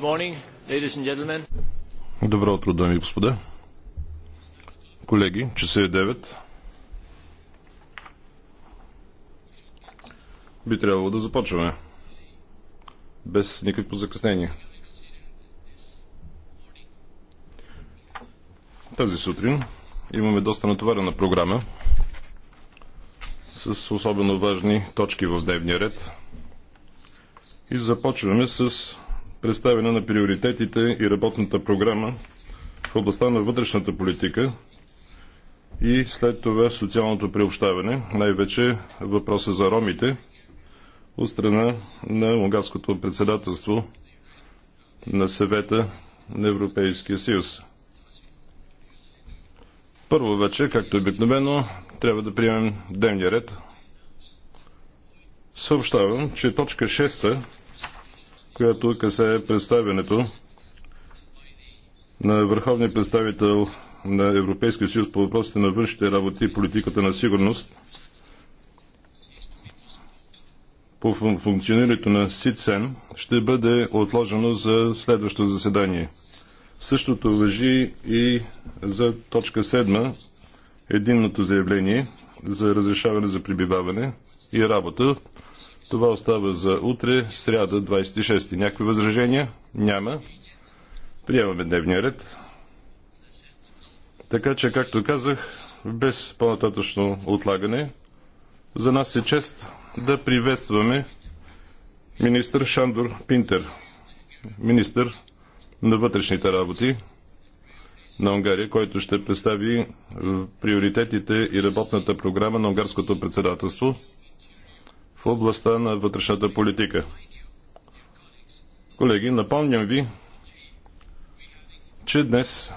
Morning, Добро утро, дами и господа. Колеги, часа е 9. Би трябвало да започваме. Без никакво закъснение. Тази сутрин имаме доста натоварена програма с особено важни точки в дневния ред. И започваме с представяне на приоритетите и работната програма в областта на вътрешната политика и след това социалното приобщаване, най-вече въпроса за ромите от страна на унгарското председателство на съвета на Европейския съюз. Първо вече, както обикновено, трябва да приемем дневния ред. Съобщавам, че точка която касае представянето на върховния представител на Европейския съюз по въпросите на външните работи и политиката на сигурност по функционирането на СИЦЕН ще бъде отложено за следващо заседание. Същото въжи и за точка 7 единното заявление за разрешаване за прибиваване и работа това остава за утре, сряда, 26. Някакви възражения? Няма. Приемаме дневния ред. Така че, както казах, без по-нататъчно отлагане, за нас е чест да приветстваме министър Шандор Пинтер, министър на вътрешните работи на Унгария, който ще представи приоритетите и работната програма на унгарското председателство – в областта на вътрешната политика. Колеги, напомням ви, че днес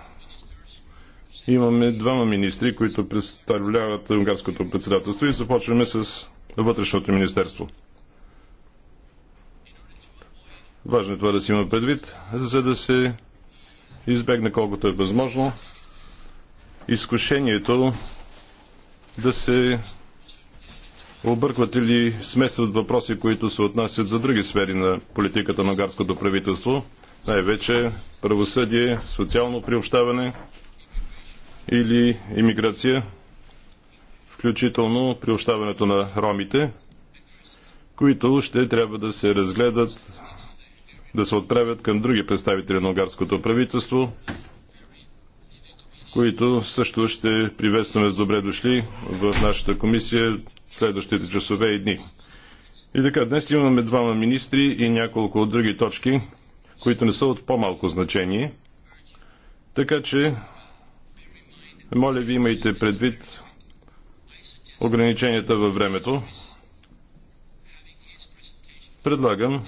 имаме двама министри, които представляват унгарското председателство и започваме с вътрешното министерство. Важно е това да си има предвид, за да се избегне колкото е възможно изкушението да се Объркват или смесват въпроси, които се отнасят за други сфери на политиката на унгарското правителство, най-вече правосъдие, социално приобщаване или иммиграция, включително приобщаването на ромите, които ще трябва да се разгледат, да се отправят към други представители на унгарското правителство, които също ще приветстваме с добре дошли в нашата комисия следващите часове и дни. И така, днес имаме двама министри и няколко други точки, които не са от по-малко значение. Така че, моля ви, имайте предвид ограниченията във времето. Предлагам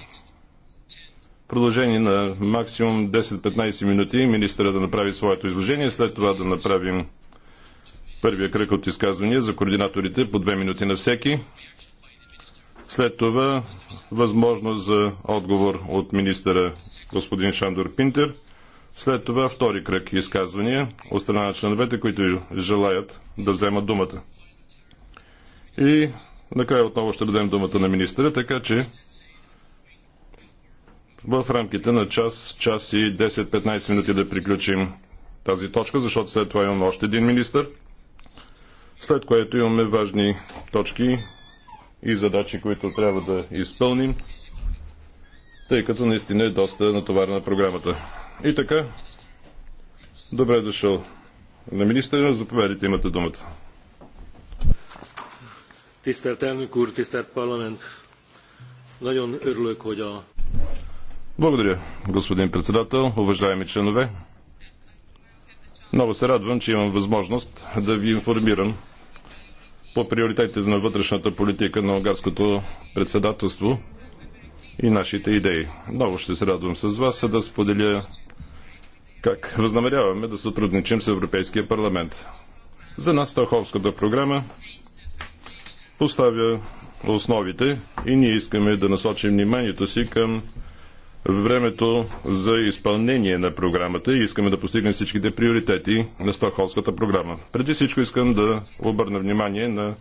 продължение на максимум 10-15 минути министъра да направи своето изложение, след това да направим първия кръг от изказвания за координаторите по две минути на всеки. След това възможност за отговор от министъра господин Шандор Пинтер. След това втори кръг изказвания от страна на членовете, които желаят да вземат думата. И накрая отново ще дадем думата на министъра, така че в рамките на час, час и 10-15 минути да приключим тази точка, защото след това имаме още един министър след което имаме важни точки и задачи, които трябва да изпълним, тъй като наистина е доста натоварена програмата. И така, добре дошъл на министъра, заповядайте, имате думата. úr, Nagyon örülök, hogy a... Благодаря, господин председател, уважаеми членове. Много се радвам, че имам възможност да ви информирам по приоритетите на вътрешната политика на унгарското председателство и нашите идеи. Много ще се радвам с вас да споделя как възнамеряваме да сътрудничим с Европейския парламент. За нас Стоховската програма поставя основите и ние искаме да насочим вниманието си към времето за изпълнение на програмата и искаме да постигнем всичките приоритети на Стокхолмската програма. Преди всичко искам да обърна внимание на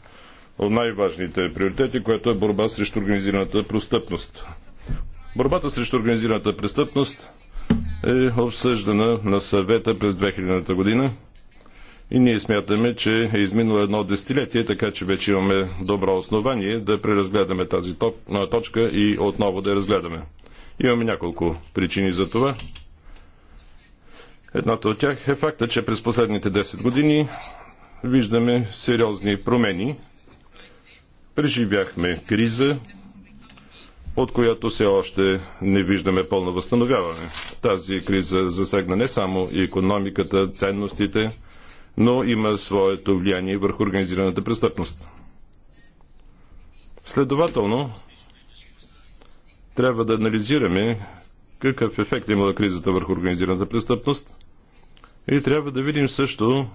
най-важните приоритети, което е борба срещу организираната престъпност. Борбата срещу организираната престъпност е обсъждана на съвета през 2000-та година и ние смятаме, че е изминало едно десетилетие, така че вече имаме добро основание да преразгледаме тази точка и отново да я разгледаме. Имаме няколко причини за това. Едната от тях е факта, че през последните 10 години виждаме сериозни промени. Преживяхме криза, от която все още не виждаме пълно възстановяване. Тази криза засегна не само и економиката, ценностите, но има своето влияние върху организираната престъпност. Следователно, трябва да анализираме какъв ефект е имала кризата върху организираната престъпност и трябва да видим също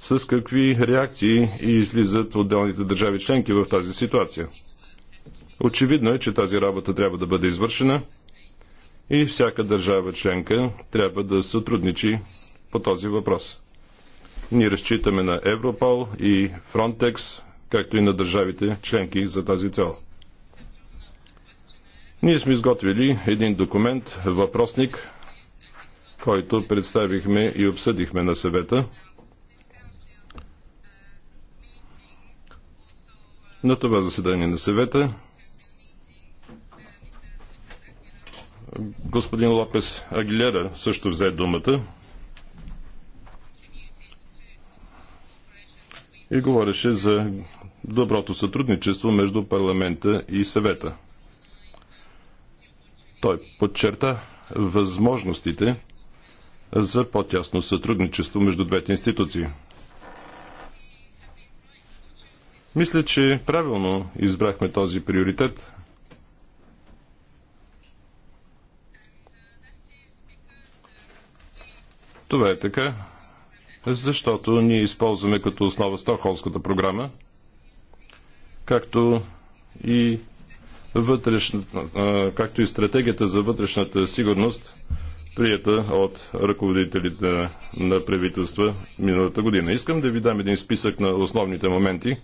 с какви реакции излизат отделните държави членки в тази ситуация. Очевидно е, че тази работа трябва да бъде извършена и всяка държава членка трябва да сътрудничи по този въпрос. Ние разчитаме на Европол и Фронтекс, както и на държавите членки за тази цел. Ние сме изготвили един документ, въпросник, който представихме и обсъдихме на съвета. На това заседание на съвета господин Лопес Агилера също взе думата и говореше за доброто сътрудничество между парламента и съвета. Той подчерта възможностите за по-тясно сътрудничество между двете институции. Мисля, че правилно избрахме този приоритет. Това е така, защото ние използваме като основа Стокхолмската програма, както и вътрешна, както и стратегията за вътрешната сигурност, прията от ръководителите на правителства миналата година. Искам да ви дам един списък на основните моменти.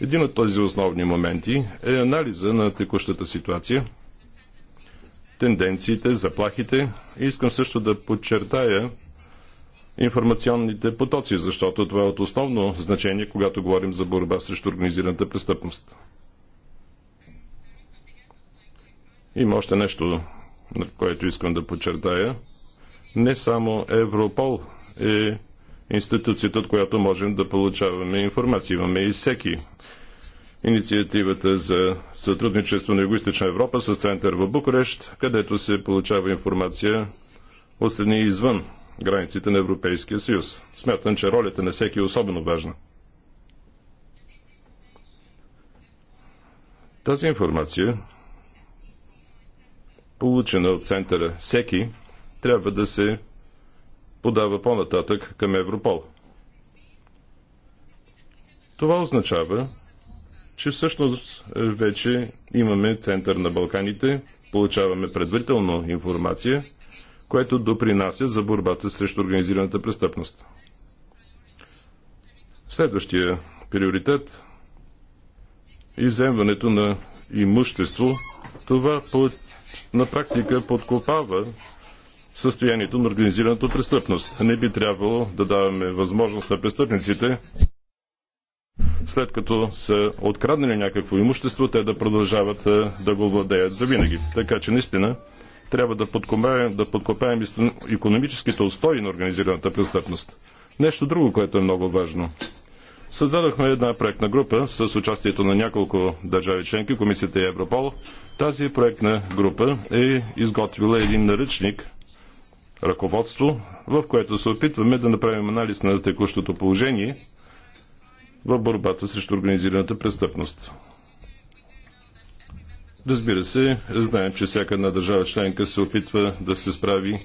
Един от тези основни моменти е анализа на текущата ситуация, тенденциите, заплахите. Искам също да подчертая информационните потоци, защото това е от основно значение, когато говорим за борба срещу организираната престъпност. Има още нещо, на което искам да подчертая. Не само Европол е институцията, от която можем да получаваме информация. Имаме и всеки инициативата за сътрудничество на Юго-Источна Европа с център в Букурещ, където се получава информация от страни извън границите на Европейския съюз. Смятам, че ролята на всеки е особено важна. Тази информация получена от центъра всеки, трябва да се подава по-нататък към Европол. Това означава, че всъщност вече имаме център на Балканите, получаваме предварително информация, което допринася за борбата срещу организираната престъпност. Следващия приоритет е иземването на имущество, това под, на практика подкопава състоянието на организираната престъпност. Не би трябвало да даваме възможност на престъпниците, след като са откраднали някакво имущество, те да продължават е, да го владеят за винаги. Така че наистина трябва да подкопаем, да подкопаем економическите устои на организираната престъпност. Нещо друго, което е много важно – Създадохме една проектна група с участието на няколко държави членки, комисията и Европол. Тази проектна група е изготвила един наръчник ръководство, в което се опитваме да направим анализ на текущото положение в борбата срещу организираната престъпност. Разбира се, знаем, че всяка една държава членка се опитва да се справи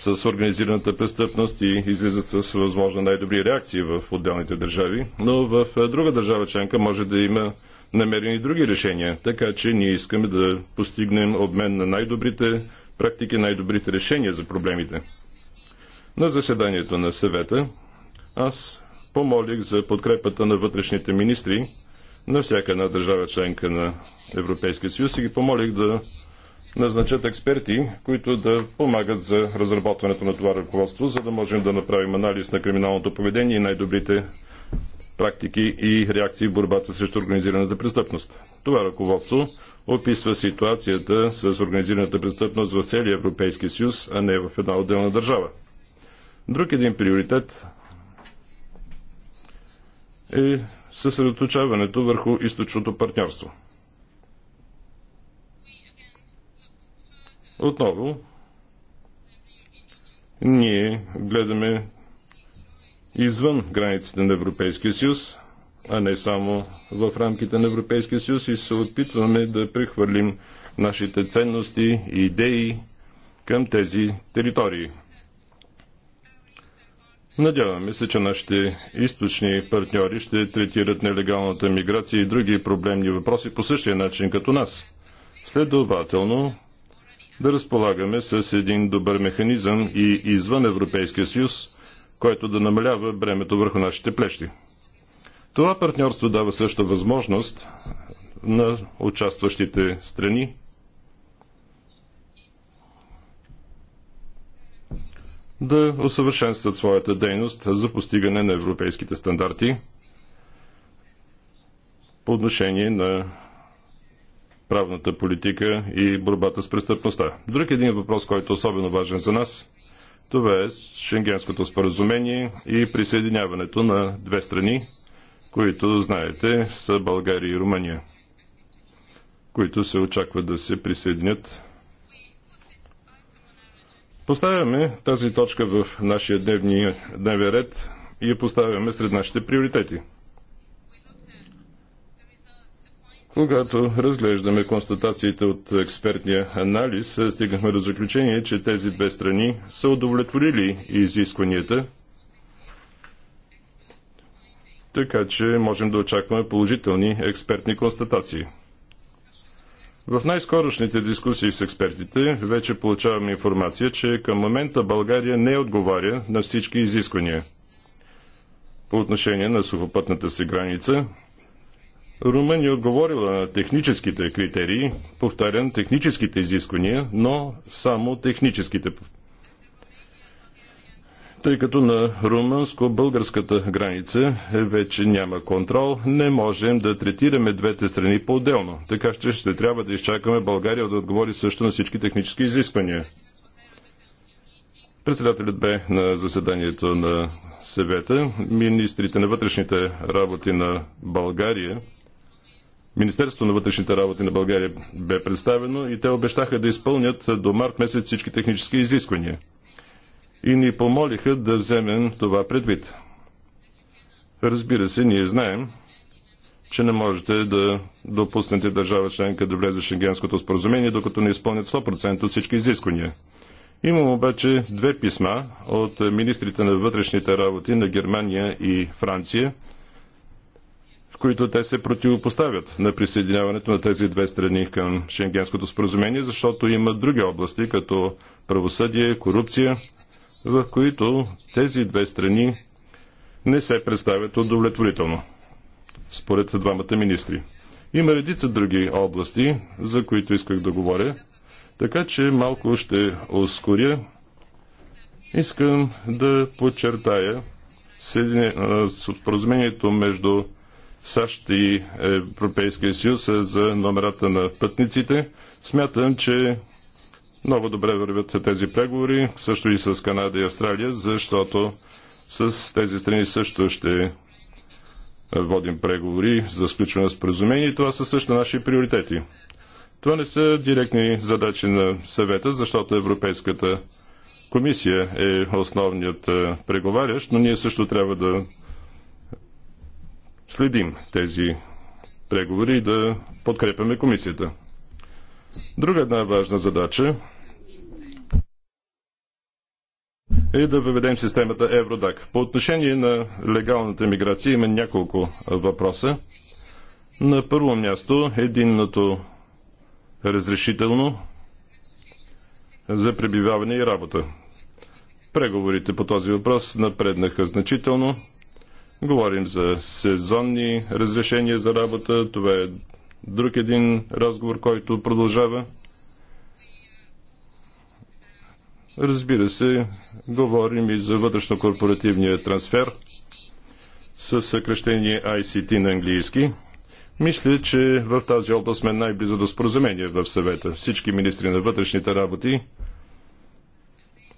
с организираната престъпност и излизат с възможно най-добри реакции в отделните държави, но в е, друга държава членка може да има намерени други решения. Така че ние искаме да постигнем обмен на най-добрите практики, най-добрите решения за проблемите. На заседанието на съвета аз помолих за подкрепата на вътрешните министри на всяка една държава членка на Европейския съюз и ги помолих да назначат експерти, които да помагат за разработването на това ръководство, за да можем да направим анализ на криминалното поведение и най-добрите практики и реакции в борбата срещу организираната престъпност. Това ръководство описва ситуацията с организираната престъпност в целия Европейски съюз, а не в една отделна държава. Друг един приоритет е съсредоточаването върху източното партньорство – Отново, ние гледаме извън границите на Европейския съюз, а не само в рамките на Европейския съюз и се опитваме да прехвърлим нашите ценности и идеи към тези територии. Надяваме се, че нашите източни партньори ще третират нелегалната миграция и други проблемни въпроси по същия начин като нас. Следователно, да разполагаме с един добър механизъм и извън Европейския съюз, който да намалява бремето върху нашите плещи. Това партньорство дава също възможност на участващите страни да усъвършенстват своята дейност за постигане на европейските стандарти по отношение на правната политика и борбата с престъпността. Друг един въпрос, който е особено важен за нас, това е Шенгенското споразумение и присъединяването на две страни, които, знаете, са България и Румъния, които се очаква да се присъединят. Поставяме тази точка в нашия дневния дневен ред и я поставяме сред нашите приоритети – Когато разглеждаме констатациите от експертния анализ, стигнахме до заключение, че тези две страни са удовлетворили изискванията, така че можем да очакваме положителни експертни констатации. В най-скорошните дискусии с експертите вече получаваме информация, че към момента България не отговаря на всички изисквания. По отношение на сухопътната си граница – Румъния е отговорила на техническите критерии, повтарям, техническите изисквания, но само техническите. Тъй като на румънско-българската граница вече няма контрол, не можем да третираме двете страни по-отделно. Така ще, ще трябва да изчакаме България да отговори също на всички технически изисквания. Председателят бе на заседанието на съвета. Министрите на вътрешните работи на България Министерството на вътрешните работи на България бе представено и те обещаха да изпълнят до март месец всички технически изисквания. И ни помолиха да вземем това предвид. Разбира се, ние знаем, че не можете да допуснете държава членка да влезе в Шенгенското споразумение, докато не изпълнят 100% от всички изисквания. Имам обаче две писма от министрите на вътрешните работи на Германия и Франция – които те се противопоставят на присъединяването на тези две страни към Шенгенското споразумение, защото има други области, като правосъдие, корупция, в които тези две страни не се представят удовлетворително, според двамата министри. Има редица други области, за които исках да говоря, така че малко ще ускоря. Искам да подчертая споразумението между САЩ и Европейския съюз е за номерата на пътниците. Смятам, че много добре вървят тези преговори, също и с Канада и Австралия, защото с тези страни също ще водим преговори за сключване на споразумение и това са също наши приоритети. Това не са директни задачи на съвета, защото Европейската комисия е основният е, преговарящ, но ние също трябва да следим тези преговори и да подкрепяме комисията. Друга една важна задача е да въведем системата Евродак. По отношение на легалната миграция има няколко въпроса. На първо място единното разрешително за пребиваване и работа. Преговорите по този въпрос напреднаха значително. Говорим за сезонни разрешения за работа. Това е друг един разговор, който продължава. Разбира се, говорим и за вътрешно-корпоративния трансфер с съкрещение ICT на английски. Мисля, че в тази област сме най-близо до споразумение в съвета. Всички министри на вътрешните работи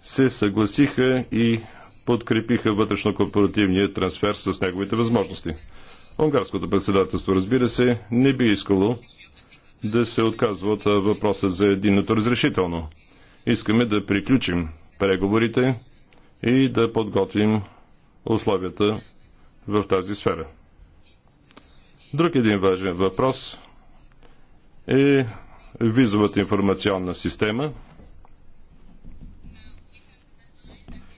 се съгласиха и подкрепиха вътрешно-корпоративния трансфер с неговите възможности. Унгарското председателство, разбира се, не би искало да се отказва от въпроса за единното разрешително. Искаме да приключим преговорите и да подготвим условията в тази сфера. Друг един важен въпрос е визовата информационна система –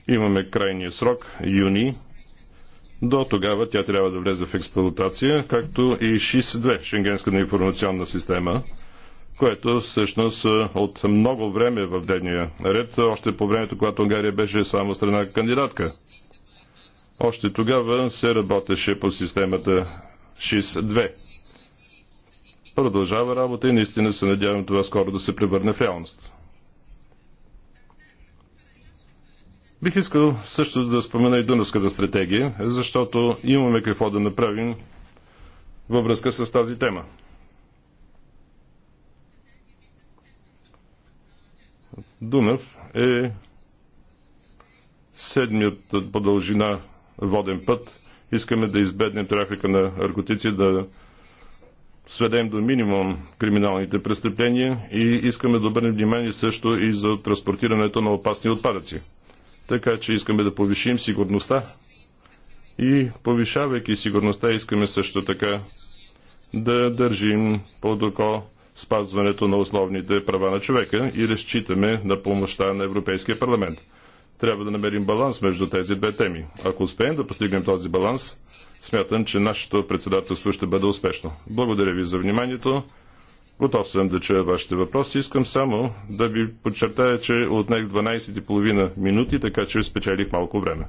Имаме крайния срок юни. До тогава тя трябва да влезе в експлуатация, както и ШИС-2, Шенгенската информационна система, което всъщност е, от много време е в дневния ред, още по времето, когато Унгария беше само страна кандидатка. Още тогава се работеше по системата ШИС-2. Продължава работа и наистина се надявам това скоро да се превърне в реалност. Бих искал също да спомена и Дунавската стратегия, защото имаме какво да направим във връзка с тази тема. Дунав е седмият по дължина воден път. Искаме да избегнем трафика на наркотици, да сведем до минимум криминалните престъпления и искаме да обърнем внимание също и за транспортирането на опасни отпадъци. Така че искаме да повишим сигурността и повишавайки сигурността искаме също така да държим под око спазването на основните права на човека и разчитаме на помощта на Европейския парламент. Трябва да намерим баланс между тези две теми. Ако успеем да постигнем този баланс, смятам, че нашето председателство ще бъде успешно. Благодаря ви за вниманието. Готов съм да чуя вашите въпроси. Искам само да ви подчертая, че отнех 12,5 минути, така че спечелих малко време.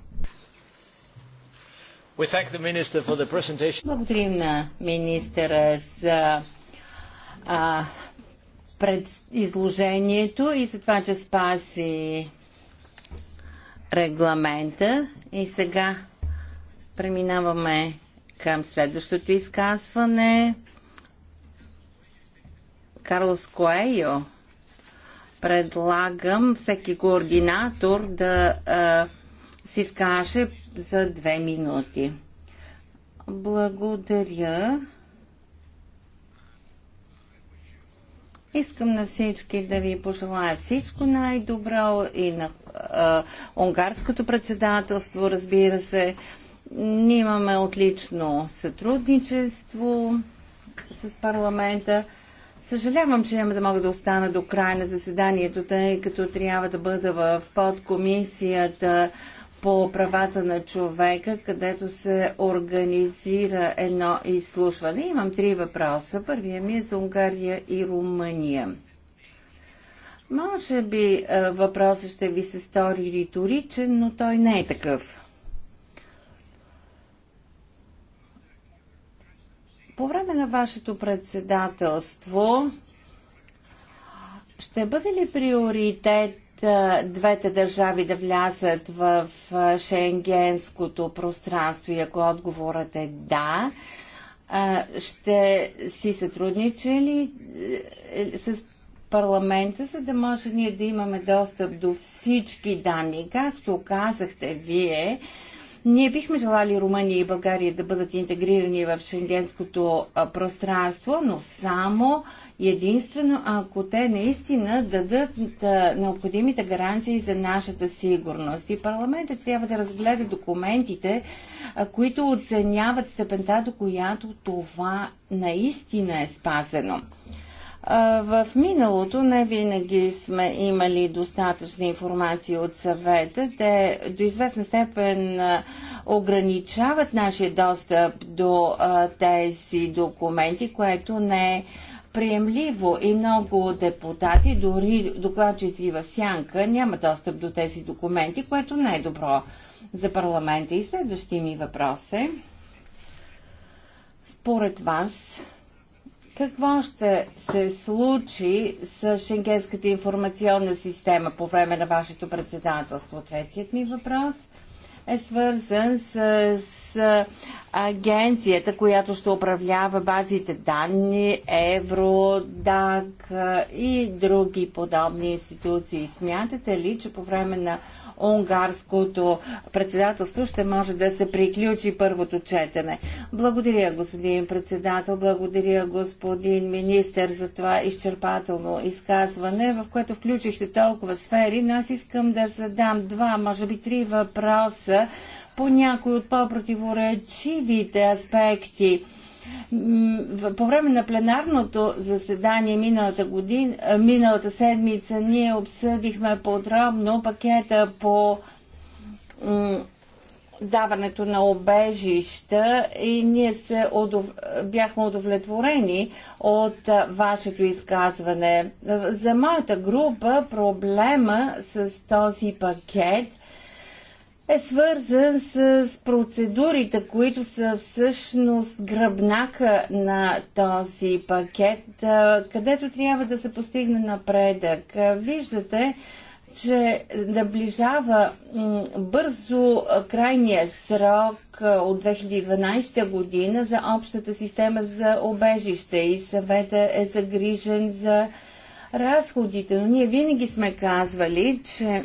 Благодарим на министъра за а, пред изложението и за това, че спаси регламента. И сега преминаваме към следващото изказване. Карлос Коейо. Предлагам всеки координатор да а, си скаже за две минути. Благодаря. Искам на всички да ви пожелая всичко най-добро и на а, унгарското председателство, разбира се. Ние имаме отлично сътрудничество с парламента. Съжалявам, че няма да мога да остана до края на заседанието, тъй като трябва да бъда в подкомисията по правата на човека, където се организира едно изслушване. Имам три въпроса. Първият ми е за Унгария и Румъния. Може би е, въпросът ще ви се стори риторичен, но той не е такъв. По време на вашето председателство ще бъде ли приоритет двете държави да влязат в шенгенското пространство и ако отговорът е да, ще си сътрудничи ли е, с парламента, за да може ние да имаме достъп до всички данни. Както казахте вие, ние бихме желали Румъния и България да бъдат интегрирани в шенгенското пространство, но само единствено ако те наистина дадат необходимите гаранции за нашата сигурност. И парламентът трябва да разгледа документите, които оценяват степента, до която това наистина е спазено. В миналото не винаги сме имали достатъчна информация от съвета. Те до известна степен ограничават нашия достъп до тези документи, което не е приемливо и много депутати, дори докладчици в сянка, няма достъп до тези документи, което не е добро за парламента. И следващия ми въпрос е, според вас, какво ще се случи с Шенгенската информационна система по време на вашето председателство? Третият ми въпрос е свързан с, с агенцията, която ще управлява базите данни, Евродак и други подобни институции. Смятате ли, че по време на унгарското председателство ще може да се приключи първото четене. Благодаря, господин председател, благодаря, господин министр, за това изчерпателно изказване, в което включихте толкова сфери, но аз искам да задам два, може би три въпроса по някои от по-противоречивите аспекти по време на пленарното заседание миналата, година, миналата седмица ние обсъдихме подробно пакета по даването на обежища и ние се удов... бяхме удовлетворени от вашето изказване. За моята група проблема с този пакет – е свързан с процедурите, които са всъщност гръбнака на този пакет, където трябва да се постигне напредък. Виждате, че наближава бързо крайния срок от 2012 година за общата система за обежище и съвета е загрижен за разходите. Но ние винаги сме казвали, че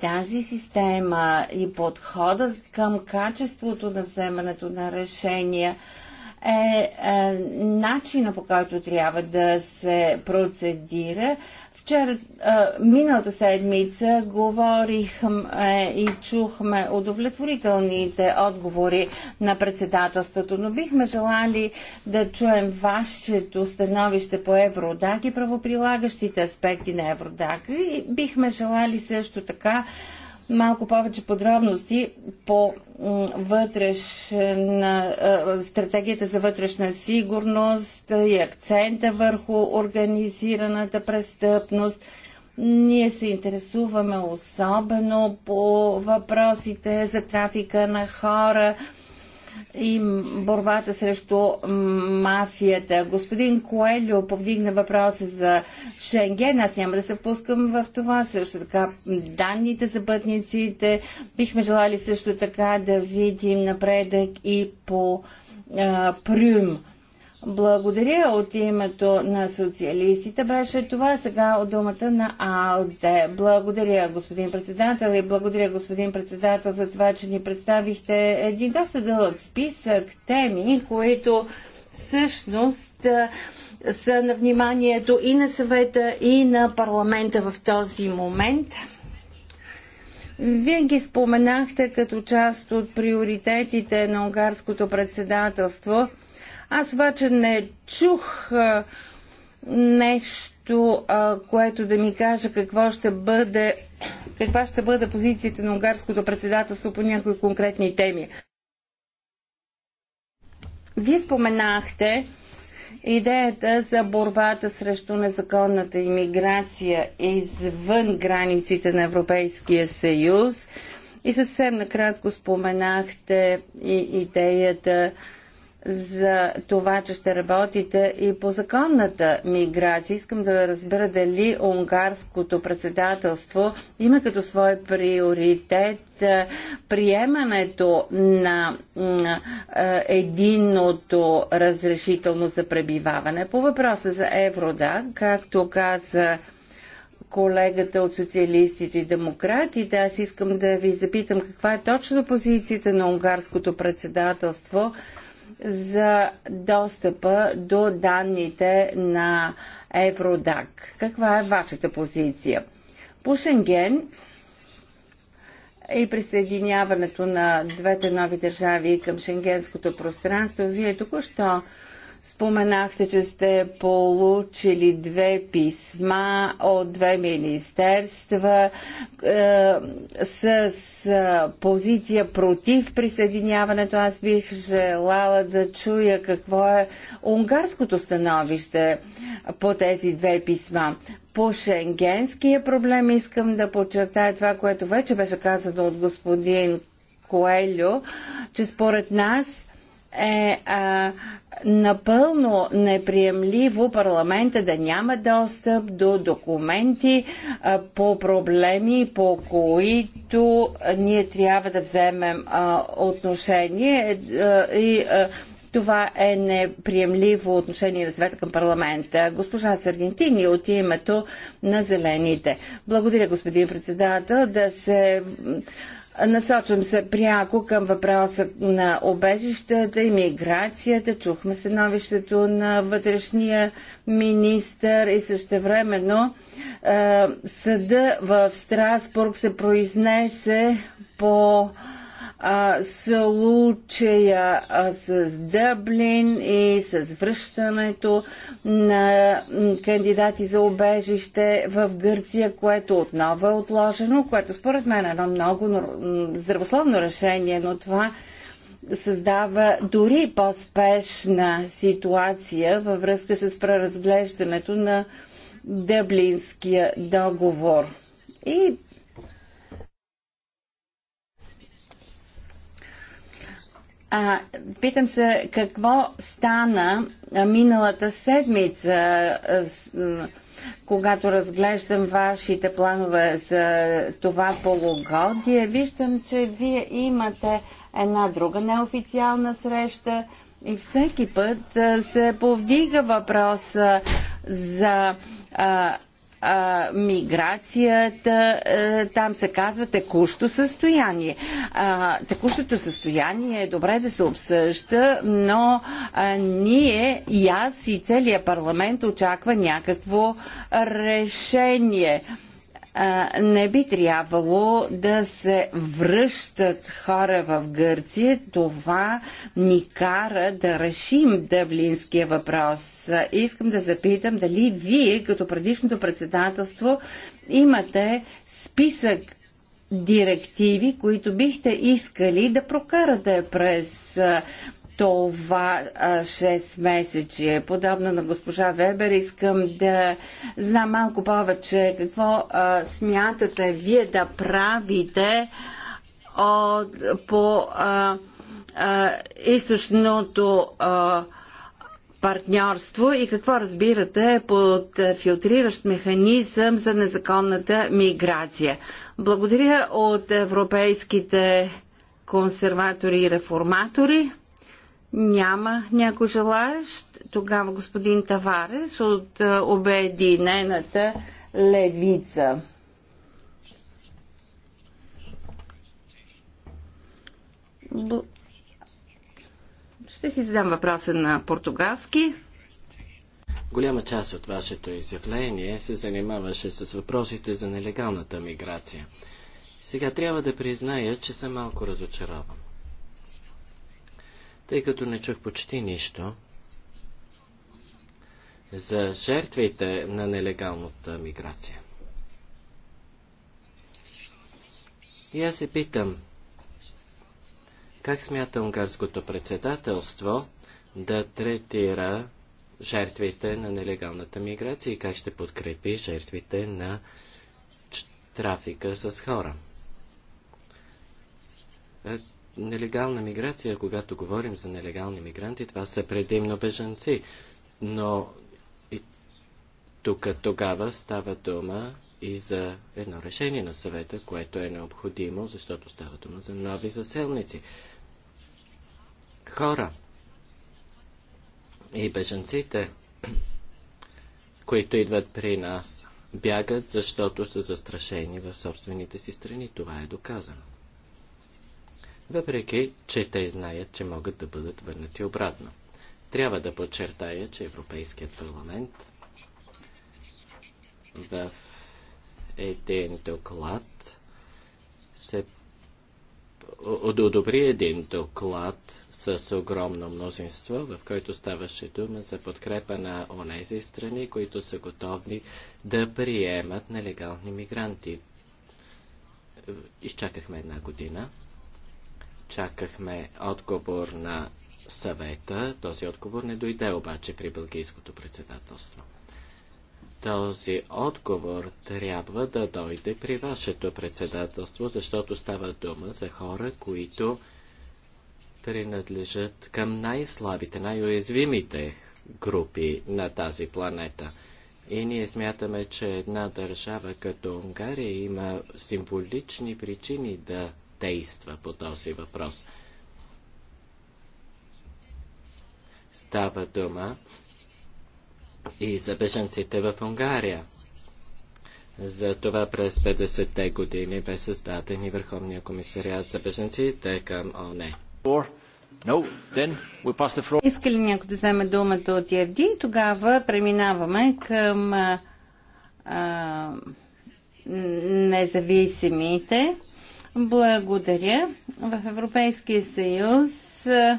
тази система и подходът към качеството на вземането на решения е, е начина по който трябва да се процедира, Вчера, миналата седмица, говорихме и чухме удовлетворителните отговори на председателството, но бихме желали да чуем вашето становище по Евродак и правоприлагащите аспекти на Евродак. И бихме желали също така малко повече подробности по вътрешна, стратегията за вътрешна сигурност и акцента върху организираната престъпност. Ние се интересуваме особено по въпросите за трафика на хора, и борбата срещу мафията. Господин Коелю повдигна въпроса за Шенген. Аз няма да се впускам в това. Също така данните за пътниците. Бихме желали също така да видим напредък и по а, Прюм благодаря от името на социалистите. Беше това сега от думата на АЛДЕ. Благодаря, господин председател и благодаря, господин председател, за това, че ни представихте един доста дълъг списък теми, които всъщност са на вниманието и на съвета, и на парламента в този момент. Вие ги споменахте като част от приоритетите на унгарското председателство – аз обаче не чух а, нещо, а, което да ми каже какво ще бъде, каква ще бъде позицията на унгарското председателство по някои конкретни теми. Вие споменахте идеята за борбата срещу незаконната иммиграция извън границите на Европейския съюз и съвсем накратко споменахте и идеята за това, че ще работите и по законната миграция. Искам да разбера дали унгарското председателство има като свой приоритет е, приемането на е, единното разрешително за пребиваване. По въпроса за Еврода, както каза колегата от социалистите и демократите, аз искам да ви запитам каква е точно позицията на унгарското председателство – за достъпа до данните на Евродак. Каква е вашата позиция? По Шенген и присъединяването на двете нови държави към шенгенското пространство, вие току-що Споменахте, че сте получили две писма от две министерства е, с е, позиция против присъединяването. Аз бих желала да чуя какво е унгарското становище по тези две писма. По шенгенския проблем искам да подчертая това, което вече беше казано от господин Коелю, че според нас е а, напълно неприемливо парламента да няма достъп до документи по проблеми, по които ние трябва да вземем отношение е, е, и това е неприемливо отношение на света към парламента. Госпожа Саргентини от името на Зелените. Благодаря, господин председател, да се Насочвам се пряко към въпроса на обежищата, иммиграцията. Чухме становището на вътрешния министр и същевременно времено съда в Страсбург се произнесе по а, случая а, с Дъблин и с връщането на кандидати за обежище в Гърция, което отново е отложено, което според мен е едно много здравословно решение, но това създава дори по-спешна ситуация във връзка с преразглеждането на Дъблинския договор. И А, питам се какво стана миналата седмица, когато разглеждам вашите планове за това полугодие. Виждам, че вие имате една друга неофициална среща и всеки път се повдига въпроса за а, а, миграцията, а, е, там се казва текущо състояние. А, текущото състояние е добре да се обсъжда, но а, ние и аз и целият парламент очаква някакво решение не би трябвало да се връщат хора в Гърция. Това ни кара да решим дъблинския въпрос. Искам да запитам дали вие, като предишното председателство, имате списък директиви, които бихте искали да прокарате през това 6 месече. Подобно на госпожа Вебер, искам да знам малко повече какво а, смятате вие да правите от, по а, а, източното а, партньорство и какво разбирате под филтриращ механизъм за незаконната миграция. Благодаря от европейските консерватори и реформатори. Няма някой желаящ. Тогава господин Таварес от е, обединената левица. Ще си задам въпроса на португалски. Голяма част от вашето изявление се занимаваше с въпросите за нелегалната миграция. Сега трябва да призная, че съм малко разочарован. Тъй като не чух почти нищо за жертвите на нелегалната миграция. И аз се питам, как смята унгарското председателство да третира жертвите на нелегалната миграция и как ще подкрепи жертвите на трафика с хора нелегална миграция, когато говорим за нелегални мигранти, това са предимно бежанци. Но тук тогава става дума и за едно решение на съвета, което е необходимо, защото става дума за нови заселници. Хора и бежанците, които идват при нас, бягат, защото са застрашени в собствените си страни. Това е доказано въпреки че те знаят, че могат да бъдат върнати обратно. Трябва да подчертая, че Европейският парламент в един доклад се одобри един доклад с огромно мнозинство, в който ставаше дума за подкрепа на онези страни, които са готовни да приемат нелегални мигранти. Изчакахме една година Чакахме отговор на съвета. Този отговор не дойде обаче при Бългийското председателство. Този отговор трябва да дойде при вашето председателство, защото става дума за хора, които принадлежат към най-слабите, най-уязвимите групи на тази планета. И ние смятаме, че една държава като Унгария има символични причини да действа по този въпрос. Става дума и за беженците в Унгария. За това през 50-те години бе създаден и Върховния комисариат за беженците към ОНЕ. No, Иска ли някой да вземе думата от ЕФД? Тогава преминаваме към а, независимите. Благодаря. В Европейския съюз е,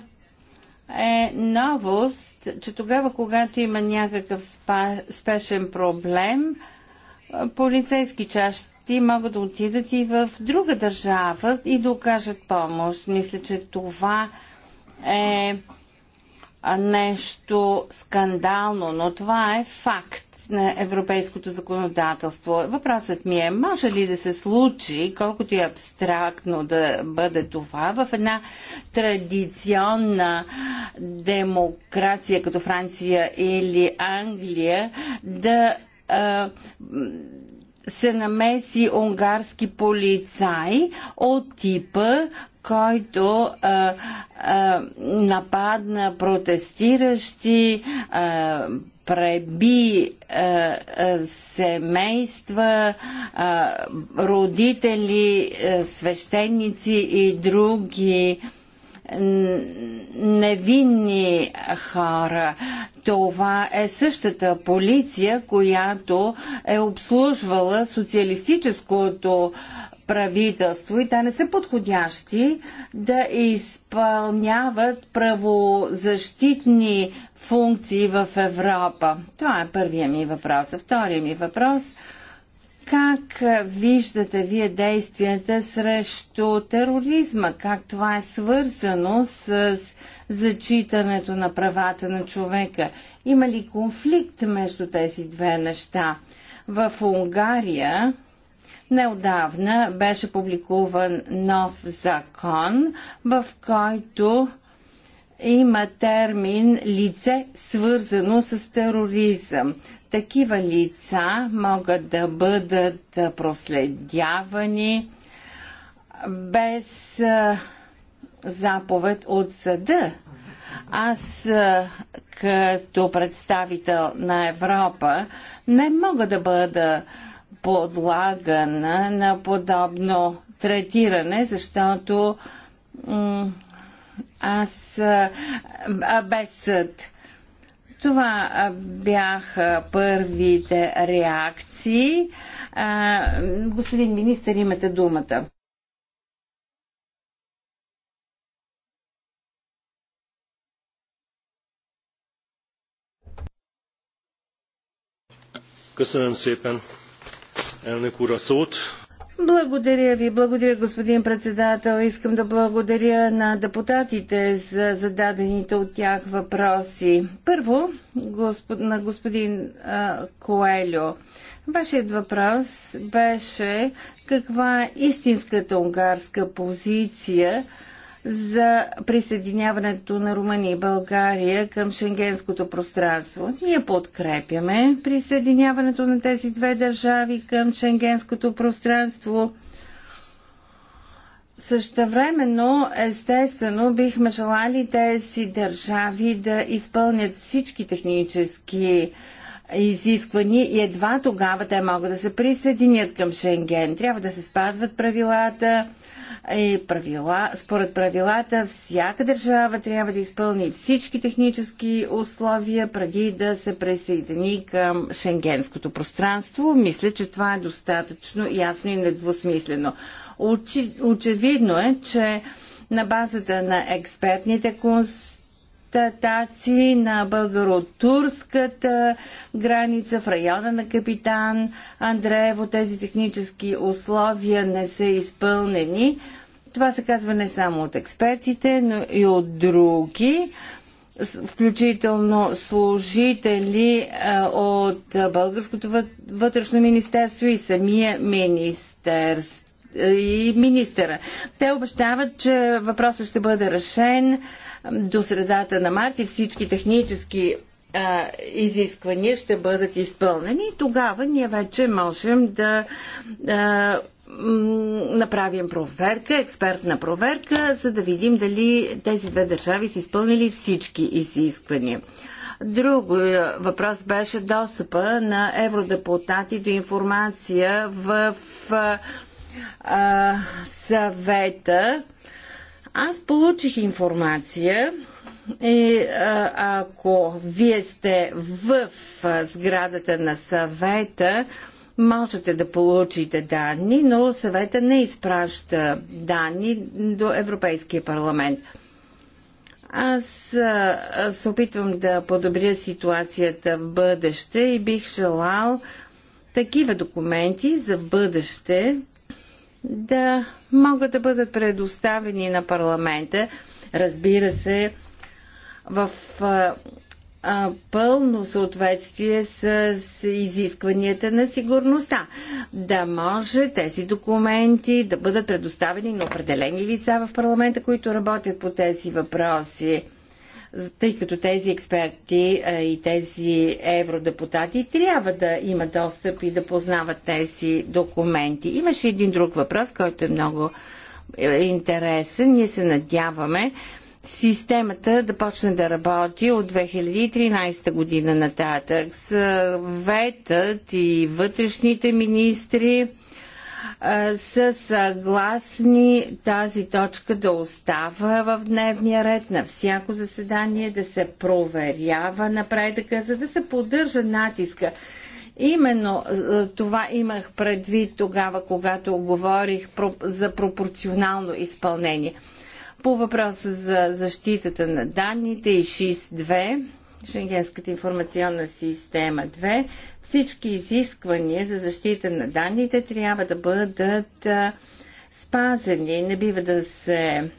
е новост, че тогава, когато има някакъв спа, спешен проблем, полицейски части могат да отидат и в друга държава и да окажат помощ. Мисля, че това е нещо скандално, но това е факт на европейското законодателство. Въпросът ми е, може ли да се случи, колкото и абстрактно да бъде това, в една традиционна демокрация като Франция или Англия, да а, се намеси унгарски полицай от типа, който а, а, нападна протестиращи, а, преби а, е, а, е, семейства, а, е, родители, а, свещеници и други невинни хора. Това е същата полиция, която е обслужвала социалистическото правителство и те не са подходящи да изпълняват правозащитни функции в Европа? Това е първия ми въпрос. А втория ми въпрос как виждате вие действията срещу тероризма? Как това е свързано с зачитането на правата на човека? Има ли конфликт между тези две неща? В Унгария Неодавна беше публикуван нов закон, в който има термин лице свързано с тероризъм. Такива лица могат да бъдат проследявани без заповед от съда. Аз като представител на Европа не мога да бъда подлагана на подобно третиране, защото аз без съд. Това бяха първите реакции. господин министър, имате думата. Köszönöm szépen! Благодаря ви, благодаря господин председател. Искам да благодаря на депутатите за зададените от тях въпроси. Първо, господ, на господин а, Коелю. Вашият въпрос беше каква е истинската унгарска позиция за присъединяването на Румъния и България към шенгенското пространство. Ние подкрепяме присъединяването на тези две държави към шенгенското пространство. Същевременно, естествено, бихме желали тези държави да изпълнят всички технически изисквания и едва тогава те могат да се присъединят към Шенген. Трябва да се спазват правилата, и правила, според правилата всяка държава трябва да изпълни всички технически условия преди да се присъедини към шенгенското пространство. Мисля, че това е достатъчно ясно и недвусмислено. очевидно е, че на базата на експертните консултации, таци на българо-турската граница в района на капитан Андреево. Тези технически условия не са изпълнени. Това се казва не само от експертите, но и от други включително служители е, от Българското вътрешно министерство и самия министерство е, и Те обещават, че въпросът ще бъде решен до средата на март и всички технически а, изисквания ще бъдат изпълнени и тогава ние вече можем да а, направим проверка, експертна проверка, за да видим дали тези две държави са изпълнили всички изисквания. Друг е, въпрос беше достъпа на евродепутати до информация в а, съвета. А, аз получих информация и е, а, ако вие сте в сградата на съвета, можете да получите данни, но съвета не изпраща данни до Европейския парламент. Аз а, се опитвам да подобря ситуацията в бъдеще и бих желал такива документи за бъдеще да могат да бъдат предоставени на парламента. Разбира се, в а, а, пълно съответствие с, с изискванията на сигурността. Да може тези документи да бъдат предоставени на определени лица в парламента, които работят по тези въпроси тъй като тези експерти и тези евродепутати трябва да имат достъп и да познават тези документи. Имаше един друг въпрос, който е много е, интересен. Ние се надяваме системата да почне да работи от 2013 година нататък. Съветът и вътрешните министри са съгласни тази точка да остава в дневния ред на всяко заседание, да се проверява напредъка, за да се поддържа натиска. Именно това имах предвид тогава, когато говорих за пропорционално изпълнение. По въпроса за защитата на данните и 6.2, Шенгенската информационна система 2, всички изисквания за защита на данните трябва да бъдат спазени. Не бива да се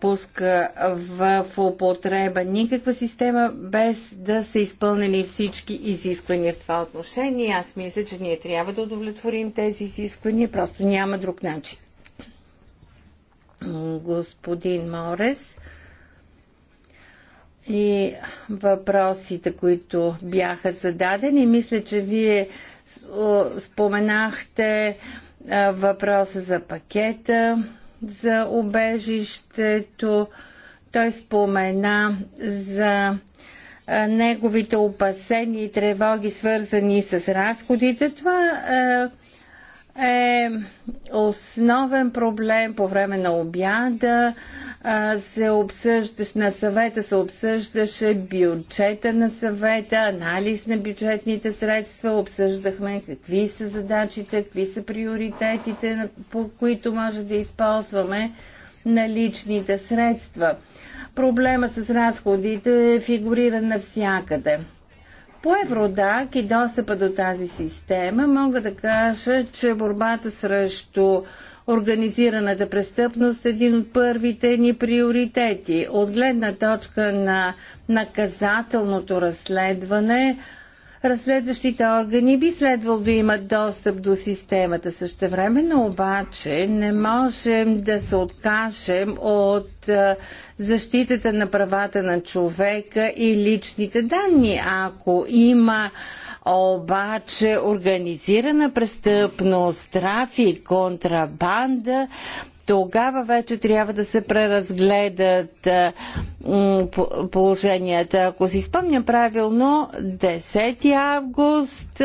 пуска в употреба никаква система, без да са изпълнени всички изисквания в това отношение. Аз мисля, че ние трябва да удовлетворим тези изисквания, просто няма друг начин. Господин Морес и въпросите, които бяха зададени. Мисля, че вие споменахте въпроса за пакета за обежището. Той спомена за неговите опасения и тревоги, свързани с разходите. Това е е основен проблем по време на обяда. Се обсъждаш на съвета, се обсъждаше бюджета на съвета, анализ на бюджетните средства, обсъждахме какви са задачите, какви са приоритетите, по които може да използваме наличните средства. Проблема с разходите е фигурира навсякъде. По Евродак и достъпа до тази система мога да кажа, че борбата срещу организираната престъпност е един от първите ни приоритети. От гледна точка на наказателното разследване, разследващите органи би следвало да имат достъп до системата. Същевременно обаче не можем да се откажем от защитата на правата на човека и личните данни. Ако има обаче организирана престъпност, трафик, контрабанда, тогава вече трябва да се преразгледат положенията. Ако си спомням правилно, 10 август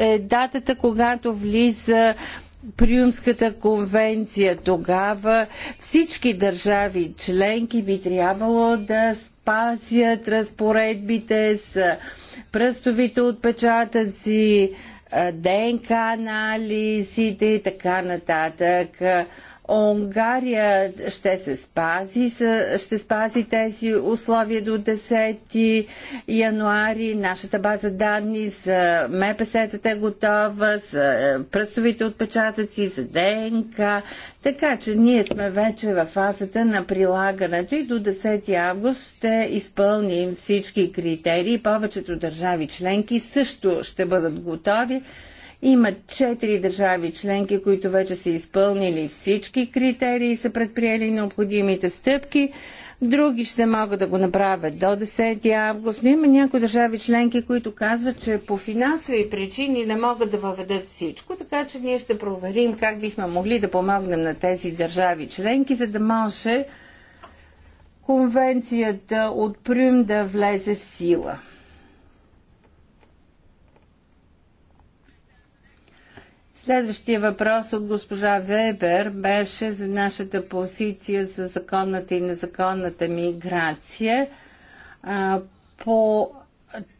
е датата, когато влиза Приумската конвенция. Тогава всички държави членки би трябвало да спазят разпоредбите с пръстовите отпечатъци, ДНК анализите и така нататък. Унгария ще се спази, ще спази тези условия до 10 януари. Нашата база данни за МПС-тата е готова, за е, пръстовите отпечатъци, за ДНК. Така че ние сме вече в фазата на прилагането и до 10 август ще изпълним всички критерии. Повечето държави членки също ще бъдат готови. Има четири държави членки, които вече са изпълнили всички критерии и са предприели необходимите стъпки. Други ще могат да го направят до 10 август, но има някои държави членки, които казват, че по финансови причини не могат да въведат всичко, така че ние ще проверим как бихме могли да помогнем на тези държави членки, за да може конвенцията от Прюм да влезе в сила. Следващия въпрос от госпожа Вебер беше за нашата позиция за законната и незаконната миграция. По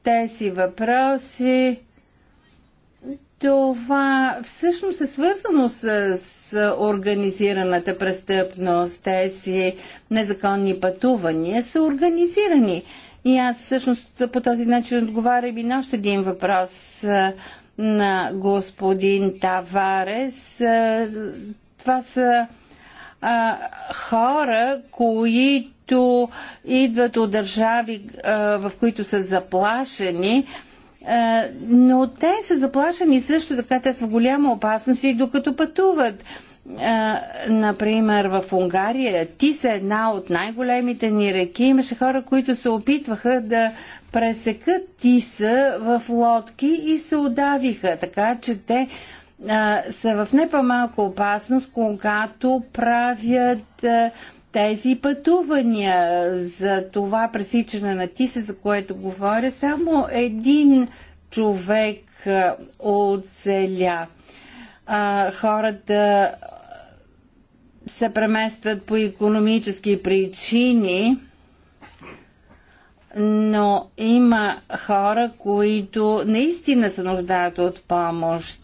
тези въпроси това всъщност е свързано с, с организираната престъпност. Тези незаконни пътувания са организирани. И аз всъщност по този начин отговарям и на още един въпрос на господин Таварес. Е, това са а, хора, които идват от държави, а, в които са заплашени, а, е, но те са заплашени също така, те са в голяма опасност и докато пътуват например, в Унгария, ти са една от най-големите ни реки. Имаше хора, които се опитваха да пресекат Тиса в лодки и се удавиха. Така че те а, са в не по-малка опасност, когато правят а, тези пътувания за това пресичане на Тиса, за което говоря. Само един човек оцеля а, хората се преместват по економически причини, но има хора, които наистина се нуждаят от помощ.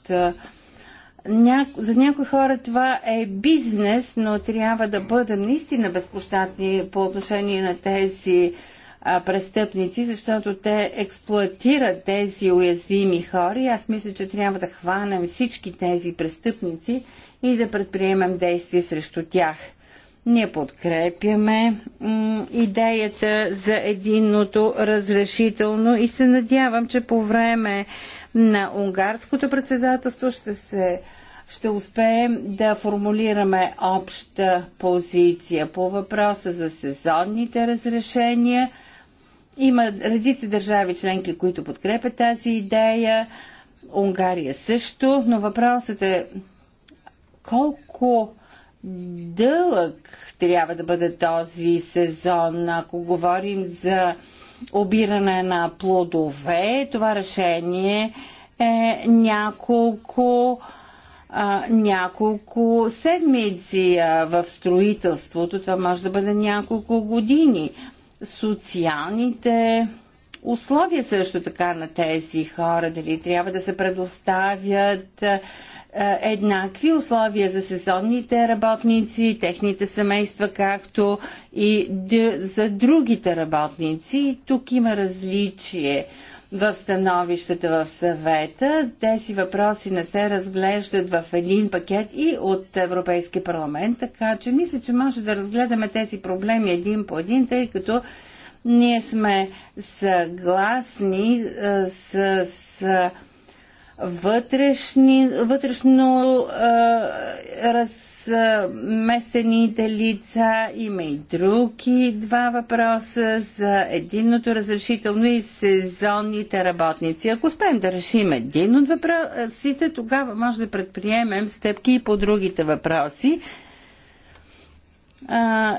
За някои хора това е бизнес, но трябва да бъдем наистина безпощатни по отношение на тези а, престъпници, защото те експлуатират тези уязвими хора и аз мисля, че трябва да хванем всички тези престъпници и да предприемем действия срещу тях. Ние подкрепяме идеята за единното разрешително и се надявам, че по време на унгарското председателство ще се ще успеем да формулираме обща позиция по въпроса за сезонните разрешения. Има редици държави членки, които подкрепят тази идея. Унгария също, но въпросът е колко дълъг трябва да бъде този сезон. Ако говорим за обиране на плодове, това решение е няколко а, няколко седмици в строителството, това може да бъде няколко години. Социалните условия също така на тези хора, дали трябва да се предоставят е, еднакви условия за сезонните работници, техните семейства, както и за другите работници. Тук има различие в становищата в съвета. Тези въпроси не се разглеждат в един пакет и от Европейския парламент, така че мисля, че може да разгледаме тези проблеми един по един, тъй като ние сме съгласни е, с, с вътрешни, вътрешно а, разместените лица. Има и други два въпроса за единното разрешително и сезонните работници. Ако успеем да решим един от въпросите, тогава може да предприемем стъпки и по другите въпроси. А,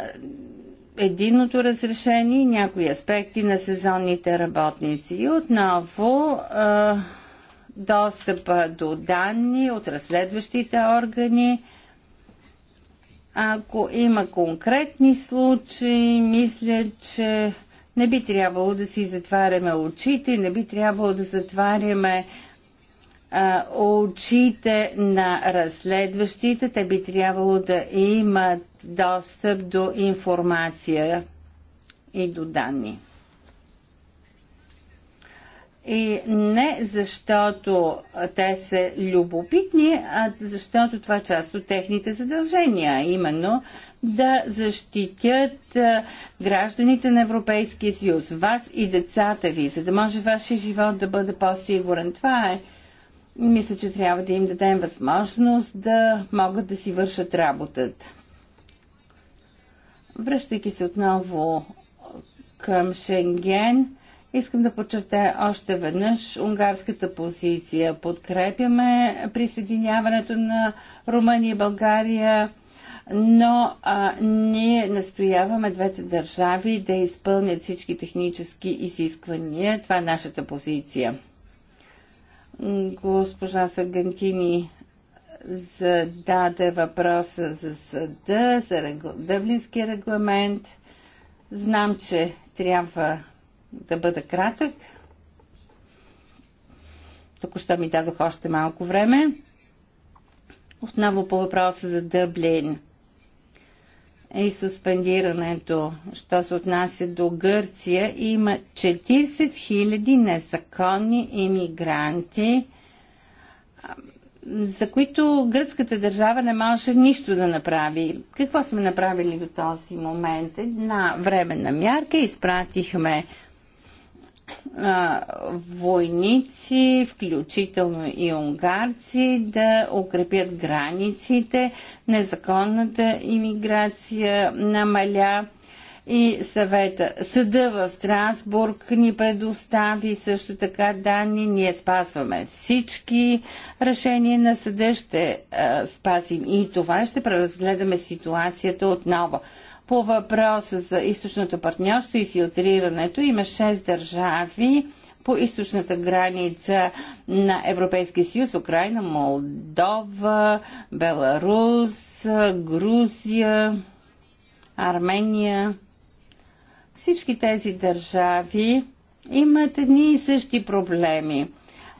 единното разрешение и някои аспекти на сезонните работници. И отново а, достъпа до данни от разследващите органи. Ако има конкретни случаи, мисля, че не би трябвало да си затваряме очите, не би трябвало да затваряме а, очите на разследващите. Те би трябвало да имат достъп до информация и до данни. И не защото те са любопитни, а защото това е част от техните задължения, именно да защитят гражданите на Европейския съюз, вас и децата ви, за да може вашия живот да бъде по-сигурен. Това е. Мисля, че трябва да им дадем възможност да могат да си вършат работата. Връщайки се отново към Шенген, Искам да подчертая още веднъж унгарската позиция. Подкрепяме присъединяването на Румъния и България, но а, ние настояваме двете държави да изпълнят всички технически изисквания. Това е нашата позиция. Госпожа Саргантини зададе въпроса за съда, за регу... Дъблинския регламент. Знам, че трябва да бъда кратък. Току-що ми дадох още малко време. Отново по въпроса за Дъблин и суспендирането, що се отнася до Гърция, има 40 000 незаконни иммигранти, за които гръцката държава не може нищо да направи. Какво сме направили до този момент? Една временна мярка изпратихме а, войници, включително и унгарци, да укрепят границите, незаконната иммиграция намаля и съвета. Съда в Страсбург ни предостави също така данни. Ние спазваме всички решения на съда, ще а, спазим и това. Ще преразгледаме ситуацията отново. По въпроса за източното партньорство и филтрирането има 6 държави по източната граница на Европейския съюз Украина, Молдова, Беларус, Грузия, Армения. Всички тези държави имат едни и същи проблеми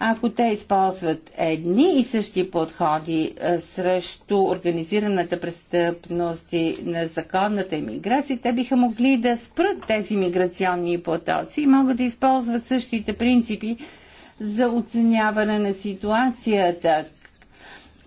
ако те използват едни и същи подходи е, срещу организираната престъпност и незаконната иммиграция, те биха могли да спрат тези миграционни потоци и могат да използват същите принципи за оценяване на ситуацията,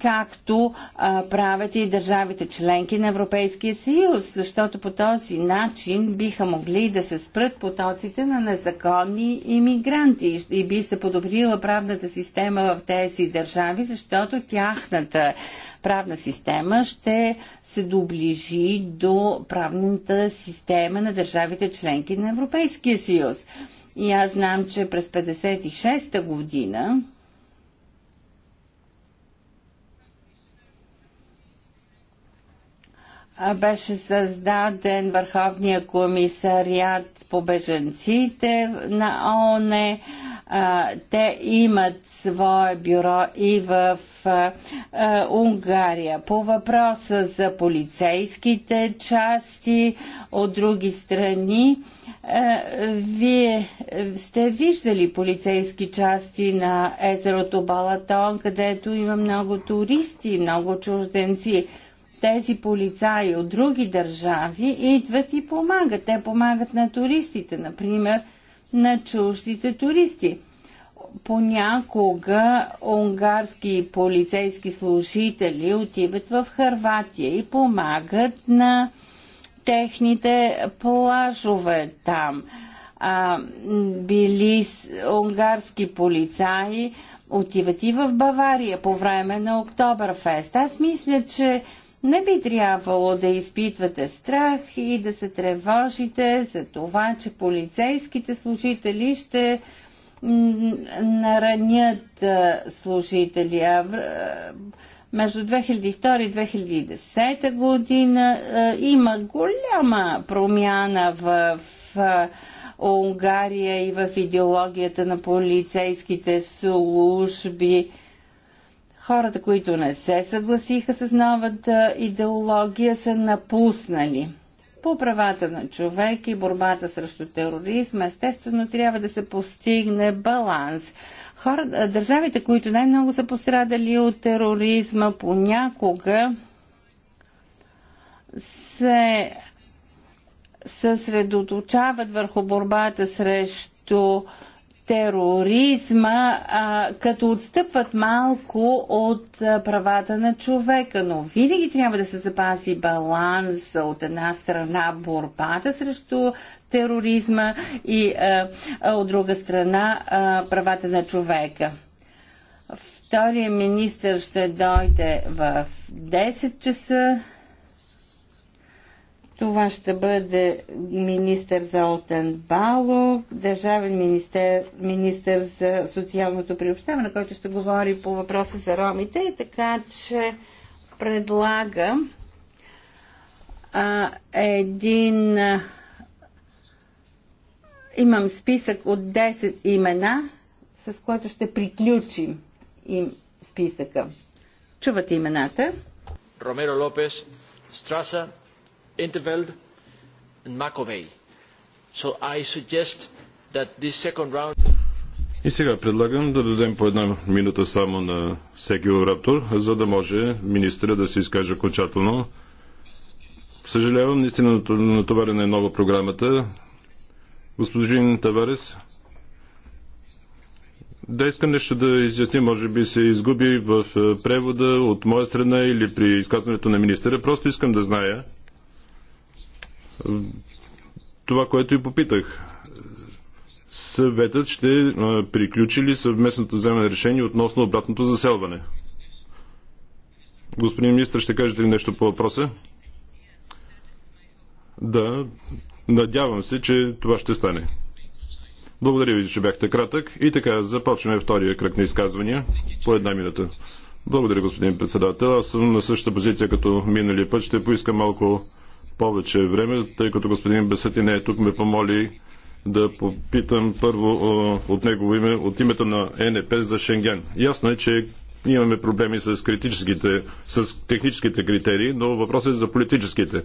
както а, правят и държавите членки на Европейския съюз, защото по този начин биха могли да се спрат потоците на незаконни иммигранти и би се подобрила правната система в тези държави, защото тяхната правна система ще се доближи до правната система на държавите членки на Европейския съюз. И аз знам, че през 56-та година беше създаден Върховния комисариат по беженците на ООН. Те имат свое бюро и в Унгария. По въпроса за полицейските части от други страни, вие сте виждали полицейски части на езерото Балатон, където има много туристи, много чужденци тези полицаи от други държави идват и помагат. Те помагат на туристите, например, на чуждите туристи. Понякога унгарски полицейски служители отиват в Харватия и помагат на техните плажове там. А, били унгарски полицаи, отиват и в Бавария по време на Октоберфест. Аз мисля, че не би трябвало да изпитвате страх и да се тревожите за това, че полицейските служители ще наранят служители. между 2002 и 2010 година има голяма промяна в Унгария и в идеологията на полицейските служби. Хората, които не се съгласиха с новата идеология, са напуснали. По правата на човек и борбата срещу тероризма, естествено, трябва да се постигне баланс. Хора, държавите, които най-много са пострадали от тероризма, понякога се съсредоточават върху борбата срещу тероризма, а, като отстъпват малко от а, правата на човека. Но винаги трябва да се запази баланс от една страна борбата срещу тероризма и а, а, от друга страна а, правата на човека. Втория министр ще дойде в 10 часа това ще бъде министър за Олтен държавен министър, министър за социалното приобщаване, който ще говори по въпроса за ромите. И така че предлагам а, един. А, имам списък от 10 имена, с което ще приключим им списъка. Чувате имената? Ромеро Лопес, Страса, in 't Veld and Маковей. So I suggest that this second round... И сега предлагам да дадем по една минута само на всеки оратор, за да може министра да се изкаже окончателно. Съжалявам, наистина натоварена е нова програмата. Господин Таварес, да искам нещо да изясни, може би се изгуби в е, превода от моя страна или при изказването на министра. Просто искам да зная това, което и попитах. Съветът ще приключи ли съвместното вземане решение относно обратното заселване? Господин министр, ще кажете ли нещо по въпроса? Да, надявам се, че това ще стане. Благодаря ви, че бяхте кратък. И така, започваме втория кръг на изказвания по една минута. Благодаря, господин председател. Аз съм на същата позиция като миналия път. Ще поискам малко повече време, тъй като господин Бесети не е тук, ме помоли да попитам първо от негово име, от името на НП за Шенген. Ясно е, че имаме проблеми с, критическите, с техническите критерии, но въпросът е за политическите.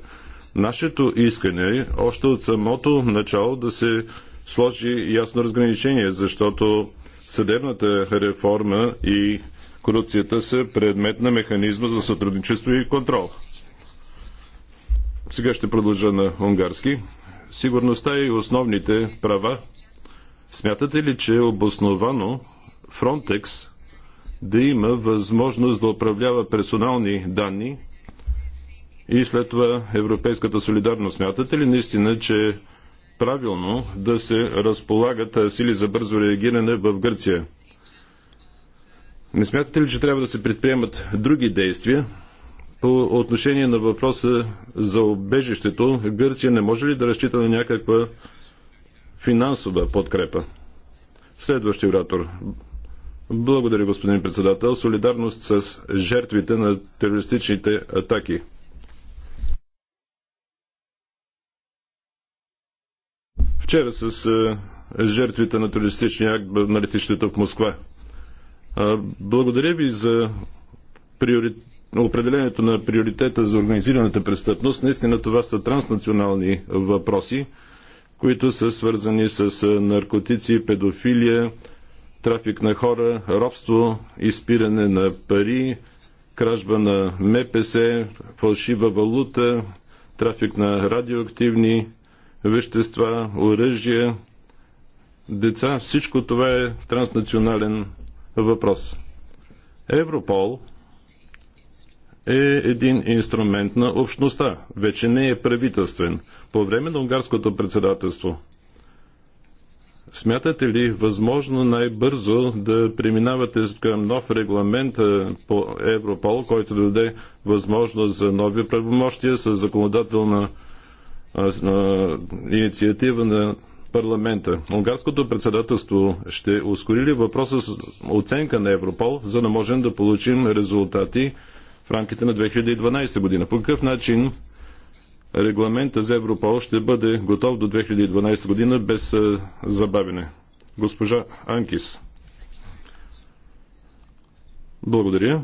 Нашето искане е още от самото начало да се сложи ясно разграничение, защото съдебната реформа и корупцията са предмет на механизма за сътрудничество и контрол. Сега ще продължа на унгарски. Сигурността и основните права. Смятате ли, че е обосновано Фронтекс да има възможност да управлява персонални данни и след това европейската солидарност? Смятате ли наистина, че е правилно да се разполагат сили за бързо реагиране в Гърция? Не смятате ли, че трябва да се предприемат други действия, по отношение на въпроса за обежището, Гърция не може ли да разчита на някаква финансова подкрепа? Следващия оратор. Благодаря, господин председател. Солидарност с жертвите на терористичните атаки. Вчера с е, жертвите на терористичния акт на летището в Москва. Благодаря ви за приоритет определението на приоритета за организираната престъпност, наистина това са транснационални въпроси, които са свързани с наркотици, педофилия, трафик на хора, робство, изпиране на пари, кражба на МПС, фалшива валута, трафик на радиоактивни вещества, оръжия, деца. Всичко това е транснационален въпрос. Европол – е един инструмент на общността. Вече не е правителствен. По време на унгарското председателство Смятате ли възможно най-бързо да преминавате към нов регламент по Европол, който даде възможност за нови правомощия с законодателна а, а, инициатива на парламента? Унгарското председателство ще ускори ли въпроса с оценка на Европол, за да можем да получим резултати в рамките на 2012 година. По какъв начин регламента за Европол ще бъде готов до 2012 година без забавене? Госпожа Анкис. Благодаря.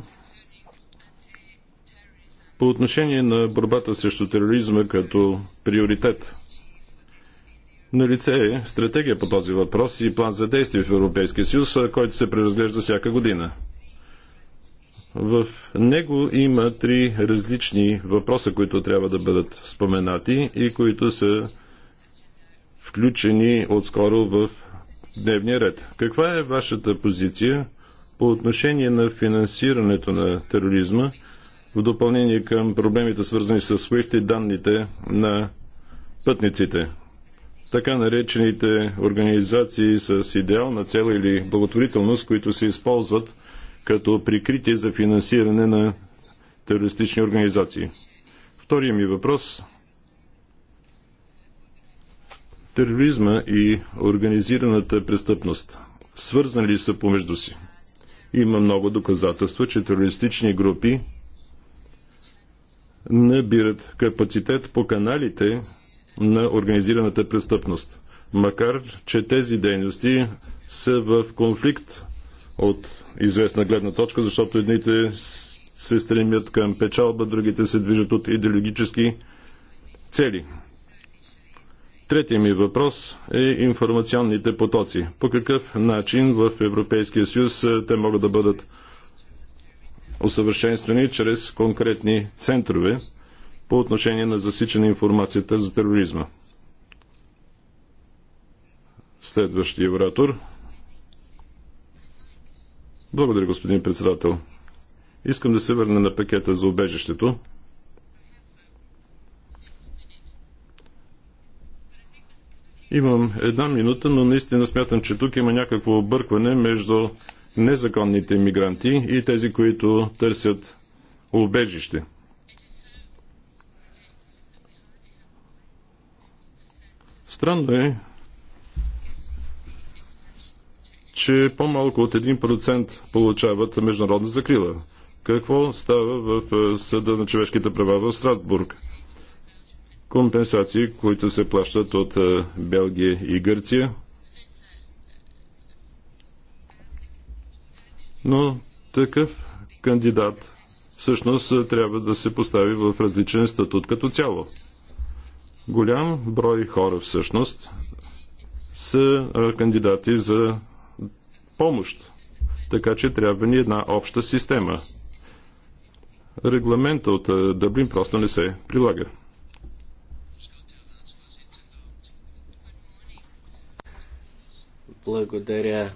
По отношение на борбата срещу тероризма като приоритет, на лице е стратегия по този въпрос и план за действие в Европейския съюз, който се преразглежда всяка година. В него има три различни въпроса, които трябва да бъдат споменати и които са включени отскоро в дневния ред. Каква е вашата позиция по отношение на финансирането на тероризма в допълнение към проблемите свързани с SWIFT и данните на пътниците? Така наречените организации с идеална цел или благотворителност, които се използват като прикритие за финансиране на терористични организации. Втория ми въпрос тероризма и организираната престъпност свързани ли са помежду си? Има много доказателства, че терористични групи набират капацитет по каналите на организираната престъпност. Макар, че тези дейности са в конфликт от известна гледна точка, защото едните се стремят към печалба, другите се движат от идеологически цели. Третия ми въпрос е информационните потоци. По какъв начин в Европейския съюз е, те могат да бъдат усъвършенствани чрез конкретни центрове по отношение на засичане информацията за тероризма? Следващия оратор – благодаря, господин председател. Искам да се върна на пакета за убежището. Имам една минута, но наистина смятам, че тук има някакво объркване между незаконните мигранти и тези, които търсят убежище. Странно е, че по-малко от 1% получават международна закрила. Какво става в е, Съда на човешките права в Страсбург? Компенсации, които се плащат от е, Белгия и Гърция. Но такъв кандидат всъщност е, трябва да се постави в различен статут като цяло. Голям брой хора всъщност са кандидати за помощ. Така че трябва ни една обща система. Регламента от е, Дъблин просто не се прилага. Благодаря,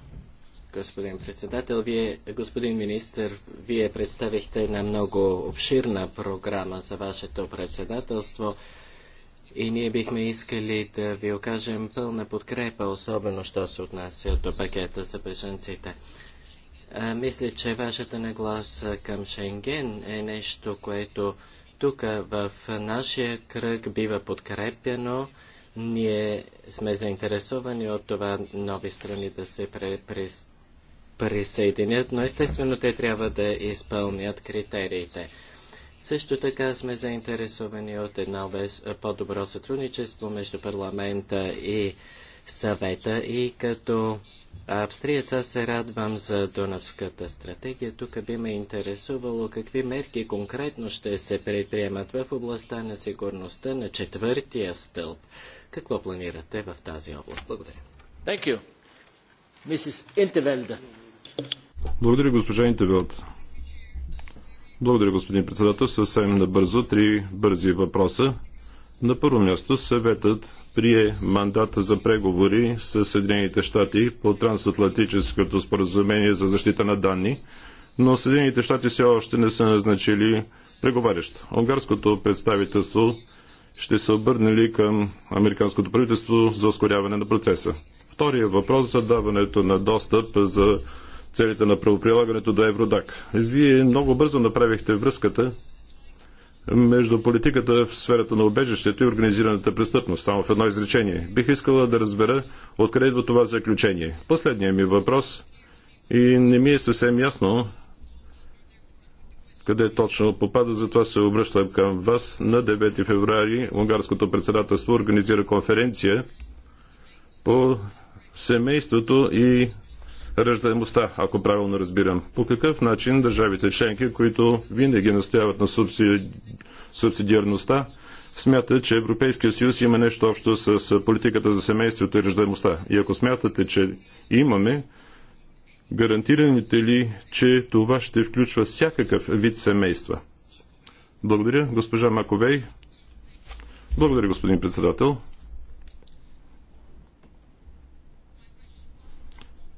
господин председател. Вие, господин министр, вие представихте една много обширна програма за вашето председателство. И ние бихме искали да ви окажем пълна подкрепа, особено що се отнася до пакета за беженците. А, мисля, че вашата нагласа към Шенген е нещо, което тук в нашия кръг бива подкрепено. Ние сме заинтересовани от това нови страни да се присъединят, но естествено те трябва да изпълнят критериите. Също така сме заинтересовани от едно по-добро сътрудничество между парламента и съвета и като австриец се радвам за Дунавската стратегия. Тук би ме интересувало какви мерки конкретно ще се предприемат в областта на сигурността на четвъртия стълб. Какво планирате в тази област? Благодаря. Thank you. Mrs. Благодаря, госпожа Интевелд. Благодаря, господин председател. Съвсем набързо три бързи въпроса. На първо място съветът прие мандата за преговори с Съединените щати по трансатлантическото споразумение за защита на данни, но Съединените щати все още не са назначили преговарящ. Унгарското представителство ще се обърне ли към американското правителство за ускоряване на процеса? Втория въпрос за даването на достъп за целите на правоприлагането до Евродак. Вие много бързо направихте връзката между политиката в сферата на убежището и организираната престъпност. Само в едно изречение. Бих искала да разбера откъде идва това заключение. Последният ми въпрос и не ми е съвсем ясно къде точно попада, затова се обръщам към вас. На 9 феврари унгарското председателство организира конференция по семейството и раждаемостта, ако правилно разбирам. По какъв начин държавите членки, които винаги настояват на субсидиарността, смятат, че Европейския съюз има нещо общо с политиката за семейството и раждаемостта? И ако смятате, че имаме, гарантираните ли, че това ще включва всякакъв вид семейства? Благодаря, госпожа Маковей. Благодаря, господин председател.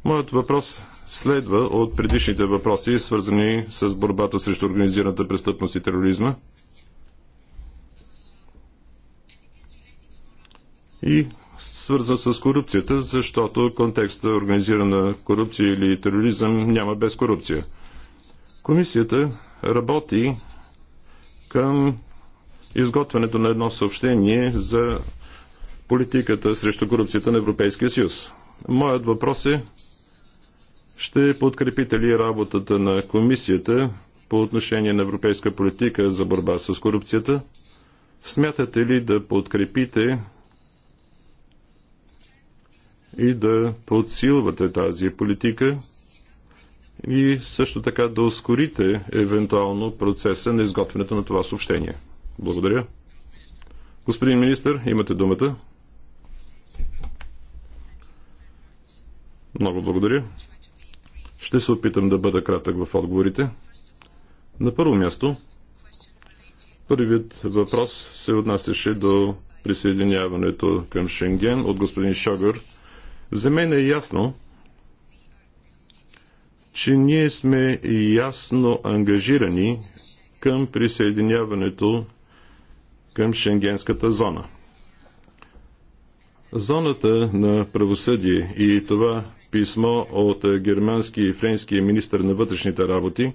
Моят въпрос следва от предишните въпроси, свързани с борбата срещу организираната престъпност и тероризма. И свързан с корупцията, защото контекста организирана корупция или тероризъм няма без корупция. Комисията работи към изготвянето на едно съобщение за политиката срещу корупцията на Европейския съюз. Моят въпрос е ще подкрепите ли работата на комисията по отношение на европейска политика за борба с корупцията? Смятате ли да подкрепите и да подсилвате тази политика и също така да ускорите евентуално процеса на изготвянето на това съобщение? Благодаря. Господин министр, имате думата. Много благодаря. Ще се опитам да бъда кратък в отговорите. На първо място, първият въпрос се отнасяше до присъединяването към Шенген от господин Шогър. За мен е ясно, че ние сме ясно ангажирани към присъединяването към Шенгенската зона. Зоната на правосъдие и това писмо от е, германски и френски министр на вътрешните работи.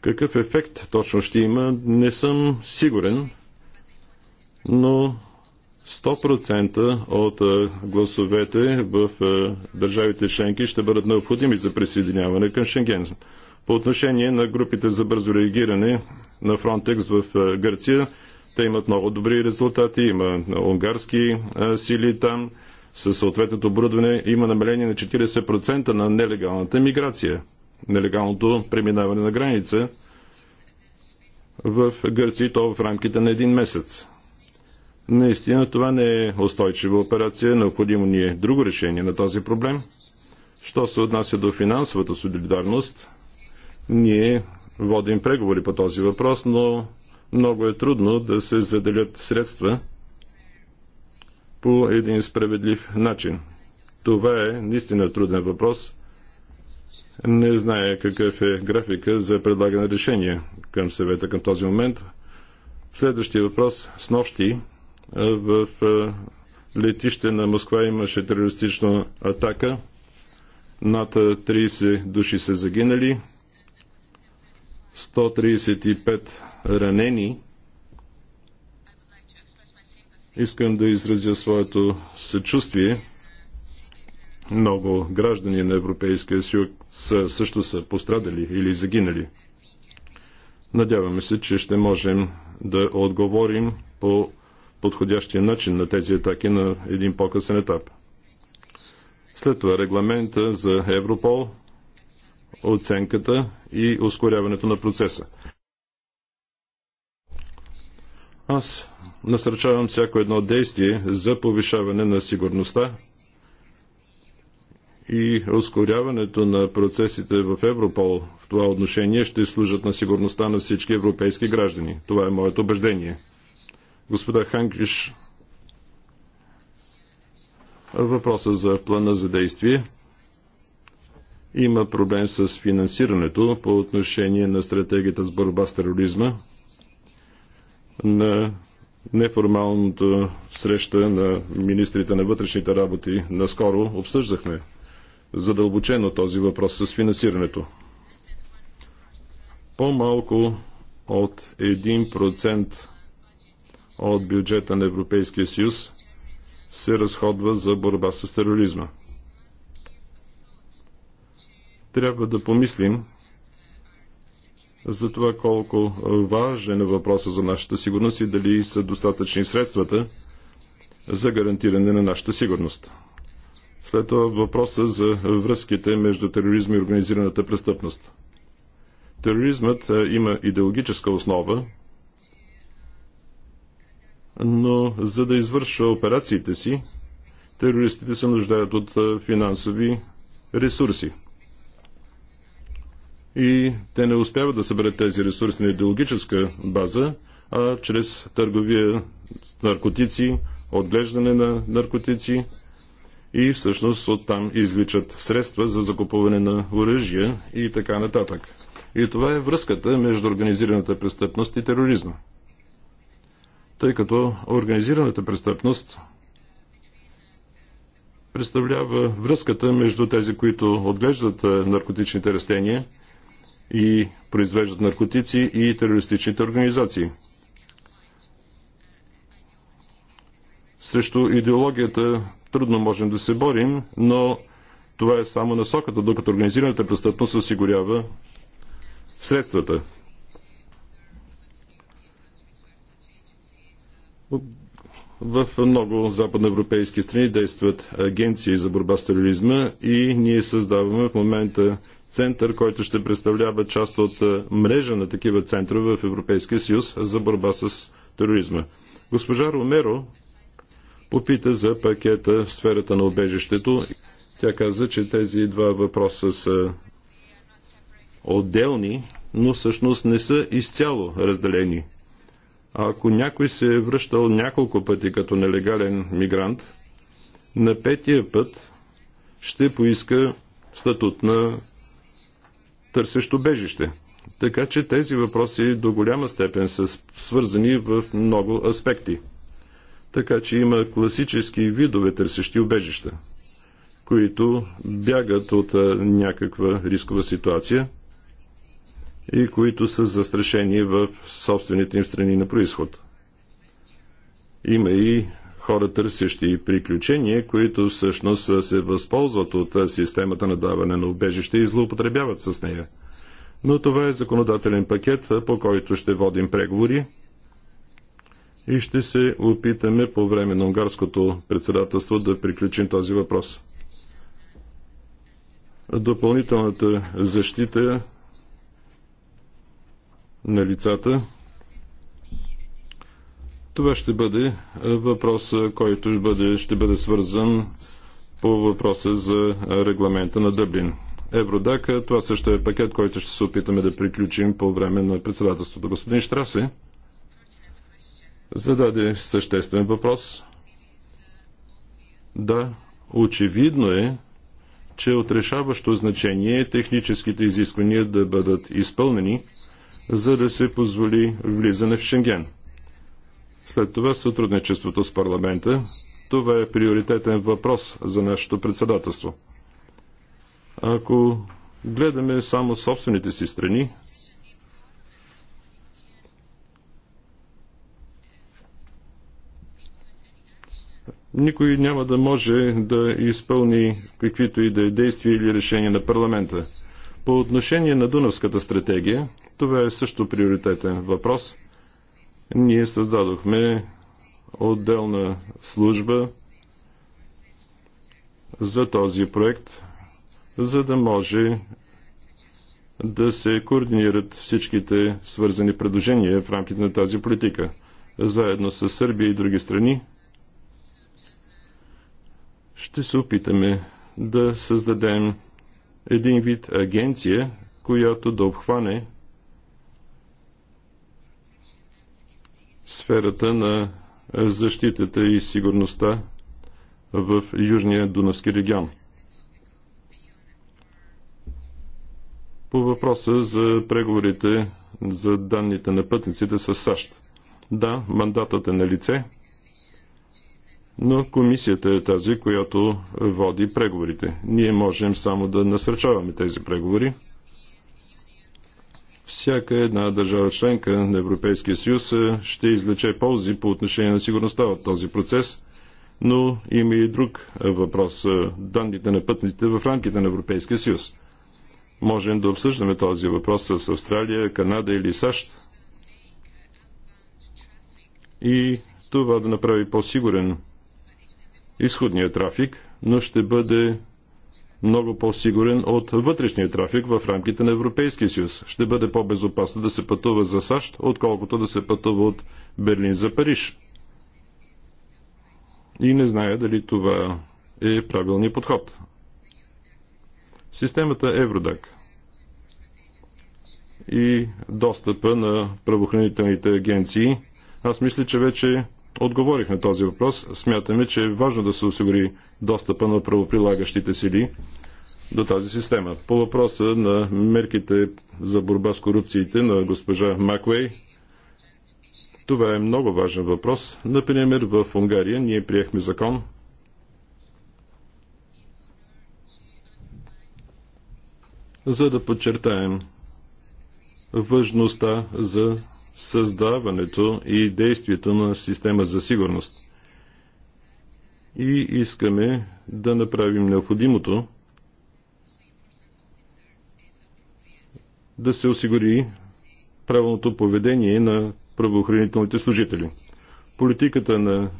Какъв ефект точно ще има, не съм сигурен, но 100% от е, гласовете в е, държавите членки ще бъдат необходими за присъединяване към Шенген. По отношение на групите за бързо реагиране на Фронтекс в Гърция, те имат много добри резултати. Има унгарски сили там със съответното оборудване има намаление на 40% на нелегалната миграция, нелегалното преминаване на граница в Гърция и то в рамките на един месец. Наистина това не е устойчива операция, необходимо ни е друго решение на този проблем. Що се отнася до финансовата солидарност, ние водим преговори по този въпрос, но много е трудно да се заделят средства – по един справедлив начин. Това е наистина труден въпрос. Не зная какъв е графика за предлагане решение към съвета към този момент. Следващия въпрос с нощи в летище на Москва имаше терористична атака. Над 30 души са загинали, 135 ранени Искам да изразя своето съчувствие. Много граждани на Европейския съюз също са пострадали или загинали. Надяваме се, че ще можем да отговорим по подходящия начин на тези атаки на един по-късен етап. След това регламента за Европол, оценката и ускоряването на процеса. Аз Насърчавам всяко едно действие за повишаване на сигурността и ускоряването на процесите в Европол в това отношение ще служат на сигурността на всички европейски граждани. Това е моето убеждение. Господа Ханкиш, въпроса за плана за действие. Има проблем с финансирането по отношение на стратегията с борба с тероризма на неформалната среща на министрите на вътрешните работи наскоро обсъждахме задълбочено този въпрос с финансирането. По-малко от 1% от бюджета на Европейския съюз се разходва за борба с тероризма. Трябва да помислим за това колко важен е въпроса за нашата сигурност и дали са достатъчни средствата за гарантиране на нашата сигурност. След това въпроса за връзките между тероризма и организираната престъпност. Тероризмът има идеологическа основа, но за да извършва операциите си, терористите се нуждаят от финансови ресурси – и те не успяват да съберат тези ресурси на идеологическа база, а чрез търговия с наркотици, отглеждане на наркотици и всъщност оттам извличат средства за закупуване на оръжия и така нататък. И това е връзката между организираната престъпност и тероризма. Тъй като организираната престъпност представлява връзката между тези, които отглеждат наркотичните растения – и произвеждат наркотици и терористичните организации. Срещу идеологията трудно можем да се борим, но това е само насоката, докато организираната престъпност осигурява средствата. В много западноевропейски страни действат агенции за борба с тероризма и ние създаваме в момента център, който ще представлява част от е, мрежа на такива центрове в Европейския съюз за борба с тероризма. Госпожа Ромеро попита за пакета в сферата на обежището. Тя каза, че тези два въпроса са отделни, но всъщност не са изцяло разделени. А ако някой се е връщал няколко пъти като нелегален мигрант, на петия път ще поиска статут на търсещо бежище. Така че тези въпроси до голяма степен са свързани в много аспекти. Така че има класически видове търсещи убежища, които бягат от някаква рискова ситуация и които са застрашени в собствените им страни на происход. Има и хора, търсещи приключения, които всъщност се възползват от системата на даване на убежище и злоупотребяват с нея. Но това е законодателен пакет, по който ще водим преговори и ще се опитаме по време на унгарското председателство да приключим този въпрос. Допълнителната защита на лицата, това ще бъде е, въпрос, е, който ще бъде, ще бъде свързан по въпроса за е, регламента на Дъблин. Евродак, това също е пакет, който ще се опитаме да приключим по време на председателството. Господин Штрасе зададе съществен въпрос. Да, очевидно е, че от решаващо значение техническите изисквания да бъдат изпълнени, за да се позволи влизане в Шенген. След това сътрудничеството с парламента. Това е приоритетен въпрос за нашето председателство. Ако гледаме само собствените си страни, никой няма да може да изпълни каквито и да е действия или решения на парламента. По отношение на Дунавската стратегия, това е също приоритетен въпрос – ние създадохме отделна служба за този проект, за да може да се координират всичките свързани предложения в рамките на тази политика, заедно с Сърбия и други страни. Ще се опитаме да създадем един вид агенция, която да обхване сферата на защитата и сигурността в Южния Дунавски регион. По въпроса за преговорите за данните на пътниците с САЩ. Да, мандатът е на лице, но комисията е тази, която води преговорите. Ние можем само да насръчаваме тези преговори всяка една държава членка на Европейския съюз е, ще извлече ползи по отношение на сигурността от този процес, но има и друг въпрос е, – данните на пътниците в рамките на Европейския съюз. Можем да обсъждаме този въпрос с Австралия, Канада или САЩ и това да направи по-сигурен изходния трафик, но ще бъде много по-сигурен от вътрешния трафик в рамките на Европейския съюз. Ще бъде по-безопасно да се пътува за САЩ, отколкото да се пътува от Берлин за Париж. И не зная дали това е правилният подход. Системата Евродак и достъпа на правоохранителните агенции. Аз мисля, че вече отговорих на този въпрос. Смятаме, че е важно да се осигури достъпа на правоприлагащите сили до тази система. По въпроса на мерките за борба с корупциите на госпожа Маквей, това е много важен въпрос. Например, в Унгария ние приехме закон, за да подчертаем важността за създаването и действието на система за сигурност и искаме да направим необходимото да се осигури правилното поведение на правоохранителните служители. Политиката на,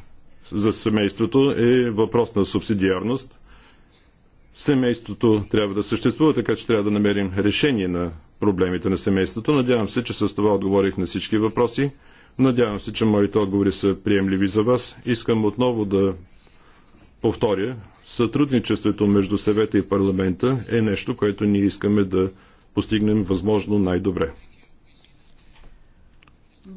за семейството е въпрос на субсидиарност. Семейството трябва да съществува, така че трябва да намерим решение на проблемите на семейството. Надявам се, че с това отговорих на всички въпроси. Надявам се, че моите отговори са приемливи за вас. Искам отново да повторя, сътрудничеството между съвета и парламента е нещо, което ние искаме да постигнем възможно най-добре.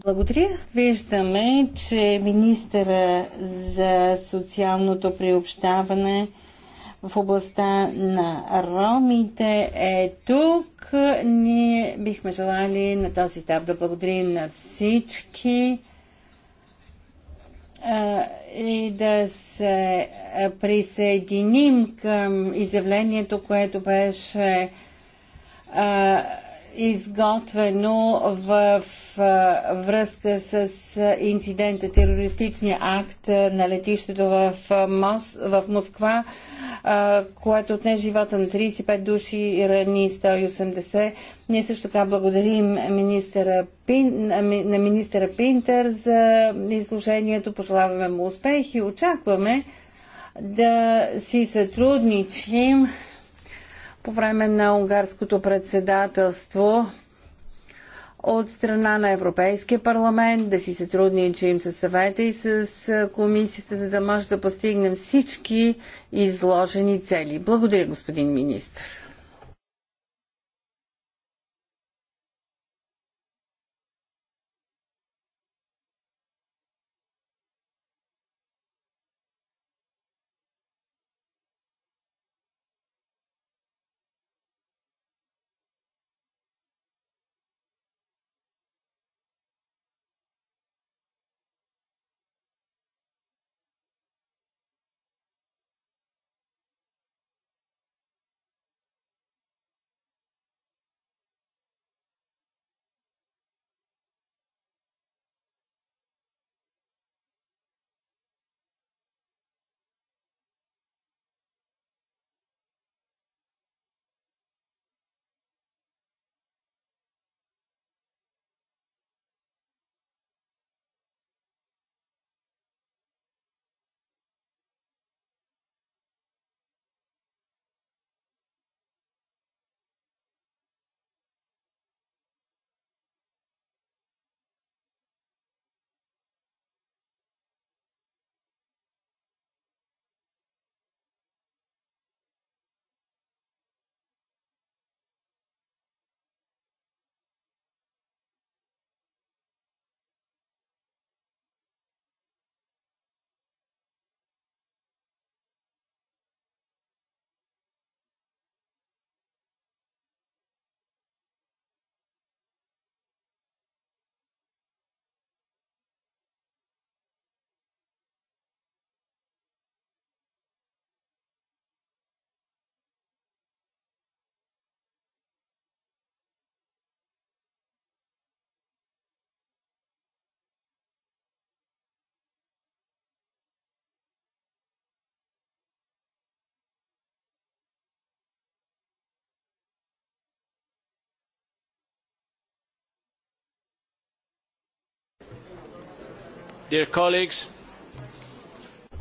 Благодаря. Виждаме, че министъра за социалното приобщаване в областта на ромите е тук. Ние бихме желали на този етап да благодарим на всички и да се присъединим към изявлението, което беше а, изготвено в връзка с инцидента, терористичния акт на летището в, Мос, в Москва, което отне живота на 35 души и рани 180. Ние също така благодарим министера Пин, на министъра Пинтер за изложението, пожелаваме му успех и очакваме да си сътрудничим по време на унгарското председателство от страна на Европейския парламент, да си сътрудничим с съвета и с комисията, за да може да постигнем всички изложени цели. Благодаря, господин министр.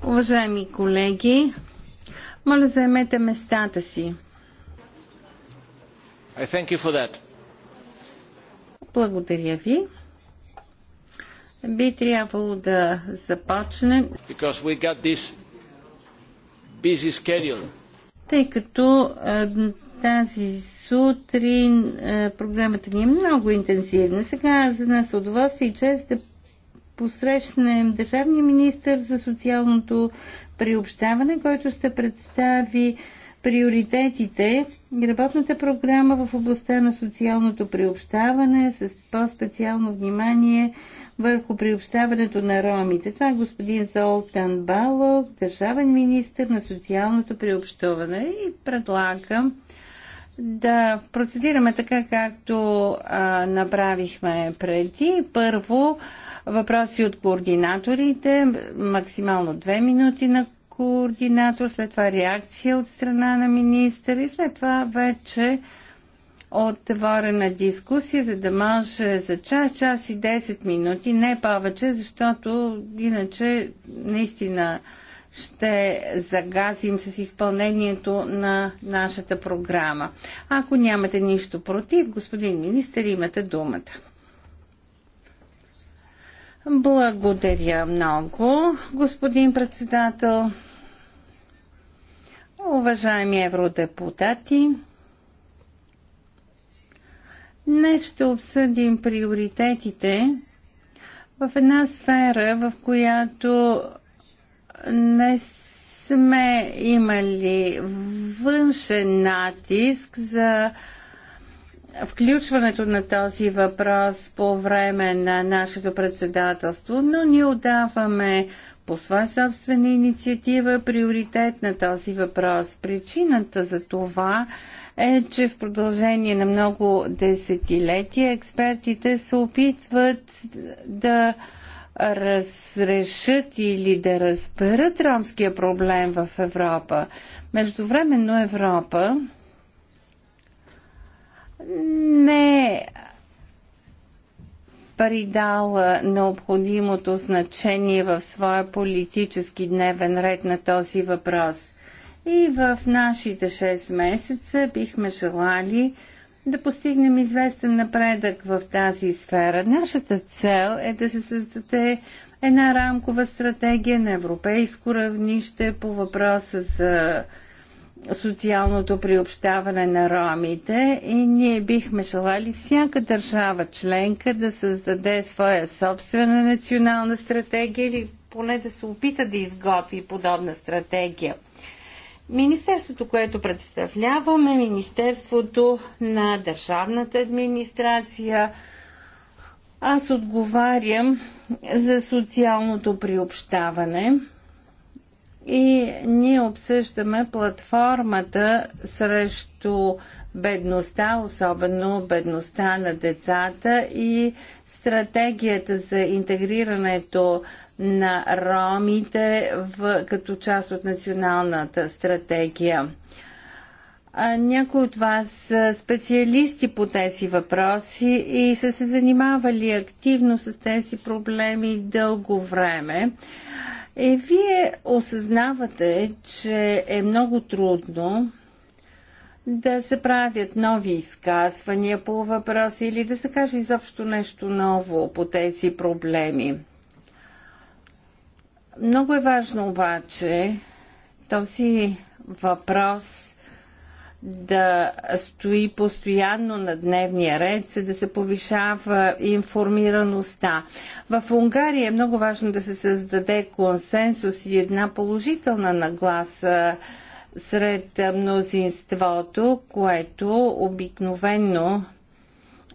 Уважаеми колеги, моля заемете местата си. Благодаря ви. Би трябвало да започнем. Тъй като тази сутрин програмата ни е много интензивна. Сега за нас е удоволствие и чест да посрещнем държавния министр за социалното приобщаване, който ще представи приоритетите и работната програма в областта на социалното приобщаване с по-специално внимание върху приобщаването на ромите. Това е господин Золтан Бало, държавен министр на социалното приобщаване и предлагам да процедираме така, както а, направихме преди. Първо, а, Въпроси от координаторите, максимално две минути на координатор, след това реакция от страна на министър и след това вече отворена дискусия, за да може за час, час и 10 минути, не повече, защото иначе наистина ще загазим с изпълнението на нашата програма. Ако нямате нищо против, господин министър, имате думата. Благодаря много, господин председател. Уважаеми евродепутати, днес ще обсъдим приоритетите в една сфера, в която не сме имали външен натиск за включването на този въпрос по време на нашето председателство, но ние отдаваме по своя собствена инициатива приоритет на този въпрос. Причината за това е, че в продължение на много десетилетия експертите се опитват да разрешат или да разберат ромския проблем в Европа. Междувременно Европа не е придала необходимото значение в своя политически дневен ред на този въпрос. И в нашите 6 месеца бихме желали да постигнем известен напредък в тази сфера. Нашата цел е да се създаде една рамкова стратегия на европейско равнище по въпроса за социалното приобщаване на ромите и ние бихме желали всяка държава членка да създаде своя собствена национална стратегия или поне да се опита да изготви подобна стратегия. Министерството, което представляваме, Министерството на държавната администрация, аз отговарям за социалното приобщаване – и ние обсъждаме платформата срещу бедността, особено бедността на децата и стратегията за интегрирането на ромите в, като част от националната стратегия. Някои от вас са специалисти по тези въпроси и са се занимавали активно с тези проблеми дълго време. Е, вие осъзнавате, че е много трудно да се правят нови изказвания по въпроси или да се каже изобщо нещо ново по тези проблеми. Много е важно обаче този въпрос да стои постоянно на дневния ред, за да се повишава информираността. В Унгария е много важно да се създаде консенсус и една положителна нагласа сред мнозинството, което обикновено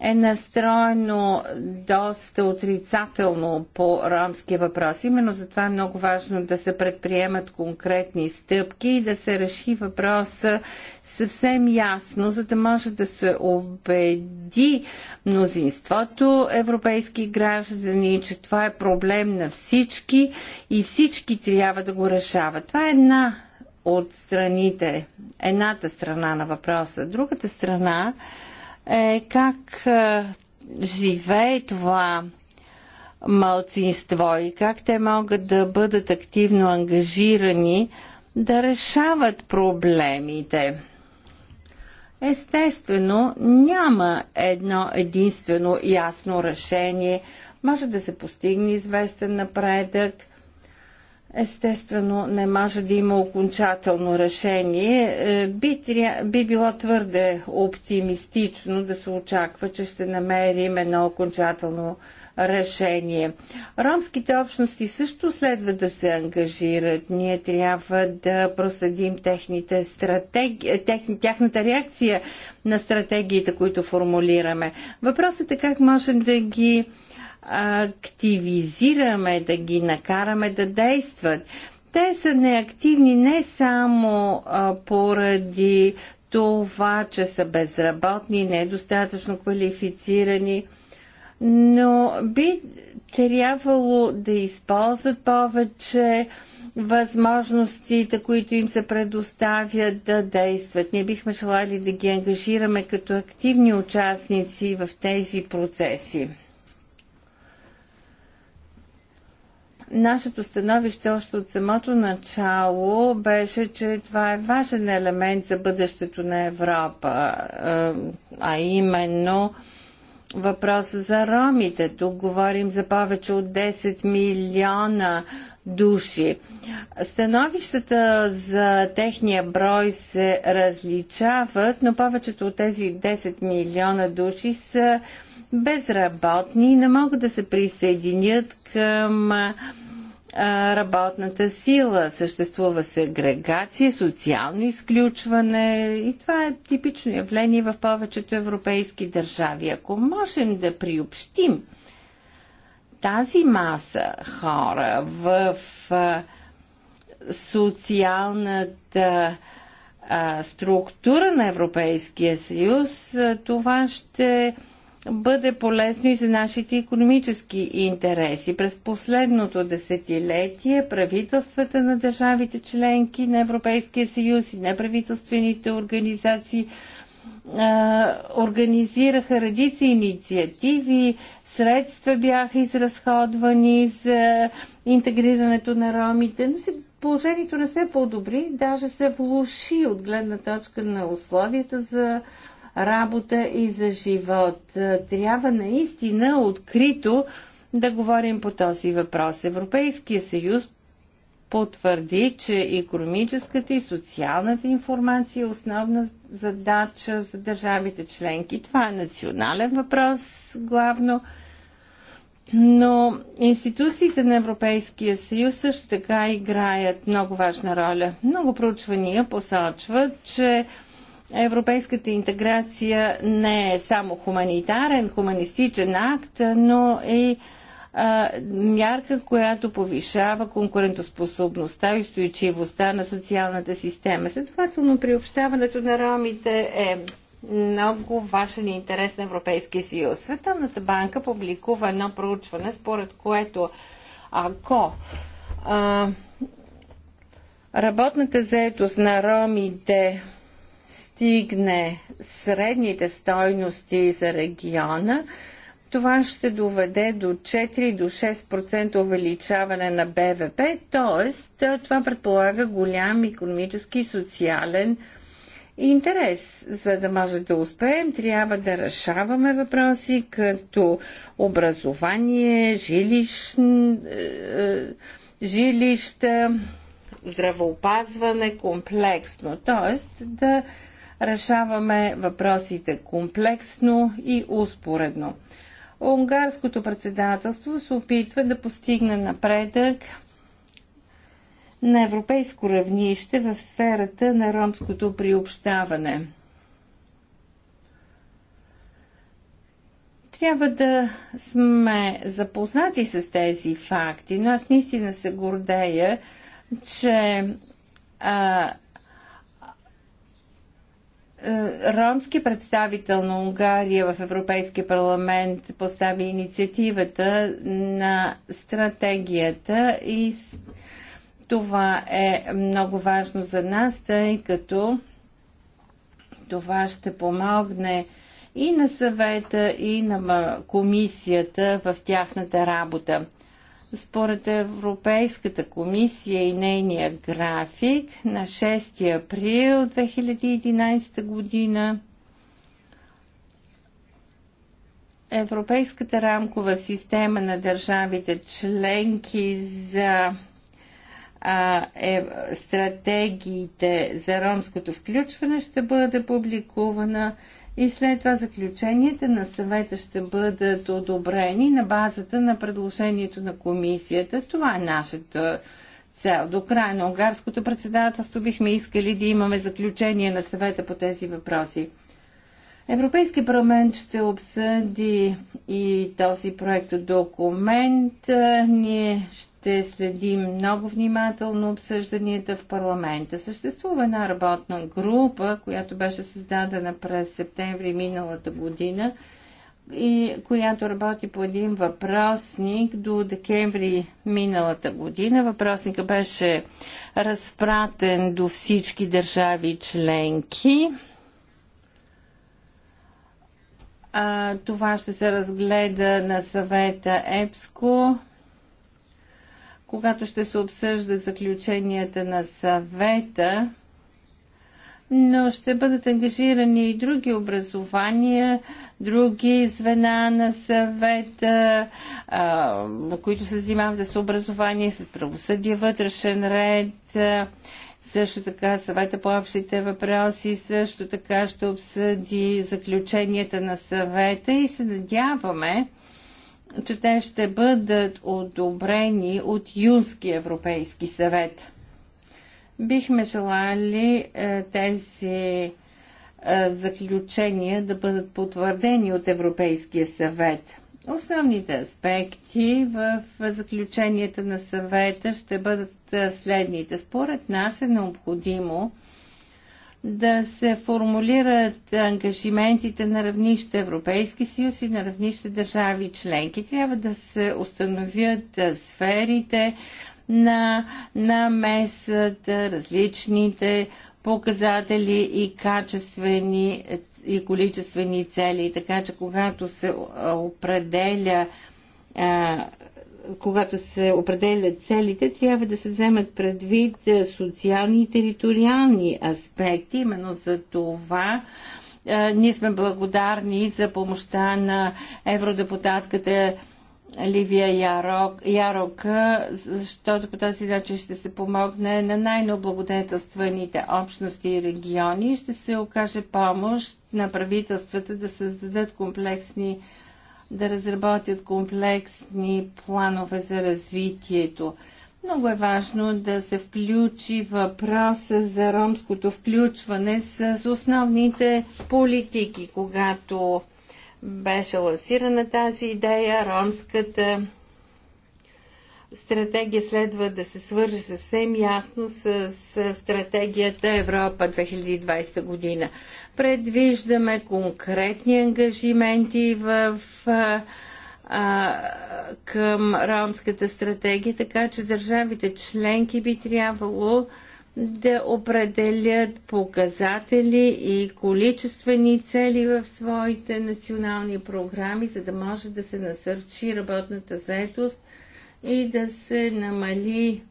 е настроено доста отрицателно по ромски въпрос. Именно затова е много важно да се предприемат конкретни стъпки и да се реши въпроса съвсем ясно, за да може да се убеди мнозинството европейски граждани, че това е проблем на всички и всички трябва да го решават. Това е една от страните, едната страна на въпроса. Другата страна е как е, живее това мълцинство и как те могат да бъдат активно ангажирани да решават проблемите. Естествено, няма едно единствено ясно решение. Може да се постигне известен напредък – Естествено, не може да има окончателно решение. Е, би, тря... би било твърде оптимистично да се очаква, че ще намерим едно окончателно решение. Ромските общности също следва да се ангажират. Ние трябва да проследим техните стратеги... тех... тяхната реакция на стратегиите, които формулираме. Въпросът е как можем да ги активизираме, да ги накараме да действат. Те са неактивни не само а, поради това, че са безработни, недостатъчно квалифицирани, но би трябвало да използват повече възможностите, които им се предоставят да действат. Ние бихме желали да ги ангажираме като активни участници в тези процеси. Нашето становище още от самото начало беше, че това е важен елемент за бъдещето на Европа, а именно въпроса за ромите. Тук говорим за повече от 10 милиона души. Становищата за техния брой се различават, но повечето от тези 10 милиона души са безработни и не могат да се присъединят към работната сила. Съществува сегрегация, социално изключване и това е типично явление в повечето европейски държави. Ако можем да приобщим тази маса хора в социалната структура на Европейския съюз, това ще бъде полезно и за нашите економически интереси. През последното десетилетие правителствата на държавите членки на Европейския съюз и неправителствените организации организираха редици инициативи, средства бяха изразходвани за интегрирането на ромите, но положението не се подобри, даже се влуши от гледна точка на условията за работа и за живот. Трябва наистина открито да говорим по този въпрос. Европейския съюз потвърди, че економическата и социалната информация е основна задача за държавите членки. Това е национален въпрос главно. Но институциите на Европейския съюз също така играят много важна роля. Много проучвания посочват, че Европейската интеграция не е само хуманитарен, хуманистичен акт, но и е, а, мярка, която повишава конкурентоспособността и устойчивостта на социалната система. Следователно, приобщаването на ромите е много важен интерес на Европейския съюз. Световната банка публикува едно проучване, според което ако а, работната заетост на ромите достигне средните стойности за региона, това ще доведе до 4 до 6% увеличаване на БВП, т.е. това предполага голям економически и социален интерес. За да може да успеем, трябва да решаваме въпроси като образование, жилищ, е, е, жилища, здравеопазване комплексно, т.е. да решаваме въпросите комплексно и успоредно. Унгарското председателство се опитва да постигне напредък на европейско равнище в сферата на ромското приобщаване. Трябва да сме запознати с тези факти, но аз наистина се гордея, че а, ромски представител на Унгария в Европейския парламент постави инициативата на стратегията и това е много важно за нас, тъй като това ще помогне и на съвета, и на комисията в тяхната работа. Според Европейската комисия и нейния график на 6 април 2011 година Европейската рамкова система на държавите членки за а, е, стратегиите за ромското включване ще бъде публикувана и след това заключенията на съвета ще бъдат одобрени на базата на предложението на комисията. Това е нашата цел. До края на унгарското председателство бихме искали да имаме заключение на съвета по тези въпроси. Европейски парламент ще обсъди и този проект от документ. Е, Ние ще следим много внимателно обсъжданията в парламента. Съществува една работна група, която беше създадена през септември миналата година и която работи по един въпросник до декември миналата година. Въпросника беше разпратен до всички държави членки. А, това ще се разгледа на съвета ЕПСКО, когато ще се обсъждат заключенията на съвета, но ще бъдат ангажирани и други образования, други звена на съвета, а, които се занимават с образование, с правосъдие, вътрешен ред също така съвета по общите въпроси също така ще обсъди заключенията на съвета и се надяваме, че те ще бъдат одобрени от Юнски Европейски съвет. Бихме желали е, тези е, заключения да бъдат потвърдени от Европейския съвет. Основните аспекти в заключенията на съвета ще бъдат следните. Според нас е необходимо да се формулират ангажиментите на равнище Европейски съюз и на равнище държави членки. Трябва да се установят сферите на, на месата, различните показатели и качествени и количествени цели. Така че когато се определя когато се определят целите, трябва да се вземат предвид социални и териториални аспекти. Именно за това ние сме благодарни за помощта на евродепутатката Ливия Ярок, Ярока, защото по този начин ще се помогне на най-необлагодетелстваните общности и региони и ще се окаже помощ на правителствата да създадат комплексни, да разработят комплексни планове за развитието. Много е важно да се включи въпроса за ромското включване с основните политики, когато беше лансирана тази идея, ромската стратегия следва да се свърже съвсем ясно с, стратегията Европа 2020 година. Предвиждаме конкретни ангажименти в, а, а, към ромската стратегия, така че държавите членки би трябвало да определят показатели и количествени цели в своите национални програми, за да може да се насърчи работната заетост и да се намали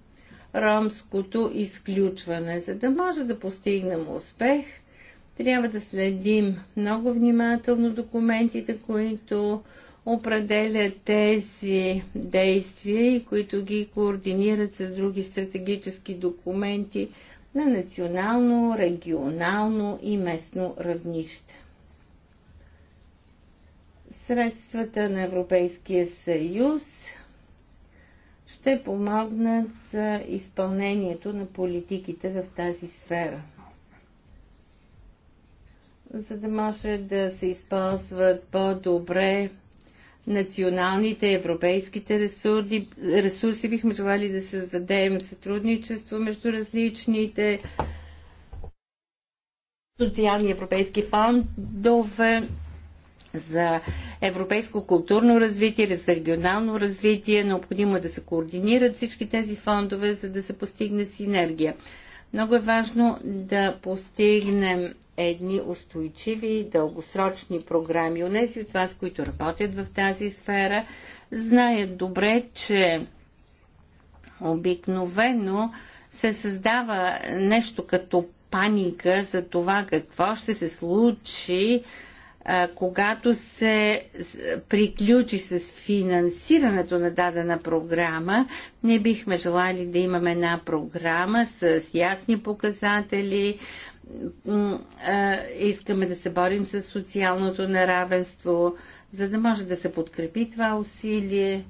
ромското изключване. За да може да постигнем успех, трябва да следим много внимателно документите, които определят тези действия и които ги координират с други стратегически документи на национално, регионално и местно равнище. Средствата на Европейския съюз ще помогнат за изпълнението на политиките в тази сфера за да може да се използват по-добре националните европейските ресурси. ресурси бихме желали да създадем сътрудничество между различните социални европейски фондове за европейско културно развитие, за регионално развитие. Необходимо е да се координират всички тези фондове, за да се постигне синергия. Много е важно да постигнем едни устойчиви дългосрочни програми. Унези от вас, които работят в тази сфера, знаят добре, че обикновено се създава нещо като паника за това какво ще се случи, когато се приключи с финансирането на дадена програма, не бихме желали да имаме една програма с ясни показатели, искаме да се борим с социалното неравенство, за да може да се подкрепи това усилие,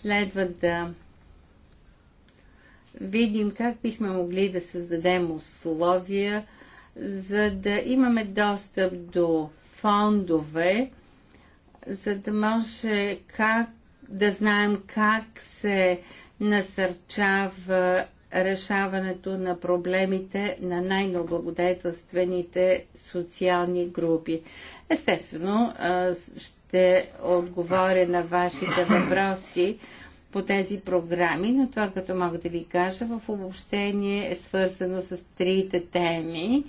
следва да видим как бихме могли да създадем условия, за да имаме достъп до фондове, за да може как да знаем как се насърчава решаването на проблемите на най-необлагодетелствените социални групи. Естествено, ще отговоря на вашите въпроси по тези програми, но това, като мога да ви кажа в обобщение, е свързано с трите теми.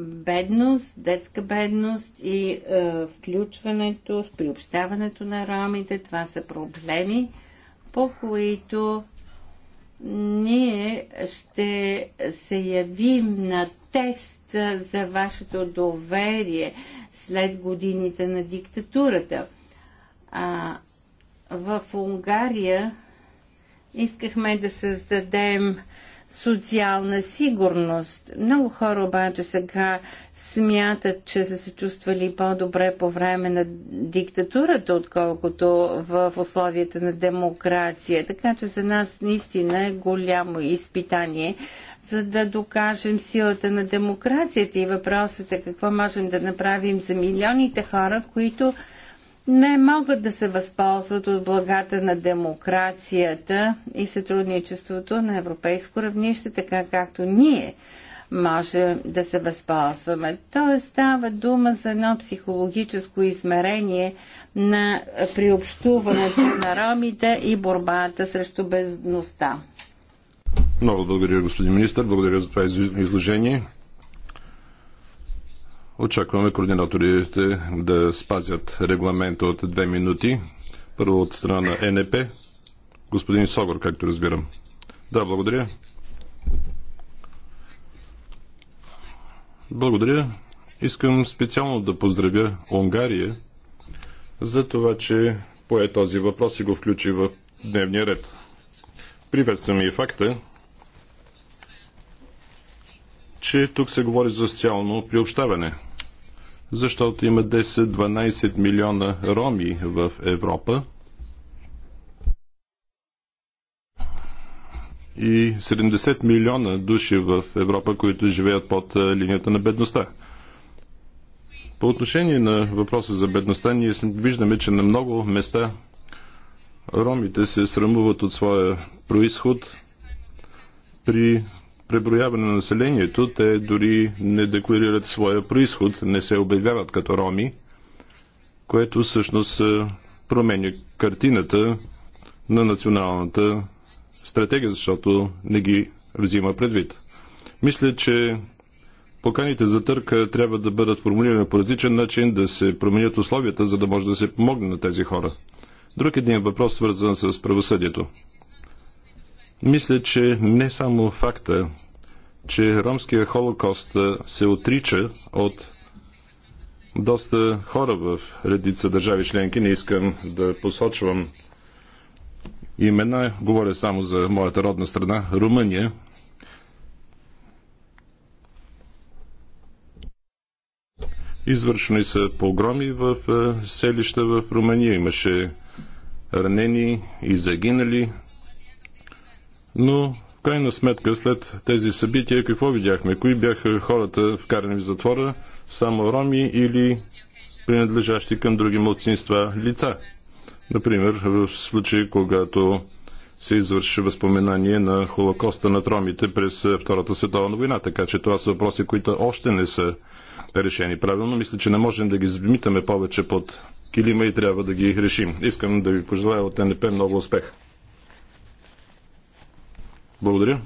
Бедност, детска бедност и е, включването, приобщаването на ромите, това са проблеми, по които ние ще се явим на тест за вашето доверие след годините на диктатурата. А, в Унгария искахме да създадем социална сигурност. Много хора обаче сега смятат, че са се чувствали по-добре по време на диктатурата, отколкото в условията на демокрация. Така че за нас наистина е голямо изпитание, за да докажем силата на демокрацията и въпросът е какво можем да направим за милионите хора, които не могат да се възползват от благата на демокрацията и сътрудничеството на европейско равнище, така както ние може да се възползваме. Тоест става дума за едно психологическо измерение на приобщуването на ромите и борбата срещу бездността. Много благодаря, господин министр. Благодаря за това изложение. Очакваме координаторите да спазят регламента от две минути. Първо от страна на НП. Господин Согор, както разбирам. Да, благодаря. Благодаря. Искам специално да поздравя Унгария за това, че пое този въпрос и го включи в дневния ред. Приветствам и факта, че тук се говори за социално приобщаване – защото има 10-12 милиона роми в Европа. И 70 милиона души в Европа, които живеят под линията на бедността. По отношение на въпроса за бедността, ние виждаме, че на много места ромите се срамуват от своя происход. При преброяване на населението, те дори не декларират своя происход, не се обявяват като роми, което всъщност променя картината на националната стратегия, защото не ги взима предвид. Мисля, че поканите за търка трябва да бъдат формулирани по различен начин, да се променят условията, за да може да се помогне на тези хора. Друг един въпрос, свързан с правосъдието. Мисля, че не само факта, че ромския холокост се отрича от доста хора в редица държави членки, не искам да посочвам имена, говоря само за моята родна страна, Румъния. Извършени са погроми в селища в Румъния, имаше ранени и загинали но в крайна сметка след тези събития какво видяхме? Кои бяха хората вкарани в затвора? Само роми или принадлежащи към други младсинства лица? Например, в случай, когато се извърши възпоменание на Холокоста на тромите през Втората световна война. Така че това са въпроси, които още не са решени правилно. Мисля, че не можем да ги замитаме повече под килима и трябва да ги решим. Искам да ви пожелая от НП много успех. Благодаря.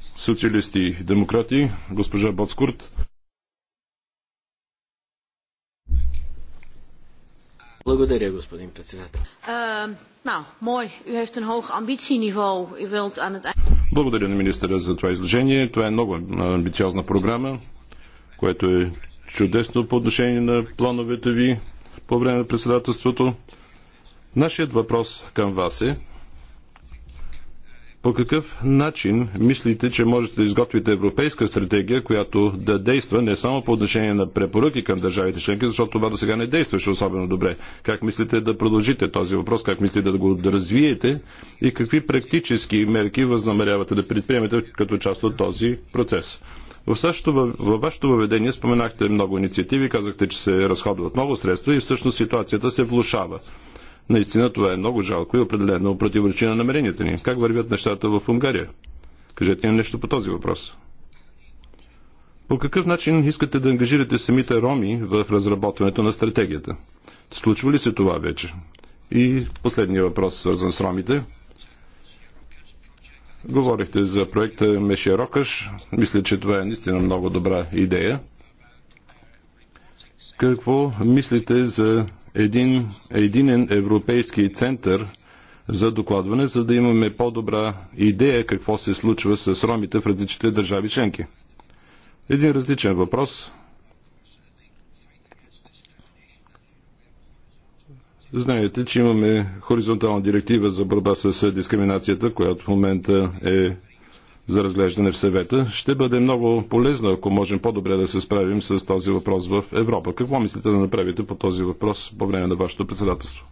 Социалисти и демократи, госпожа Боцкурт. Благодаря, господин председател. Е, Благодаря на министъра за това изложение. Това е много амбициозна програма, което е чудесно по отношение на плановете ви по време на председателството. Нашият въпрос към вас е по какъв начин мислите, че можете да изготвите европейска стратегия, която да действа не само по отношение на препоръки към държавите членки, защото това до сега не действаше особено добре? Как мислите да продължите този въпрос? Как мислите да го развиете? И какви практически мерки възнамерявате да предприемете като част от този процес? В същото, във вашето въведение споменахте много инициативи, казахте, че се разходват много средства и всъщност ситуацията се влушава. Наистина това е много жалко и определено противоречи на намеренията ни. Как вървят нещата в Унгария? Кажете ни нещо по този въпрос. По какъв начин искате да ангажирате самите роми в разработването на стратегията? Случва ли се това вече? И последния въпрос, свързан с ромите. Говорихте за проекта Меше Рокаш. Мисля, че това е наистина много добра идея. Какво мислите за един единен европейски център за докладване, за да имаме по-добра идея какво се случва с ромите в различните държави членки. Един различен въпрос. Знаете, че имаме хоризонтална директива за борба с дискриминацията, която в момента е за разглеждане в съвета, ще бъде много полезно, ако можем по-добре да се справим с този въпрос в Европа. Какво мислите да направите по този въпрос по време на вашето председателство?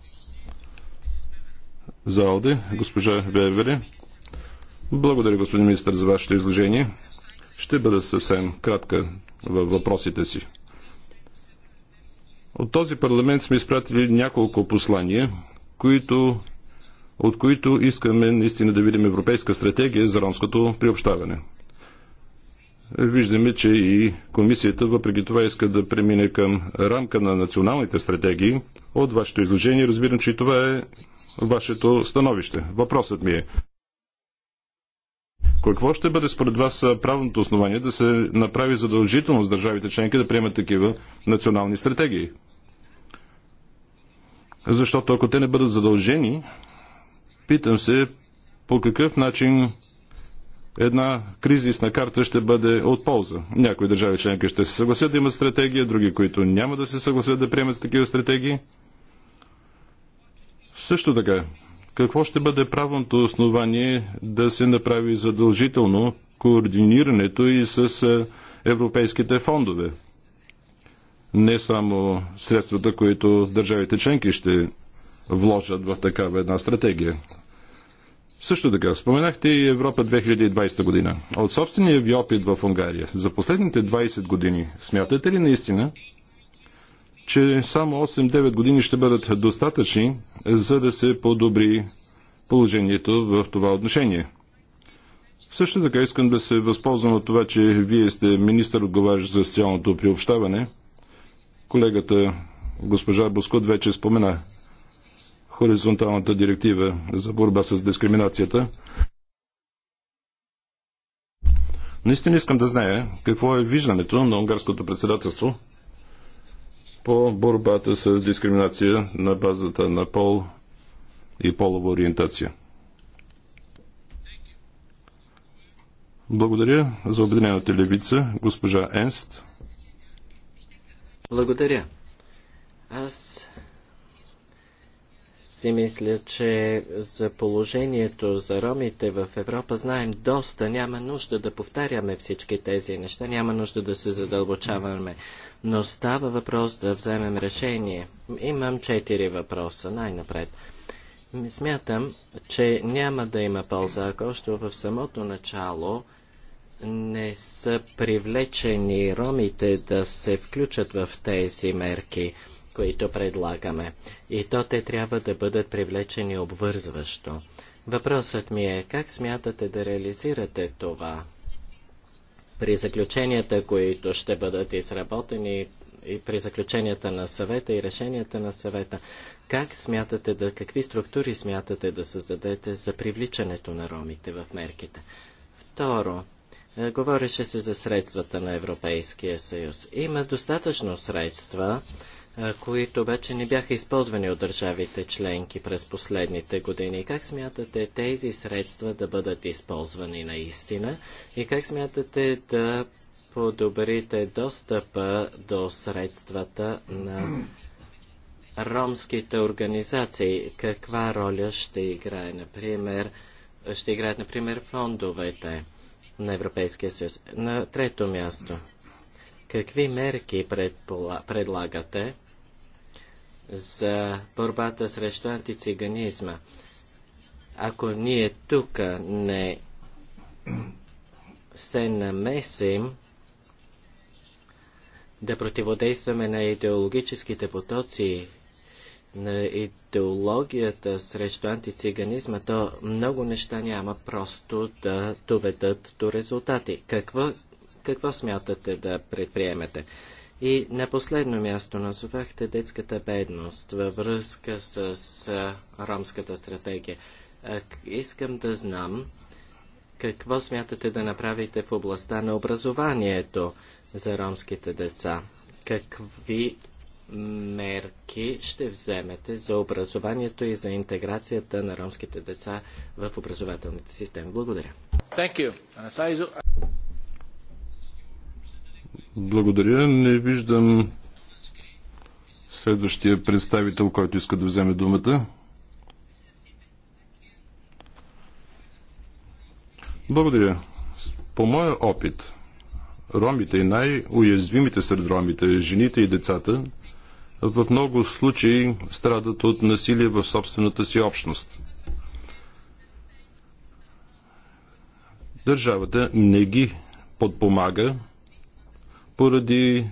За Алди, госпожа Вевери. Благодаря, господин министр, за вашето изложение. Ще бъда съвсем кратка във въпросите си. От този парламент сме изпратили няколко послания, които от които искаме наистина да видим европейска стратегия за ромското приобщаване. Виждаме, че и комисията въпреки това иска да премине към рамка на националните стратегии. От вашето изложение разбирам, че и това е вашето становище. Въпросът ми е. Какво ще бъде според вас правното основание да се направи задължително с държавите членки да приемат такива национални стратегии? Защото ако те не бъдат задължени, Питам се по какъв начин една кризисна карта ще бъде от полза. Някои държави членки ще се съгласят да имат стратегия, други, които няма да се съгласят да приемат такива стратегии. Също така, какво ще бъде правното основание да се направи задължително координирането и с европейските фондове? Не само средствата, които държавите членки ще вложат в такава една стратегия. Също така, споменахте и Европа 2020 година. От собствения ви опит в Унгария, за последните 20 години, смятате ли наистина, че само 8-9 години ще бъдат достатъчни, за да се подобри положението в това отношение? Също така искам да се възползвам от това, че вие сте министър отговарящ за социалното приобщаване. Колегата госпожа Боскот вече спомена хоризонталната директива за борба с дискриминацията. Наистина искам да зная какво е виждането на унгарското председателство по борбата с дискриминация на базата на пол и полова ориентация. Благодаря за Обединената левица, госпожа Енст. Благодаря. Аз си мисля, че за положението за ромите в Европа знаем доста. Няма нужда да повтаряме всички тези неща, няма нужда да се задълбочаваме. Но става въпрос да вземем решение. Имам четири въпроса, най-напред. Смятам, че няма да има полза, ако още в самото начало не са привлечени ромите да се включат в тези мерки които предлагаме. И то те трябва да бъдат привлечени обвързващо. Въпросът ми е, как смятате да реализирате това? При заключенията, които ще бъдат изработени и при заключенията на съвета и решенията на съвета, как смятате да, какви структури смятате да създадете за привличането на ромите в мерките? Второ, е, говореше се за средствата на Европейския съюз. Има достатъчно средства, които обаче не бяха използвани от държавите членки през последните години. Как смятате тези средства да бъдат използвани наистина и как смятате да подобрите достъпа до средствата на ромските организации? Каква роля ще играе, например, ще играят, например, фондовете на Европейския съюз? На трето място. Какви мерки предлагате за борбата срещу антициганизма. Ако ние тук не се намесим да противодействаме на идеологическите потоци, на идеологията срещу антициганизма, то много неща няма просто да доведат до резултати. Какво, какво смятате да предприемете? И на последно място назовахте детската бедност във връзка с ромската стратегия. Искам да знам какво смятате да направите в областта на образованието за ромските деца. Какви мерки ще вземете за образованието и за интеграцията на ромските деца в образователните системи? Благодаря. Благодаря. Не виждам следващия представител, който иска да вземе думата. Благодаря. По моя опит, ромите и най-уязвимите сред ромите, жените и децата, в много случаи страдат от насилие в собствената си общност. Държавата не ги подпомага поради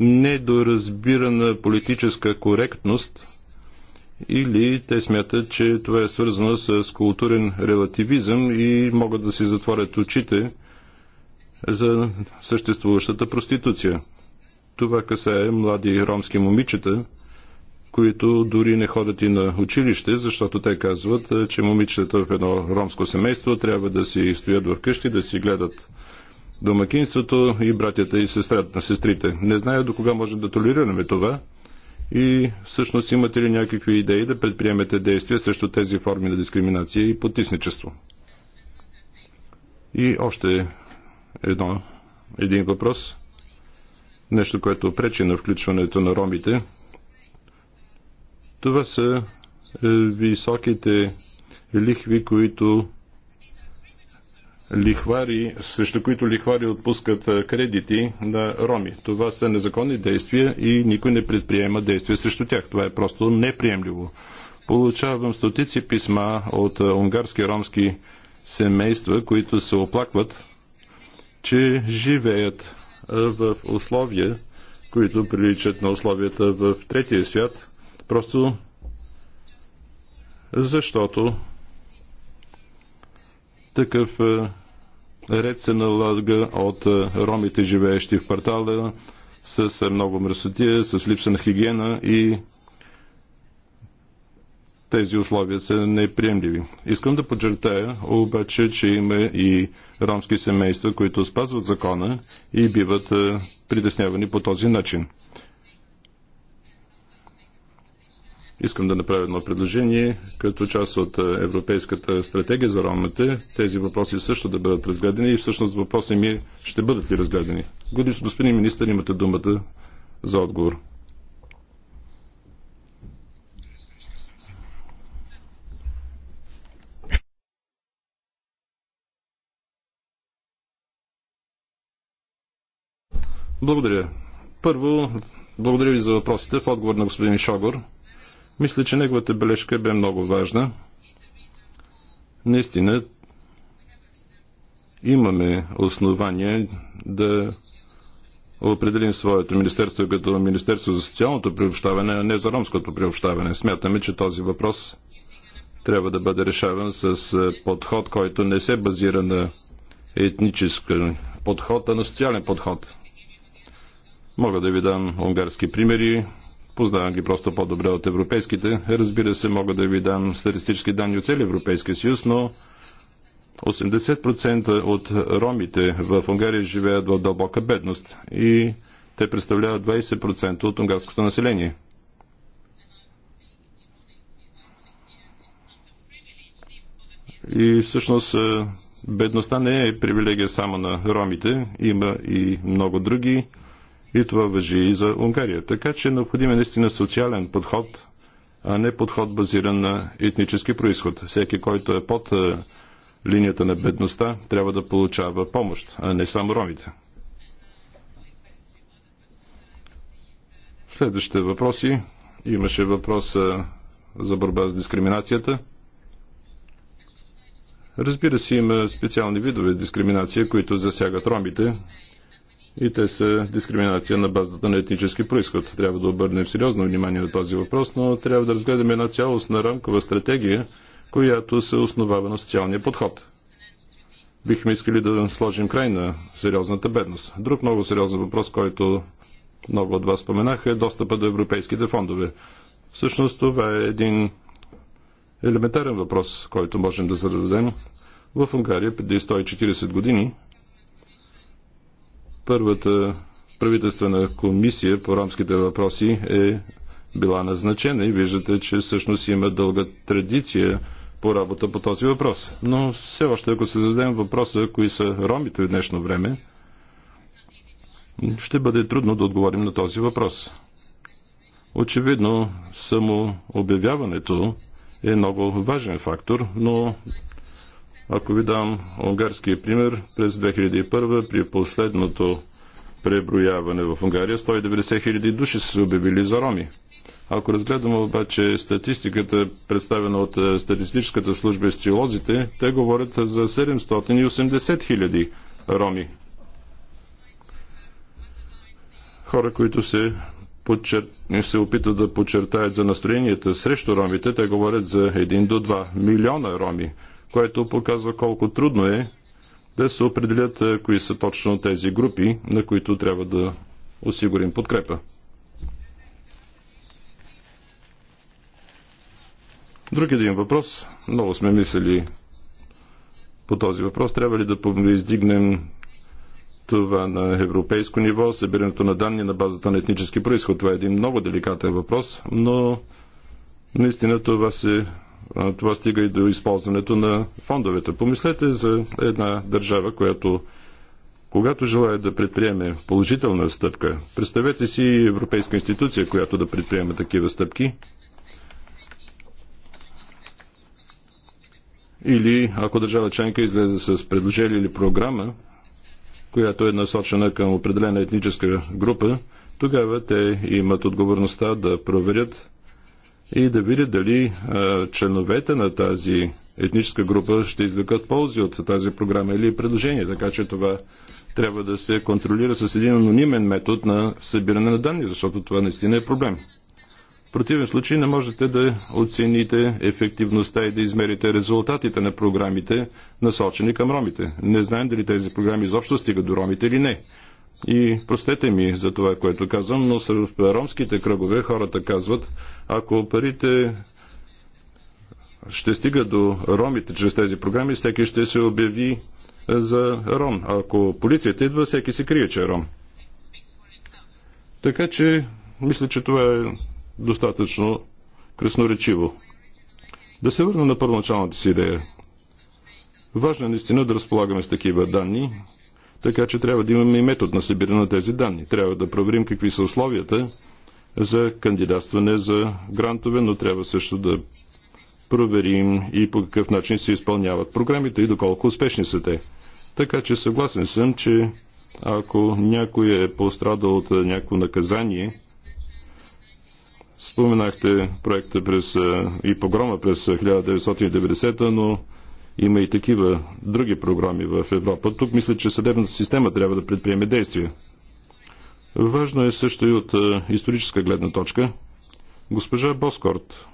недоразбирана политическа коректност или те смятат, че това е свързано с културен релативизъм и могат да си затворят очите за съществуващата проституция. Това касае млади ромски момичета, които дори не ходят и на училище, защото те казват, че момичетата в едно ромско семейство трябва да си стоят вкъщи, да си гледат домакинството и братята и сестрата, сестрите. Не зная до кога можем да толерираме това и всъщност имате ли някакви идеи да предприемете действия срещу тези форми на дискриминация и потисничество? И още едно, един въпрос. Нещо, което пречи на включването на ромите. Това са е, високите лихви, които лихвари, срещу които лихвари отпускат кредити на роми. Това са незаконни действия и никой не предприема действия срещу тях. Това е просто неприемливо. Получавам стотици писма от унгарски ромски семейства, които се оплакват, че живеят в условия, които приличат на условията в третия свят, просто защото такъв е, ред се налага от е, ромите, живеещи в квартала, с е, много мръсотия, с липса на хигиена и тези условия са неприемливи. Искам да подчертая обаче, че има и ромски семейства, които спазват закона и биват притеснявани по този начин. Искам да направя едно предложение, като част от е, Европейската стратегия за ромите, тези въпроси също да бъдат разгледани и всъщност въпроси ми е, ще бъдат ли разгледани. Господин министър, имате думата за отговор. Благодаря. Първо, благодаря ви за въпросите в отговор на господин Шогор. Мисля, че неговата бележка бе много важна. Наистина, имаме основания да определим своето министерство като Министерство за социалното приобщаване, а не за ромското приобщаване. Смятаме, че този въпрос трябва да бъде решаван с подход, който не се базира на етнически подход, а на социален подход. Мога да ви дам унгарски примери, Познавам ги просто по-добре от европейските. Разбира се, мога да ви дам статистически данни от целия Европейския съюз, но 80% от ромите в Унгария живеят в дълбока бедност и те представляват 20% от унгарското население. И всъщност е, бедността не е привилегия само на ромите, има и много други и това въжи и за Унгария. Така че необходим е наистина социален подход, а не подход базиран на етнически происход. Всеки, който е под линията на бедността, трябва да получава помощ, а не само ромите. Следващите въпроси. Имаше въпрос за борба с дискриминацията. Разбира се, има специални видове дискриминация, които засягат ромите и те са дискриминация на базата на етнически происход. Трябва да обърнем сериозно внимание на този въпрос, но трябва да разгледаме една цялостна рамкова стратегия, която се основава на социалния подход. Бихме искали да сложим край на сериозната бедност. Друг много сериозен въпрос, който много от вас споменаха, е достъпа до европейските фондове. Всъщност това е един елементарен въпрос, който можем да зададем. В Унгария преди 140 години Първата правителствена комисия по рамските въпроси е била назначена и виждате, че всъщност има дълга традиция по работа по този въпрос. Но все още, ако се зададем въпроса, кои са ромите в днешно време, ще бъде трудно да отговорим на този въпрос. Очевидно, само обявяването е много важен фактор, но ако ви дам унгарския пример, през 2001 при последното преброяване в Унгария 190 хиляди души са се обявили за роми. Ако разгледаме обаче статистиката, представена от е, статистическата служба и стилозите, те говорят за 780 хиляди роми. Хора, които се, подчер... се опитват да подчертаят за настроенията срещу ромите, те говорят за 1 до 2 милиона роми което показва колко трудно е да се определят кои са точно тези групи, на които трябва да осигурим подкрепа. Друг един въпрос. Много сме мислили по този въпрос. Трябва ли да издигнем това на европейско ниво, събирането на данни на базата на етнически происход? Това е един много деликатен въпрос, но наистина това се това стига и до използването на фондовете. Помислете за една държава, която когато желая да предприеме положителна стъпка, представете си европейска институция, която да предприеме такива стъпки. Или ако държава членка излезе с предложение или програма, която е насочена към определена етническа група, тогава те имат отговорността да проверят и да видят дали е, членовете на тази етническа група ще извлекат ползи от тази програма или предложение. Така че това трябва да се контролира с един анонимен метод на събиране на данни, защото това наистина е проблем. В противен случай не можете да оцените ефективността и да измерите резултатите на програмите, насочени към ромите. Не знаем дали тези програми изобщо стигат до ромите или не. И простете ми за това, което казвам, но с ромските кръгове хората казват, ако парите ще стига до ромите чрез тези програми, всеки ще се обяви е, за ром. ако полицията идва, всеки се крие, че е ром. Така че, мисля, че това е достатъчно красноречиво. Да се върна на първоначалната си идея. Важно е наистина да разполагаме с такива данни, така че трябва да имаме и метод на събиране на тези данни. Трябва да проверим какви са условията за кандидатстване за грантове, но трябва също да проверим и по какъв начин се изпълняват програмите и доколко успешни са те. Така че съгласен съм, че ако някой е пострадал от някакво наказание, споменахте проекта през, и погрома през 1990, но има и такива други програми в Европа. Тук мисля, че съдебната система трябва да предприеме действия. Важно е също и от е, историческа гледна точка. Госпожа Боскорт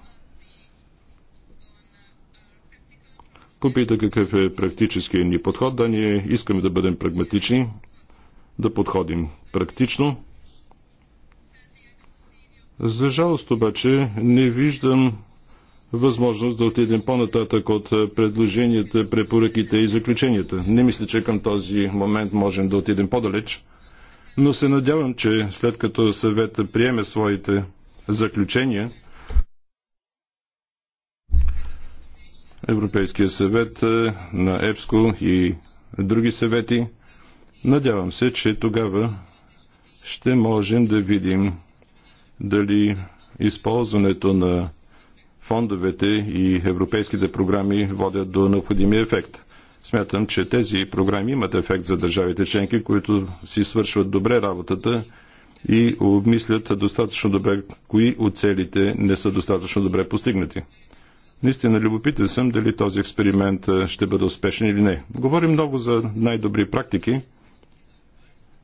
попита какъв е практическия ни подход. Да, ние искаме да бъдем прагматични, да подходим практично. За жалост обаче не виждам възможност да отидем по-нататък от е, предложенията, препоръките и заключенията. Не мисля, че към този момент можем да отидем по-далеч, но се надявам, че след като съвета приеме своите заключения, Европейския съвет е, на ЕПСКО и други съвети, надявам се, че тогава ще можем да видим дали използването на фондовете и европейските програми водят до необходимия ефект. Смятам, че тези програми имат ефект за държавите членки, които си свършват добре работата и обмислят достатъчно добре кои от целите не са достатъчно добре постигнати. Наистина любопитен съм дали този експеримент ще бъде успешен или не. Говорим много за най-добри практики,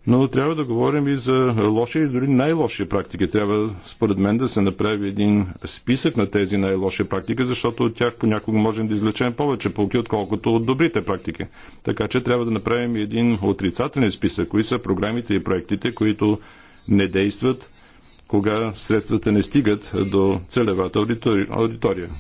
но трябва да говорим и за лоши и дори най-лоши практики. Трябва, според мен, да се направи един списък на тези най-лоши практики, защото от тях понякога можем да излечем повече полки, отколкото от добрите практики. Така че трябва да направим един отрицателен списък, кои са програмите и проектите, които не действат, кога средствата не стигат до целевата аудитория.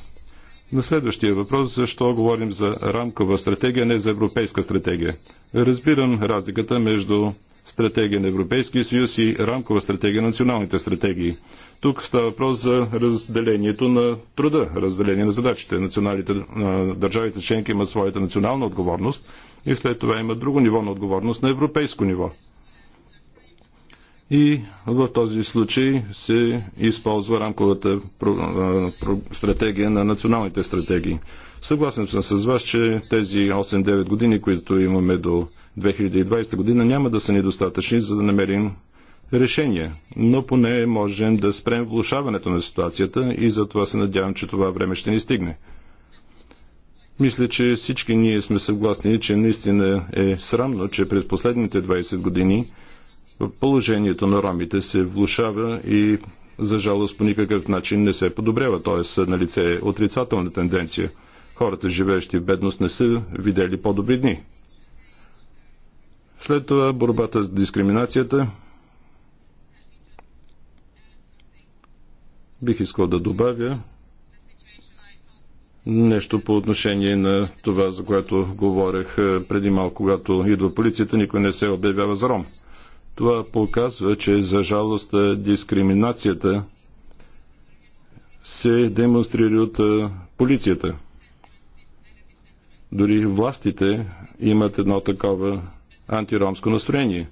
На следващия въпрос, защо говорим за рамкова стратегия, не за европейска стратегия. Разбирам разликата между стратегия на Европейския съюз и рамкова стратегия на националните стратегии. Тук става въпрос за разделението на труда, разделение на задачите. Националите, държавите членки имат своята национална отговорност и след това имат друго ниво на отговорност на европейско ниво. И в този случай се използва рамковата стратегия на националните стратегии. Съгласен съм с вас, че тези 8-9 години, които имаме до 2020 година няма да са недостатъчни, за да намерим решение, но поне можем да спрем влушаването на ситуацията и за това се надявам, че това време ще ни стигне. Мисля, че всички ние сме съгласни, че наистина е срамно, че през последните 20 години положението на ромите се влушава и за жалост по никакъв начин не се подобрява, т.е. на лице е отрицателна тенденция. Хората, живеещи в бедност, не са видели по-добри дни. След това борбата с дискриминацията. Бих искал да добавя нещо по отношение на това, за което говорех е, преди малко, когато идва полицията, никой не се обявява за ром. Това показва, че за жалост е, дискриминацията се демонстрира от е, полицията. Дори властите имат едно такова антиромско настроение.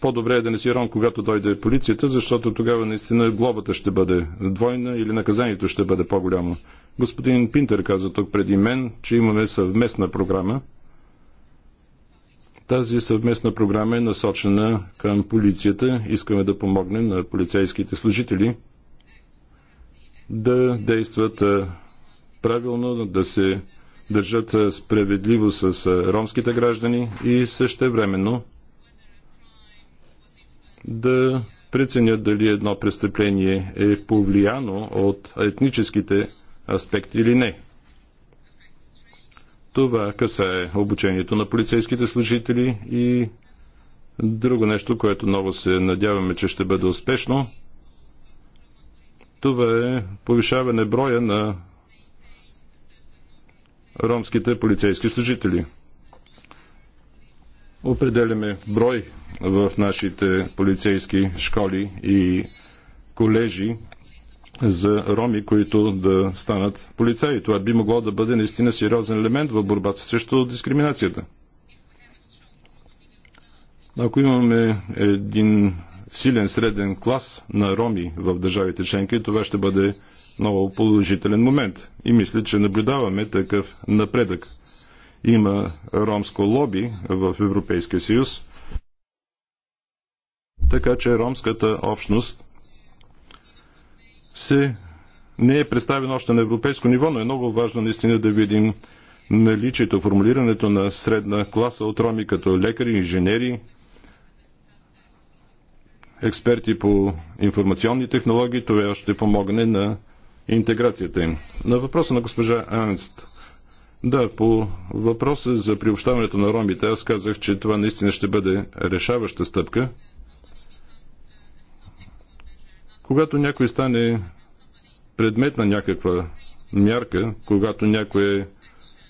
По-добре е да не си ром, когато дойде полицията, защото тогава наистина глобата ще бъде двойна или наказанието ще бъде по-голямо. Господин Пинтер каза тук преди мен, че имаме съвместна програма. Тази съвместна програма е насочена към полицията. Искаме да помогнем на полицейските служители да действат правилно, да се държат е, справедливо с е, ромските граждани и същевременно да преценят дали едно престъпление е повлияно от етническите аспекти или не. Това касае обучението на полицейските служители и друго нещо, което много се надяваме, че ще бъде успешно. Това е повишаване броя на ромските полицейски служители. Определяме брой в нашите полицейски школи и колежи за роми, които да станат полицаи. Това би могло да бъде наистина сериозен елемент в борбата срещу дискриминацията. Ако имаме един силен среден клас на роми в държавите членки, това ще бъде много положителен момент. И мисля, че наблюдаваме такъв напредък. Има ромско лоби в Европейския съюз, така че ромската общност се не е представена още на европейско ниво, но е много важно наистина да видим наличието, формулирането на средна класа от роми като лекари, инженери, експерти по информационни технологии. Това ще помогне на интеграцията им. На въпроса на госпожа Анст. Да, по въпроса за приобщаването на ромите, аз казах, че това наистина ще бъде решаваща стъпка. Когато някой стане предмет на някаква мярка, когато някой е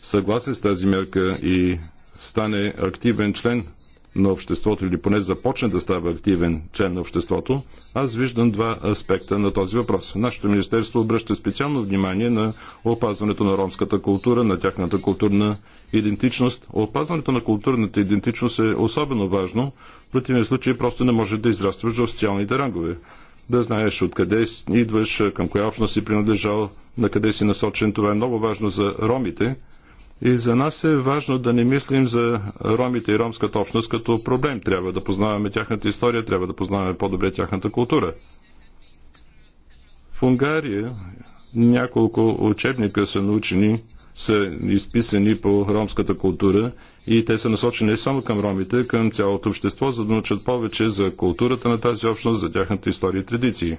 съгласен с тази мярка и стане активен член на обществото или поне започне да става активен член на обществото, аз виждам два аспекта на този въпрос. Нашето министерство обръща специално внимание на опазването на ромската култура, на тяхната културна идентичност. Опазването на културната идентичност е особено важно, в противен случай просто не може да израстваш в социалните рангове. Да знаеш откъде идваш, към коя общност си принадлежал, на къде си насочен. Това е много важно за ромите – и за нас е важно да не мислим за ромите и ромската общност като проблем. Трябва да познаваме тяхната история, трябва да познаваме по-добре тяхната култура. В Унгария няколко учебника са научени, са изписани по ромската култура и те са насочени не само към ромите, към цялото общество, за да научат повече за културата на тази общност, за тяхната история и традиции.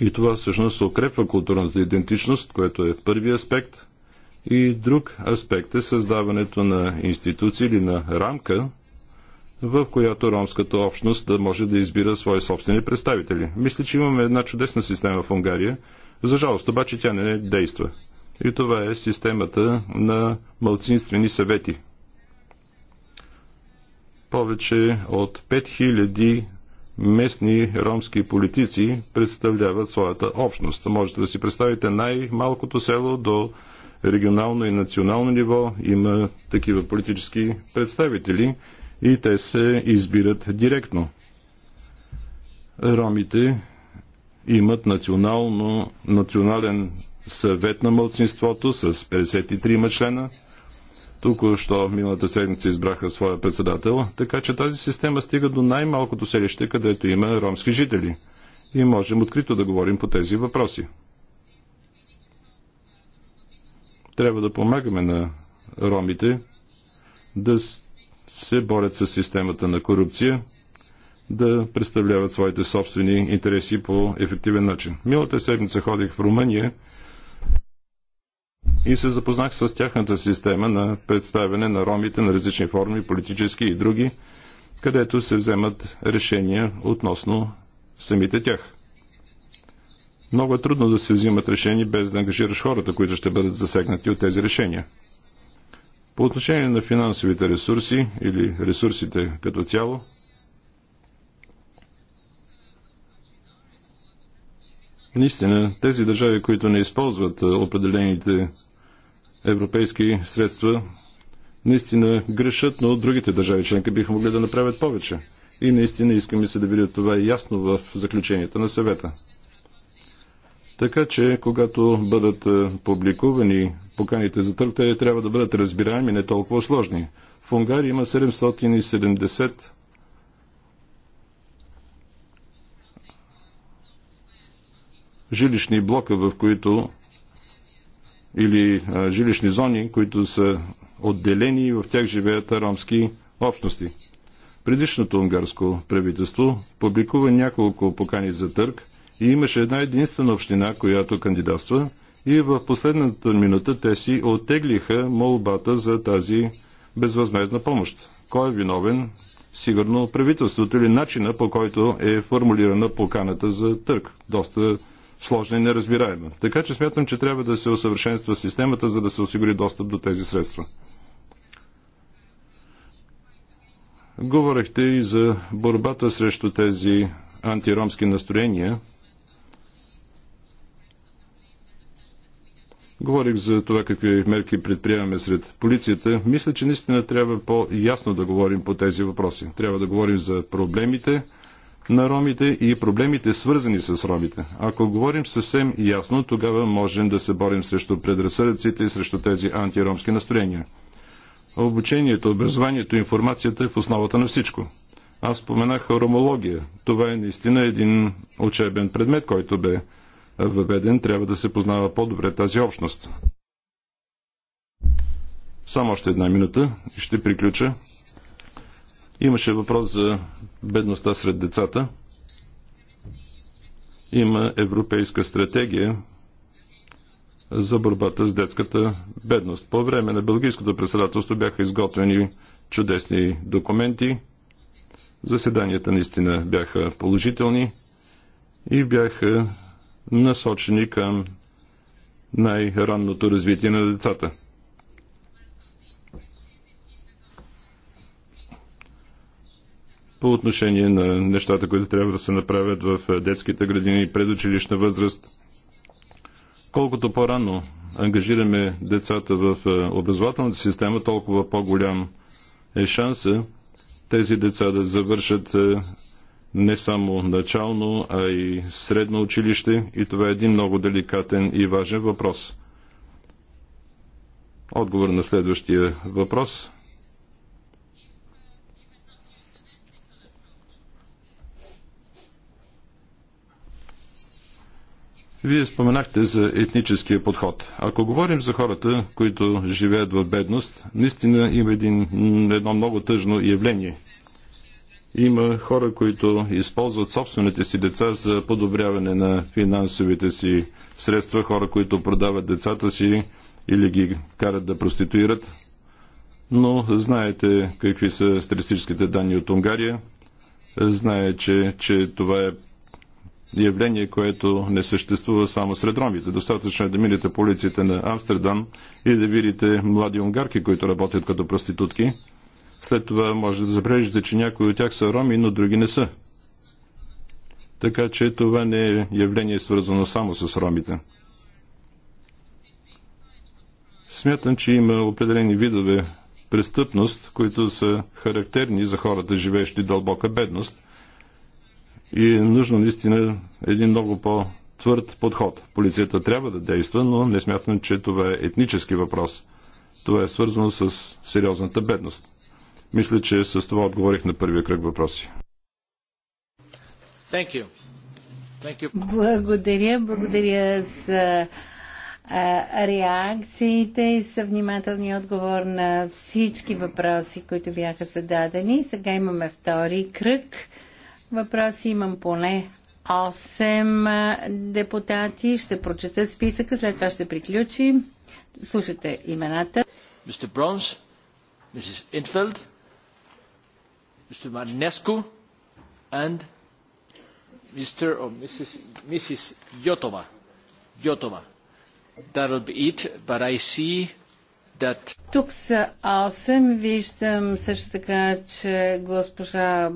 И това всъщност укрепва културната идентичност, което е първи аспект – и друг аспект е създаването на институции или на рамка, в която ромската общност да може да избира свои собствени представители. Мисля, че имаме една чудесна система в Унгария. За жалост, обаче тя не действа. И това е системата на мълцинствени съвети. Повече от 5000 местни ромски политици представляват своята общност. Можете да си представите най-малкото село до регионално и национално ниво има такива политически представители и те се избират директно. Ромите имат национално, национален съвет на мълцинството с 53 члена. тук що миналата седмица избраха своя председател, така че тази система стига до най-малкото селище, където има ромски жители. И можем открито да говорим по тези въпроси. Трябва да помагаме на ромите да се борят с системата на корупция, да представляват своите собствени интереси по ефективен начин. Милата седмица ходих в Румъния и се запознах с тяхната система на представяне на ромите на различни форми, политически и други, където се вземат решения относно самите тях. Много е трудно да се взимат решения без да ангажираш хората, които ще бъдат засегнати от тези решения. По отношение на финансовите ресурси или ресурсите като цяло, наистина тези държави, които не използват определените европейски средства, наистина грешат, но другите държави членки биха могли да направят повече. И наистина искаме се да види това ясно в заключенията на съвета. Така че, когато бъдат е, публикувани поканите за търг, те трябва да бъдат разбираеми, не толкова сложни. В Унгария има 770 жилищни блока, в които или а, е, жилищни зони, които са отделени и в тях живеят ромски общности. Предишното унгарско правителство публикува няколко покани за търг и имаше една единствена община, която кандидатства и в последната минута те си оттеглиха молбата за тази безвъзмезна помощ. Кой е виновен? Сигурно правителството или начина по който е формулирана поканата за търг. Доста сложна и неразбираема. Така че смятам, че трябва да се усъвършенства системата, за да се осигури достъп до тези средства. Говорехте и за борбата срещу тези антиромски настроения – Говорих за това какви мерки предприемаме сред полицията. Мисля, че наистина трябва по-ясно да говорим по тези въпроси. Трябва да говорим за проблемите на ромите и проблемите свързани с ромите. Ако говорим съвсем ясно, тогава можем да се борим срещу предразсъдъците и срещу тези антиромски настроения. Обучението, образованието, информацията е в основата на всичко. Аз споменах хромология. Това е наистина един учебен предмет, който бе въведен, трябва да се познава по-добре тази общност. Само още една минута и ще приключа. Имаше въпрос за бедността сред децата. Има европейска стратегия за борбата с детската бедност. По време на бългийското председателство бяха изготвени чудесни документи. Заседанията наистина бяха положителни и бяха насочени към най-ранното развитие на децата. По отношение на нещата, които трябва да се направят в детските градини и предучилищна възраст, колкото по-рано ангажираме децата в е, образователната система, толкова по-голям е шанса тези деца да завършат е, не само начално, а и средно училище и това е един много деликатен и важен въпрос. Отговор на следващия въпрос. Вие споменахте за етническия подход. Ако говорим за хората, които живеят в бедност, наистина има един, едно много тъжно явление – има хора, които използват собствените си деца за подобряване на финансовите си средства, хора, които продават децата си или ги карат да проституират. Но знаете какви са статистическите данни от Унгария. Знае, че, че това е явление, което не съществува само сред ромите. Достатъчно е да минете полицията на Амстердам и да видите млади унгарки, които работят като проститутки – след това може да забележите, че някои от тях са роми, но други не са. Така че това не е явление свързано само с ромите. Смятам, че има определени видове престъпност, които са характерни за хората, живеещи дълбока бедност. И е нужно наистина един много по-твърд подход. Полицията трябва да действа, но не смятам, че това е етнически въпрос. Това е свързано с сериозната бедност. Мисля, че с това отговорих на първия кръг въпроси. Thank you. Thank you. Благодаря, благодаря за реакциите и за внимателния отговор на всички въпроси, които бяха зададени. Сега имаме втори кръг. Въпроси имам поне 8 депутати. Ще прочета списъка, след това ще приключим. Слушате имената. Мистер Бронс, мисис Инфелд. Mr. Marinescu and Mr. or Mrs. Mrs. Yotova. Yotova. That'll be it, but I see that... Тук са 8. Виждам също така, че госпожа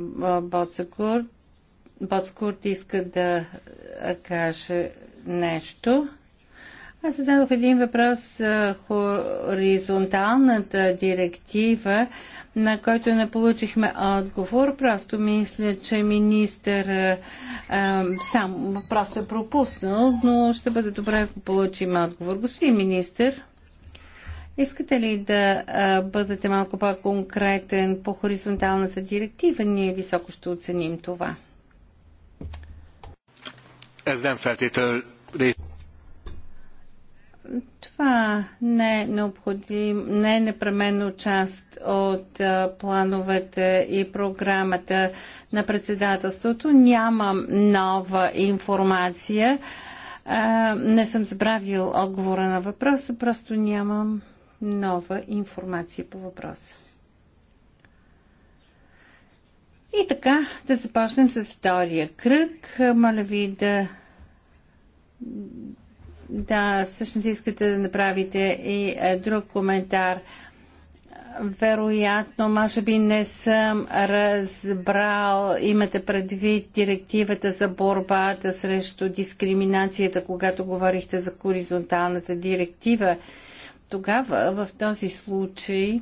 Боцкурт иска да каже нещо. Аз зададох един въпрос за хоризонталната директива, на който не получихме отговор. Просто мисля, че министър е, сам просто е пропуснал, но ще бъде добре, ако получим отговор. Господин министър, искате ли да е, бъдете малко по-конкретен по хоризонталната директива? Ние високо ще оценим това. Ez nem feltétlenül това не е необходим, не е непременно част от плановете и програмата на председателството. Нямам нова информация. не съм забравил отговора на въпроса, просто нямам нова информация по въпроса. И така, да започнем с втория кръг. Моля ви да да, всъщност искате да направите и е, друг коментар. Вероятно, може би не съм разбрал, имате предвид директивата за борбата срещу дискриминацията, когато говорихте за хоризонталната директива. Тогава, в този случай,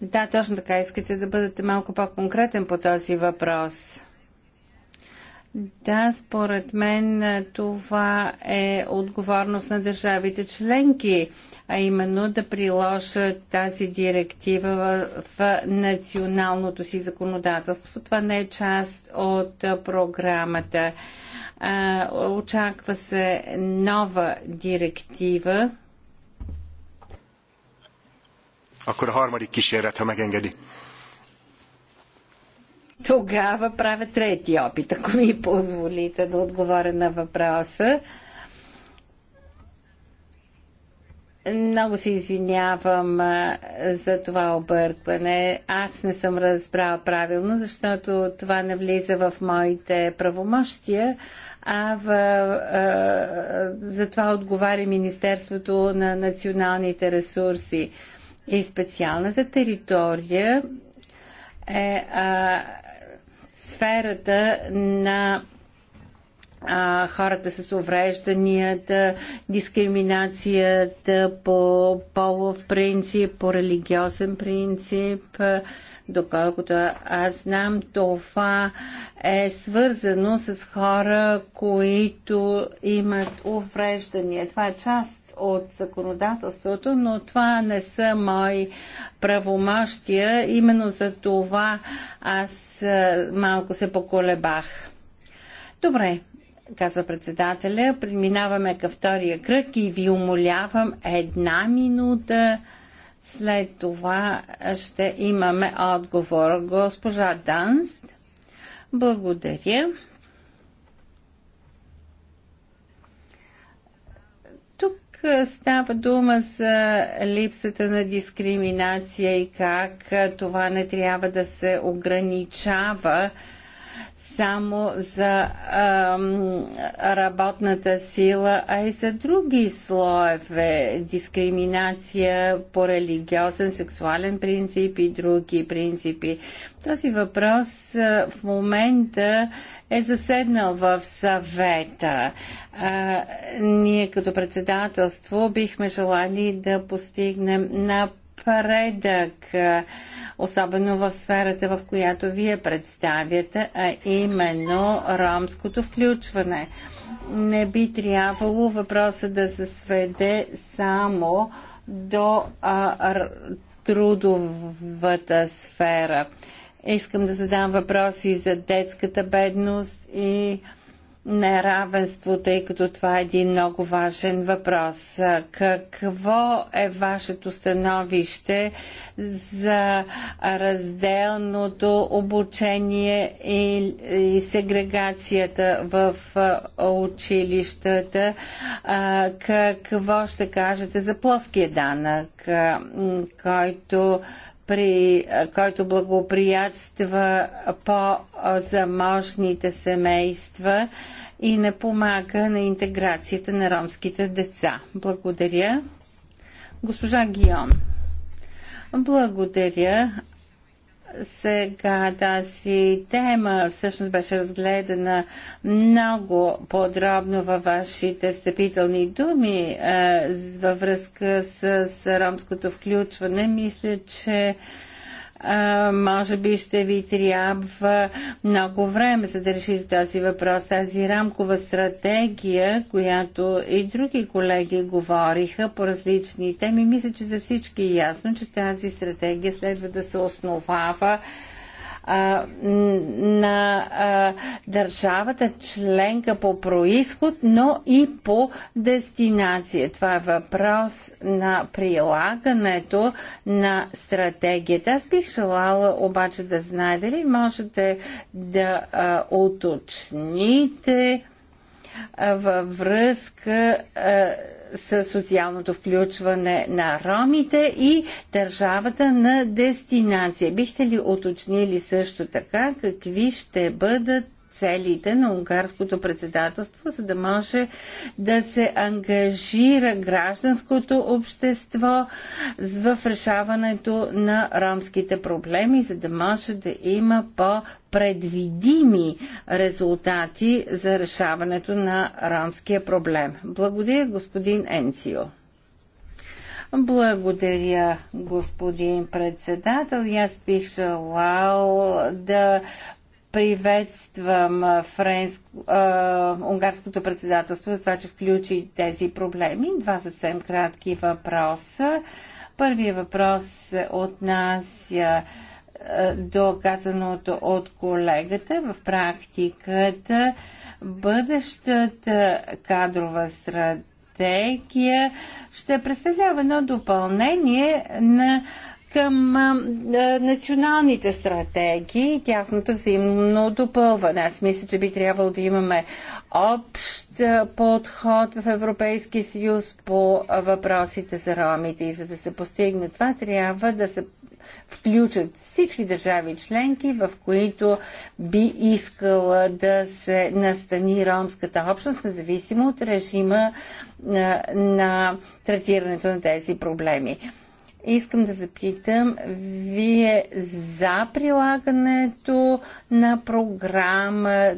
да, точно така, искате да бъдете малко по-конкретен по този въпрос. Да, според мен това е отговорност на държавите членки, а именно да приложат тази директива в, националното си законодателство. Това не е част от програмата. очаква се нова директива. Akkor a harmadik кишерата, ме megengedi. Тогава правя трети опит, ако ми позволите да отговоря на въпроса. Много се извинявам за това объркване. Аз не съм разбрала правилно, защото това не влиза в моите правомощия, а, в, а за това отговаря Министерството на националните ресурси. И специалната територия е а, сферата на а, хората с уврежданията, дискриминацията по полов принцип, по религиозен принцип. Доколкото аз знам, това е свързано с хора, които имат увреждания. Това е част от законодателството, но това не са мои правомащия. Именно за това аз малко се поколебах. Добре, казва председателя, преминаваме към втория кръг и ви умолявам една минута. След това ще имаме отговор. Госпожа Данст, благодаря. Е, става дума за липсата на дискриминация и как е, това не трябва да се ограничава само за ам, работната сила, а и за други слоеве дискриминация по религиозен, сексуален принцип и други принципи. Този въпрос а, в момента е заседнал в съвета. А, ние като председателство бихме желали да постигнем на напредък, особено в сферата, в която вие представяте, а именно ромското включване. Не би трябвало въпроса да се сведе само до а, трудовата сфера. Искам да задам въпроси за детската бедност и а, неравенство, тъй като това е един много важен въпрос. Какво е вашето становище за разделното обучение и, и сегрегацията в училищата? Какво ще кажете за плоския данък, който при, който благоприятства по-заможните семейства и не помага на интеграцията на ромските деца. Благодаря. Госпожа Гион. Благодаря. Сега тази тема всъщност беше разгледана много подробно във вашите встъпителни думи е, във връзка с ромското включване. Мисля, че а, може би ще ви трябва много време, за да решите този въпрос. Тази рамкова стратегия, която и други колеги говориха по различни теми, мисля, че за всички е ясно, че тази стратегия следва да се основава на а, държавата членка по происход, но и по дестинация. Това е въпрос на прилагането на стратегията. Аз бих желала обаче да знаете дали можете да а, уточните във връзка а, с социалното включване на ромите и държавата на дестинация. Бихте ли уточнили също така какви ще бъдат целите на унгарското председателство, за да може да се ангажира гражданското общество в решаването на ромските проблеми, за да може да има по-предвидими резултати за решаването на ромския проблем. Благодаря, господин Енцио. Благодаря, господин председател. Аз бих желал да приветствам френск, а, унгарското председателство за това, че включи тези проблеми. Два съвсем кратки въпроса. Първият въпрос отнася до казаното от колегата в практиката бъдещата кадрова стратегия ще представлява едно допълнение на към а, националните стратегии и тяхното взаимно допълване. Аз мисля, че би трябвало да имаме общ подход в Европейския съюз по въпросите за ромите и за да се постигне това, трябва да се включат всички държави членки, в които би искала да се настани ромската общност, независимо от режима на, на третирането на тези проблеми. Искам да запитам, вие за прилагането на програма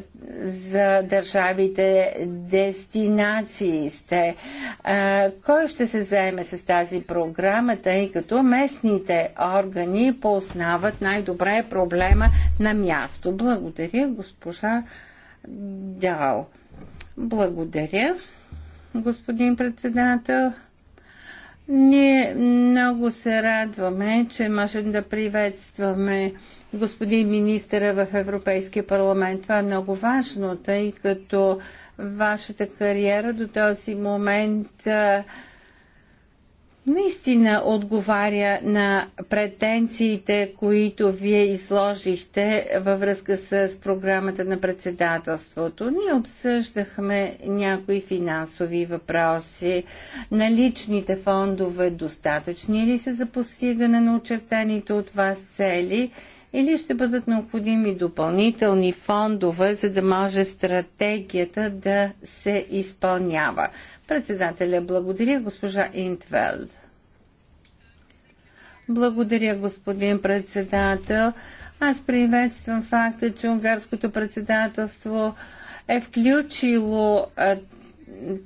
за държавите дестинации сте. А, кой ще се заеме с тази програма, тъй като местните органи познават най-добре проблема на място? Благодаря, госпожа Дал. Благодаря, господин председател. Ние много се радваме, че можем да приветстваме господин министъра в Европейския парламент. Това е много важно, тъй като вашата кариера до този момент наистина отговаря на претенциите, които вие изложихте във връзка с програмата на председателството. Ние обсъждахме някои финансови въпроси. Наличните фондове достатъчни ли са за постигане на очертаните от вас цели? или ще бъдат необходими допълнителни фондове, за да може стратегията да се изпълнява. Председателя благодаря, госпожа Интвелд. Благодаря, господин председател. Аз приветствам факта, че унгарското председателство е включило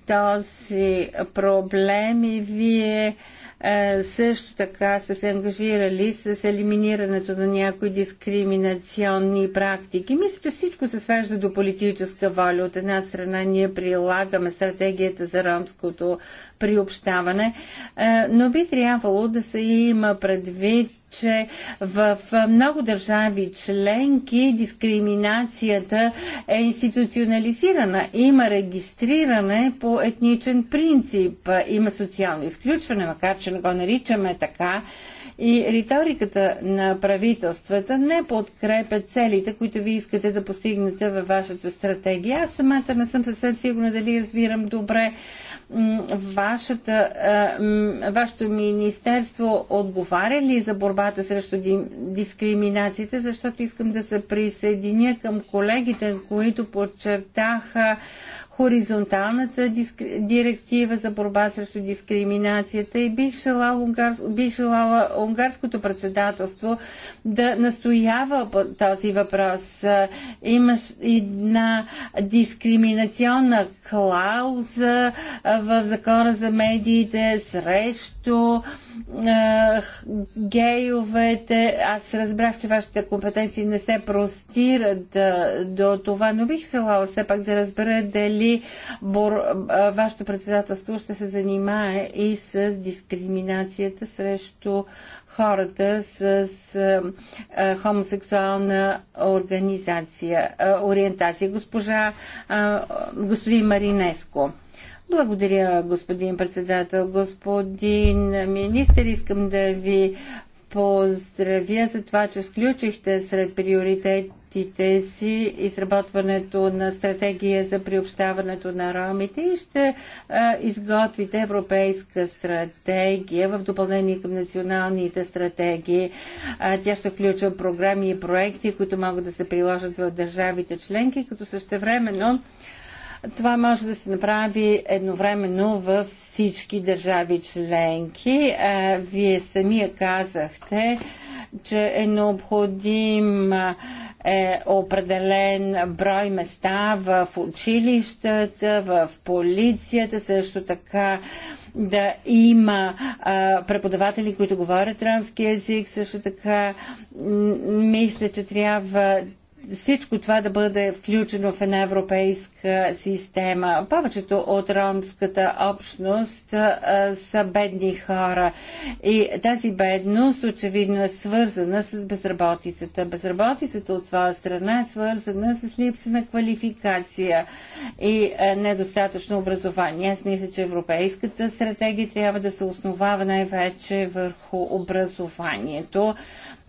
този проблем и вие е, също така са се ангажирали с елиминирането на някои дискриминационни практики. Мисля, че всичко се свежда до политическа воля. От една страна ние прилагаме стратегията за ромското приобщаване, е, но би трябвало да се има предвид че в много държави членки дискриминацията е институционализирана. Има регистриране по етничен принцип, има социално изключване, макар че не го наричаме така. И риториката на правителствата не подкрепя целите, които ви искате да постигнете във вашата стратегия. Аз самата не съм съвсем сигурна дали разбирам добре вашата, вашето министерство отговаря ли за борбата срещу дискриминацията, защото искам да се присъединя към колегите, които подчертаха хоризонталната директива за борба срещу дискриминацията и бих желала, унгарс... бих желала унгарското председателство да настоява по този въпрос. Имаш една дискриминационна клауза в закона за медиите срещу гейовете. Аз разбрах, че вашите компетенции не се простират до това, но бих желала все пак да разбера дали дали бор... вашето председателство ще се занимае и с дискриминацията срещу хората с а, хомосексуална организация, а, ориентация. Госпожа, а, господин Маринеско. Благодаря, господин председател. Господин министр, искам да ви поздравя за това, че включихте сред приоритет проектите си, изработването на стратегия за приобщаването на ромите и ще а, е, изготвите европейска стратегия в допълнение към националните стратегии. А, е, тя ще включва програми и проекти, които могат да се приложат в държавите членки, като същевременно това може да се направи едновременно в всички държави членки. А, е, вие самия казахте, че е необходим е определен брой места в училищата, в полицията, също така да има а, преподаватели, които говорят ромски язик, също така мисля, че трябва всичко това да бъде включено в една европейска система. Повечето от ромската общност са бедни хора и тази бедност очевидно е свързана с безработицата. Безработицата от своя страна е свързана с липса на квалификация и недостатъчно образование. Аз мисля, че европейската стратегия трябва да се основава най-вече върху образованието,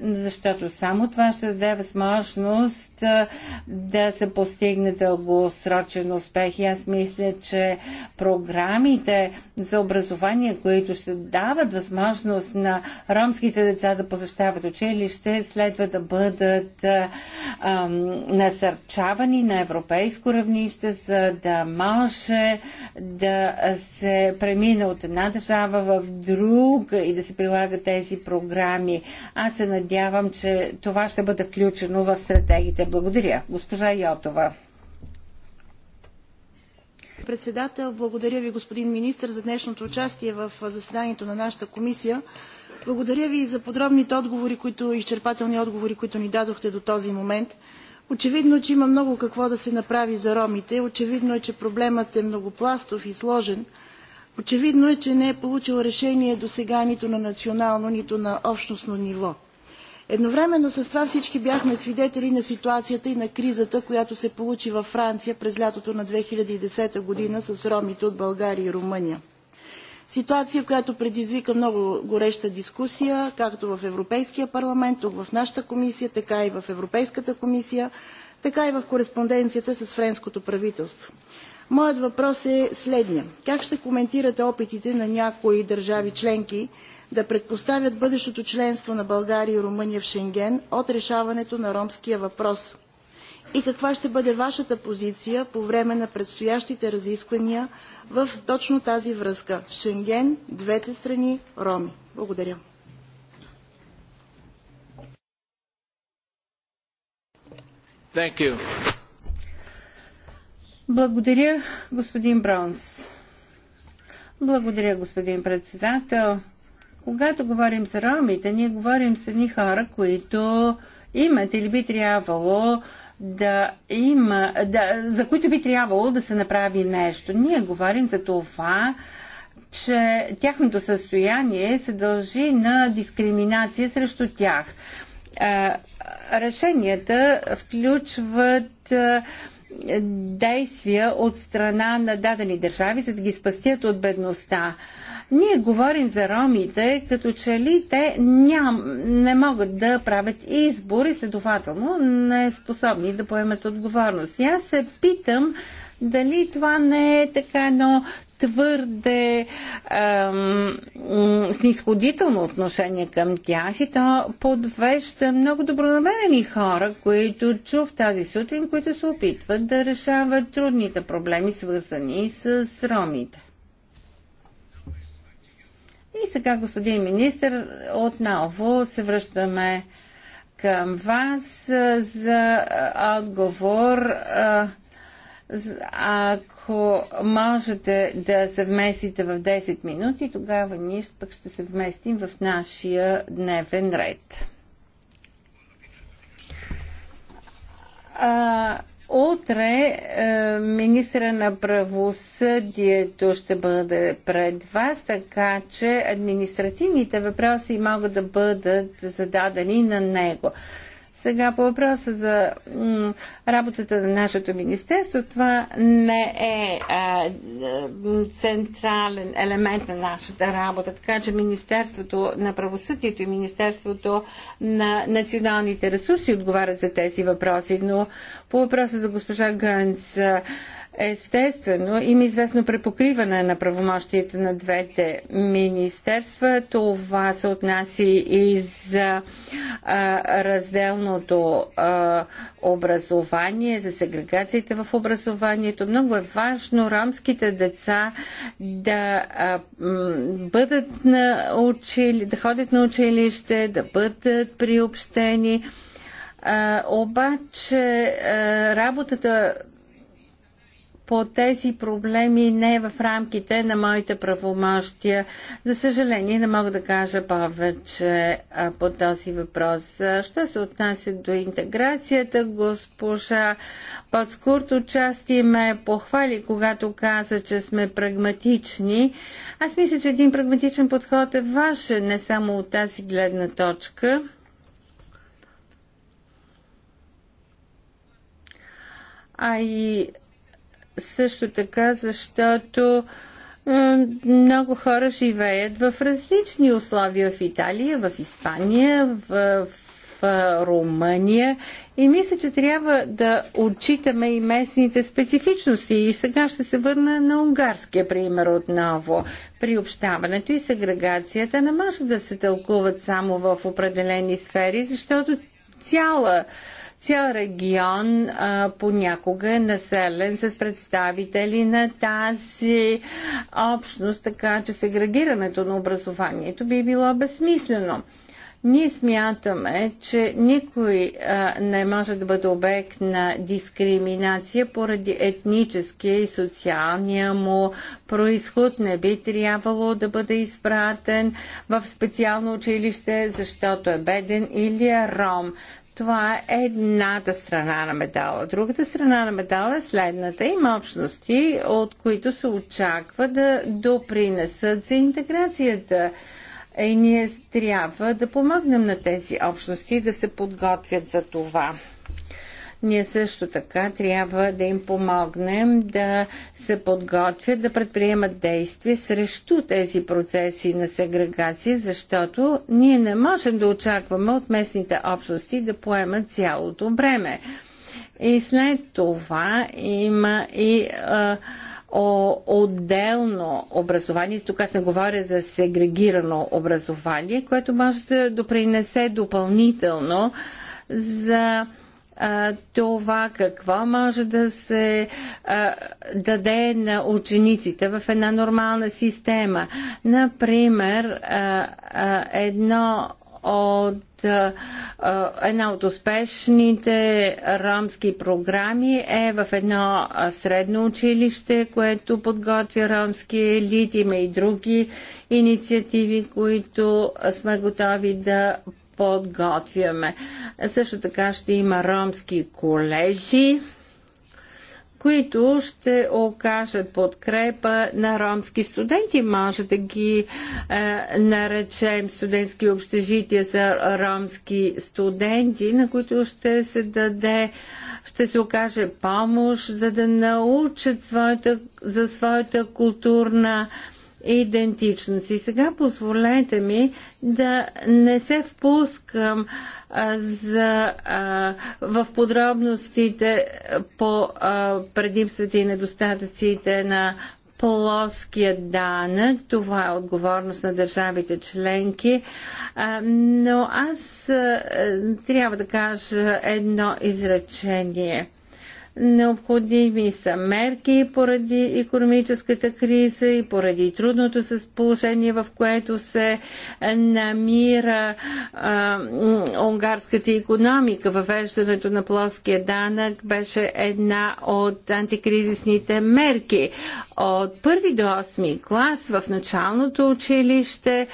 защото само това ще даде възможност да се постигне дългосрочен успех. И аз мисля, че програмите за образование, които ще дават възможност на ромските деца да посещават училище, следва да бъдат ам, насърчавани на европейско равнище, за да може да се премине от една държава в друга и да се прилагат тези програми. Аз се надявам, надявам, че това ще бъде включено в стратегите. Благодаря. Госпожа Йотова. Председател, благодаря ви, господин министр, за днешното участие в заседанието на нашата комисия. Благодаря ви за подробните отговори, които, изчерпателни отговори, които ни дадохте до този момент. Очевидно е, че има много какво да се направи за ромите. Очевидно е, че проблемът е многопластов и сложен. Очевидно е, че не е получил решение до сега нито на национално, нито на общностно ниво. Едновременно с това всички бяхме свидетели на ситуацията и на кризата, която се получи във Франция през лятото на 2010 година с ромите от България и Румъния. Ситуация, която предизвика много гореща дискусия, както в Европейския парламент, тук в нашата комисия, така и в Европейската комисия, така и в кореспонденцията с френското правителство. Моят въпрос е следния. Как ще коментирате опитите на някои държави членки да предпоставят бъдещото членство на България и Румъния в Шенген от решаването на ромския въпрос? И каква ще бъде вашата позиция по време на предстоящите разисквания в точно тази връзка – Шенген, двете страни, роми? Благодаря. Благодаря, господин Браунс. Благодаря, господин председател. Когато говорим за ромите, ние говорим с едни хора, които имат или би трябвало да има, да, за които би трябвало да се направи нещо. Ние говорим за това, че тяхното състояние се дължи на дискриминация срещу тях. Решенията включват действия от страна на дадени държави, за да ги спастят от бедността. Ние говорим за ромите, като че ли те ням, не могат да правят избор и следователно не способни да поемат отговорност. И аз се питам дали това не е така едно твърде ем, снисходително отношение към тях и то подвежда много добронамерени хора, които чух тази сутрин, които се опитват да решават трудните проблеми, свързани с ромите. И сега, господин министр, отново се връщаме към вас за отговор. Ако можете да се вместите в 10 минути, тогава ние пък ще се вместим в нашия дневен ред. А, Утре е, министра на правосъдието ще бъде пред вас, така че административните въпроси могат да бъдат зададени на него. Сега по въпроса за работата на нашето министерство, това не е а, е, централен елемент на нашата работа, така че Министерството на правосъдието и Министерството на националните ресурси отговарят за тези въпроси, но по въпроса за госпожа Гънц, Естествено, има известно препокриване на правомощията на двете министерства. Това се отнася и за а, разделното а, образование, за сегрегацията в образованието. Много е важно ромските деца да а, бъдат на учили, да ходят на училище, да бъдат приобщени. А, обаче а, работата по тези проблеми не е в рамките на моите правомощия. За съжаление, не мога да кажа повече по този въпрос. Що се отнася до интеграцията, госпожа Подскурт отчасти ме похвали, когато каза, че сме прагматични. Аз мисля, че един прагматичен подход е ваше, не само от тази гледна точка. а и също така, защото много хора живеят в различни условия в Италия, в Испания, в, в Румъния и мисля, че трябва да отчитаме и местните специфичности. И сега ще се върна на унгарския пример отново. Приобщаването и сегрегацията не може да се тълкуват само в определени сфери, защото цяла Цял регион а, понякога е населен с представители на тази общност, така че сегрегирането на образованието би било безсмислено. Ние смятаме, че никой а, не може да бъде обект на дискриминация поради етническия и социалния му происход. Не би трябвало да бъде изпратен в специално училище, защото е беден или е ром. Това е едната страна на медала. Другата страна на медала е следната. Има общности, от които се очаква да допринесат за интеграцията. И е, ние трябва да помогнем на тези общности да се подготвят за това. Ние също така трябва да им помогнем да се подготвят, да предприемат действия срещу тези процеси на сегрегация, защото ние не можем да очакваме от местните общности да поемат цялото бреме. И след това има и а, о, отделно образование, тук аз не говоря за сегрегирано образование, което може да допринесе допълнително за а, това какво може да се а, даде на учениците в една нормална система. Например, а, а, едно от а, една от успешните ромски програми е в едно средно училище, което подготвя ромски елит. Има и други инициативи, които сме готови да подготвяме. Също така ще има ромски колежи, които ще окажат подкрепа на ромски студенти. Може да ги е, наречем студентски общежития за ромски студенти, на които ще се даде, ще се окаже помощ, за да научат своята, за своята културна идентичност. И сега позволете ми да не се впускам а, за, а, в подробностите по а, предимствата и недостатъците на плоския данък. Това е отговорност на държавите членки. Но аз трябва да кажа едно изречение. Необходими са мерки поради економическата криза и поради трудното с положение, в което се намира а, унгарската економика. Въвеждането на плоския данък беше една от антикризисните мерки. От първи до 8 клас в началното училище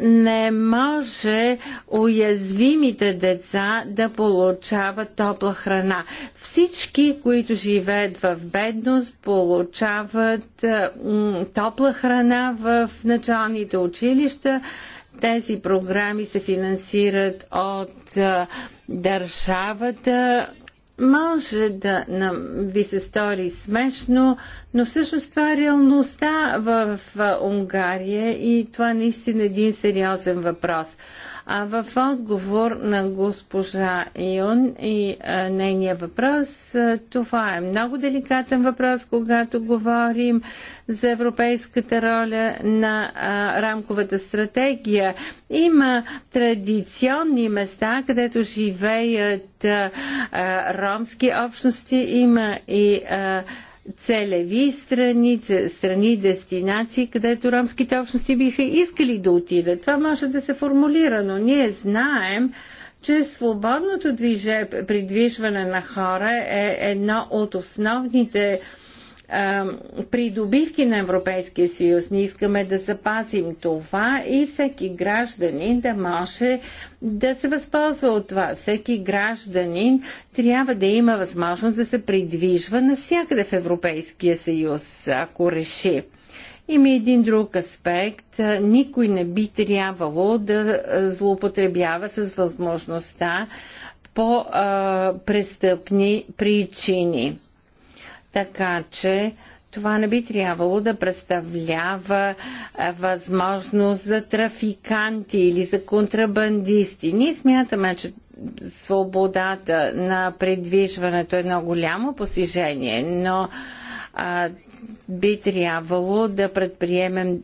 не може уязвимите деца да получават топла храна. Всички, които живеят в бедност, получават е, топла храна в началните училища. Тези програми се финансират от е, държавата може да нам ви се стори смешно, но всъщност това е реалността в, Унгария и това наистина е един сериозен въпрос. А в отговор на госпожа Юн и а, нейния въпрос, а, това е много деликатен въпрос, когато говорим за европейската роля на а, рамковата стратегия. Има традиционни места, където живеят а, а, ромски общности, има и а, целеви страни, страни, дестинации, където ромските общности биха искали да отидат. Това може да се формулира, но ние знаем, че свободното движение придвижване на хора е едно от основните а, придобивки на Европейския съюз. Ние искаме да запазим това и всеки гражданин да може да се възползва от това. Всеки гражданин трябва да има възможност да се придвижва навсякъде в Европейския съюз, ако реши. Има един друг аспект. Никой не би трябвало да злоупотребява с възможността по а, престъпни причини. Така че това не би трябвало да представлява възможност за трафиканти или за контрабандисти. Ние смятаме, че свободата на предвижването е едно голямо постижение, но а, би трябвало да предприемем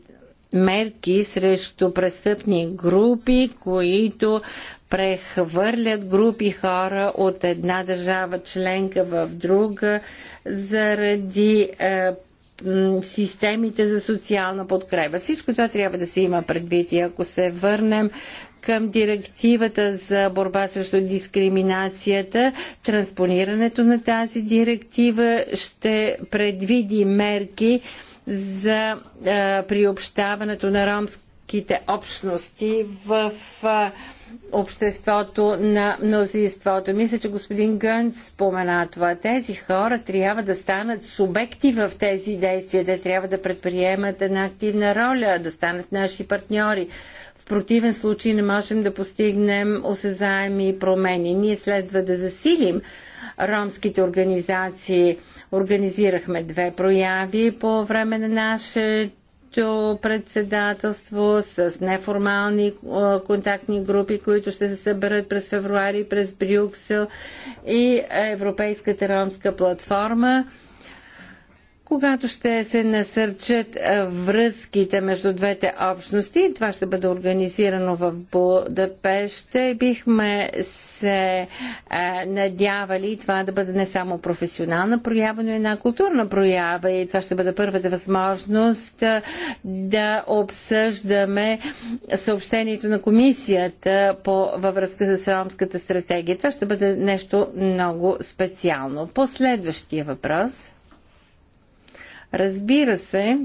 мерки срещу престъпни групи, които прехвърлят групи хора от една държава членка в друга заради е, системите за социална подкрепа. Всичко това трябва да се има предвид и ако се върнем към директивата за борба срещу дискриминацията, транспонирането на тази директива ще предвиди мерки, за а, приобщаването на ромските общности в а, обществото на мнозинството. Мисля, че господин Гънц спомена това. Тези хора трябва да станат субекти в тези действия. да трябва да предприемат една активна роля, да станат наши партньори. В противен случай не можем да постигнем осезаеми промени. Ние следва да засилим ромските организации. Организирахме две прояви по време на нашето председателство с неформални контактни групи, които ще се съберат през февруари през Брюксел и Европейската ромска платформа когато ще се насърчат връзките между двете общности. Това ще бъде организирано в Будапеща. Бихме се надявали това да бъде не само професионална проява, но и една културна проява. И това ще бъде първата възможност да обсъждаме съобщението на комисията по, във връзка с ромската стратегия. Това ще бъде нещо много специално. Последващия въпрос. Разбира се,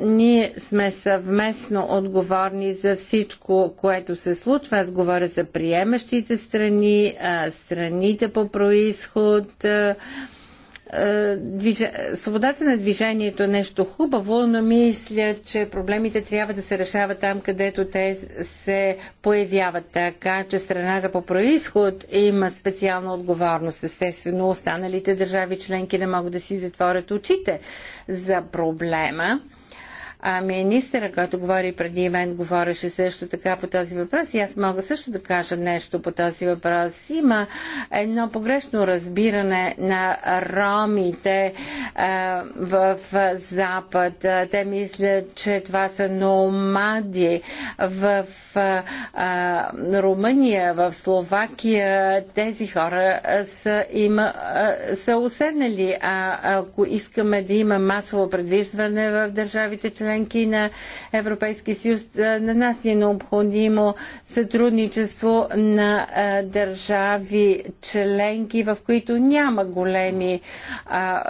ние сме съвместно отговорни за всичко, което се случва. Аз говоря за приемащите страни, страните по происход, е, свободата на движението е нещо хубаво, но мисля, че проблемите трябва да се решават там, където те се появяват. Така че страната по происход има специална отговорност. Естествено, останалите държави членки не могат да си затворят очите за проблема а министъра, който говори преди мен, говореше също така по този въпрос и аз мога също да кажа нещо по този въпрос. Има едно погрешно разбиране на ромите а, в Запад. Те мислят, че това са номади. В а, Румъния, в Словакия тези хора са, има, са уседнали. А ако искаме да има масово предвиждане в държавите че членки на Европейския съюз. Е, на нас ни е необходимо сътрудничество на е, държави членки, в които няма големи е,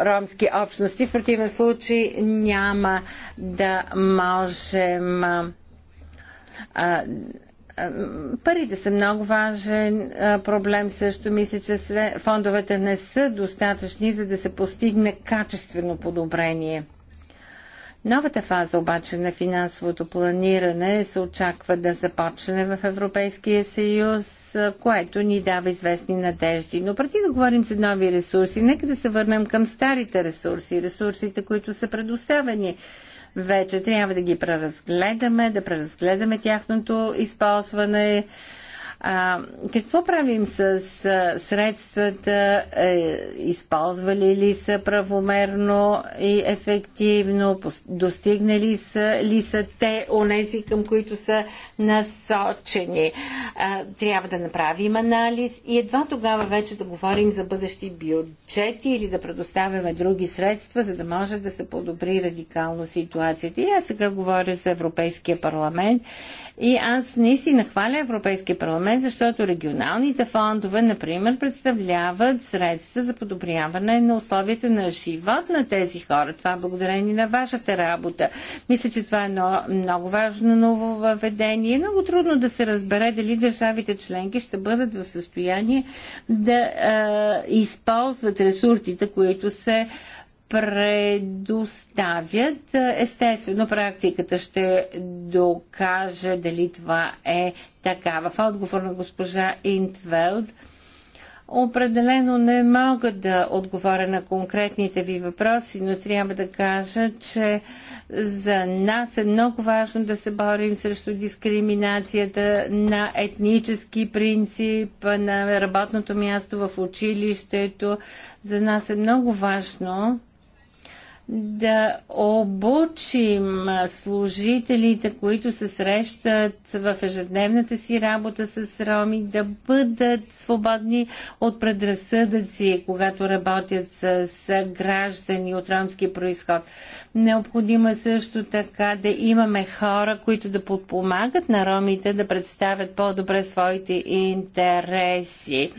ромски общности. В противен случай няма да можем Парите са много важен проблем също. Мисля, че фондовете не са достатъчни, за да се постигне качествено подобрение. Новата фаза обаче на финансовото планиране се очаква да започне в Европейския съюз, което ни дава известни надежди. Но преди да говорим за нови ресурси, нека да се върнем към старите ресурси, ресурсите, които са предоставени вече. Трябва да ги преразгледаме, да преразгледаме тяхното използване, а, какво правим с, средствата? Е, използвали ли са правомерно и ефективно? Достигнали са ли са те онези, към които са насочени? А, трябва да направим анализ и едва тогава вече да говорим за бъдещи бюджети или да предоставяме други средства, за да може да се подобри радикално ситуацията. И аз сега говоря за Европейския парламент и аз наистина хваля Европейския парламент момент, защото регионалните фондове, например, представляват средства за подобряване на условията на живот на тези хора. Това е благодарение на вашата работа. Мисля, че това е едно много важно ново въведение. Много трудно да се разбере дали държавите членки ще бъдат в състояние да е, използват ресурсите, които се предоставят. Естествено, практиката ще докаже дали това е така. В отговор на госпожа Интвелд, определено не мога да отговоря на конкретните ви въпроси, но трябва да кажа, че за нас е много важно да се борим срещу дискриминацията на етнически принцип, на работното място в училището. За нас е много важно да обучим служителите, които се срещат в ежедневната си работа с роми, да бъдат свободни от предразсъдъци, когато работят с граждани от ромски происход. Необходимо е също така да имаме хора, които да подпомагат на ромите да представят по-добре своите интереси.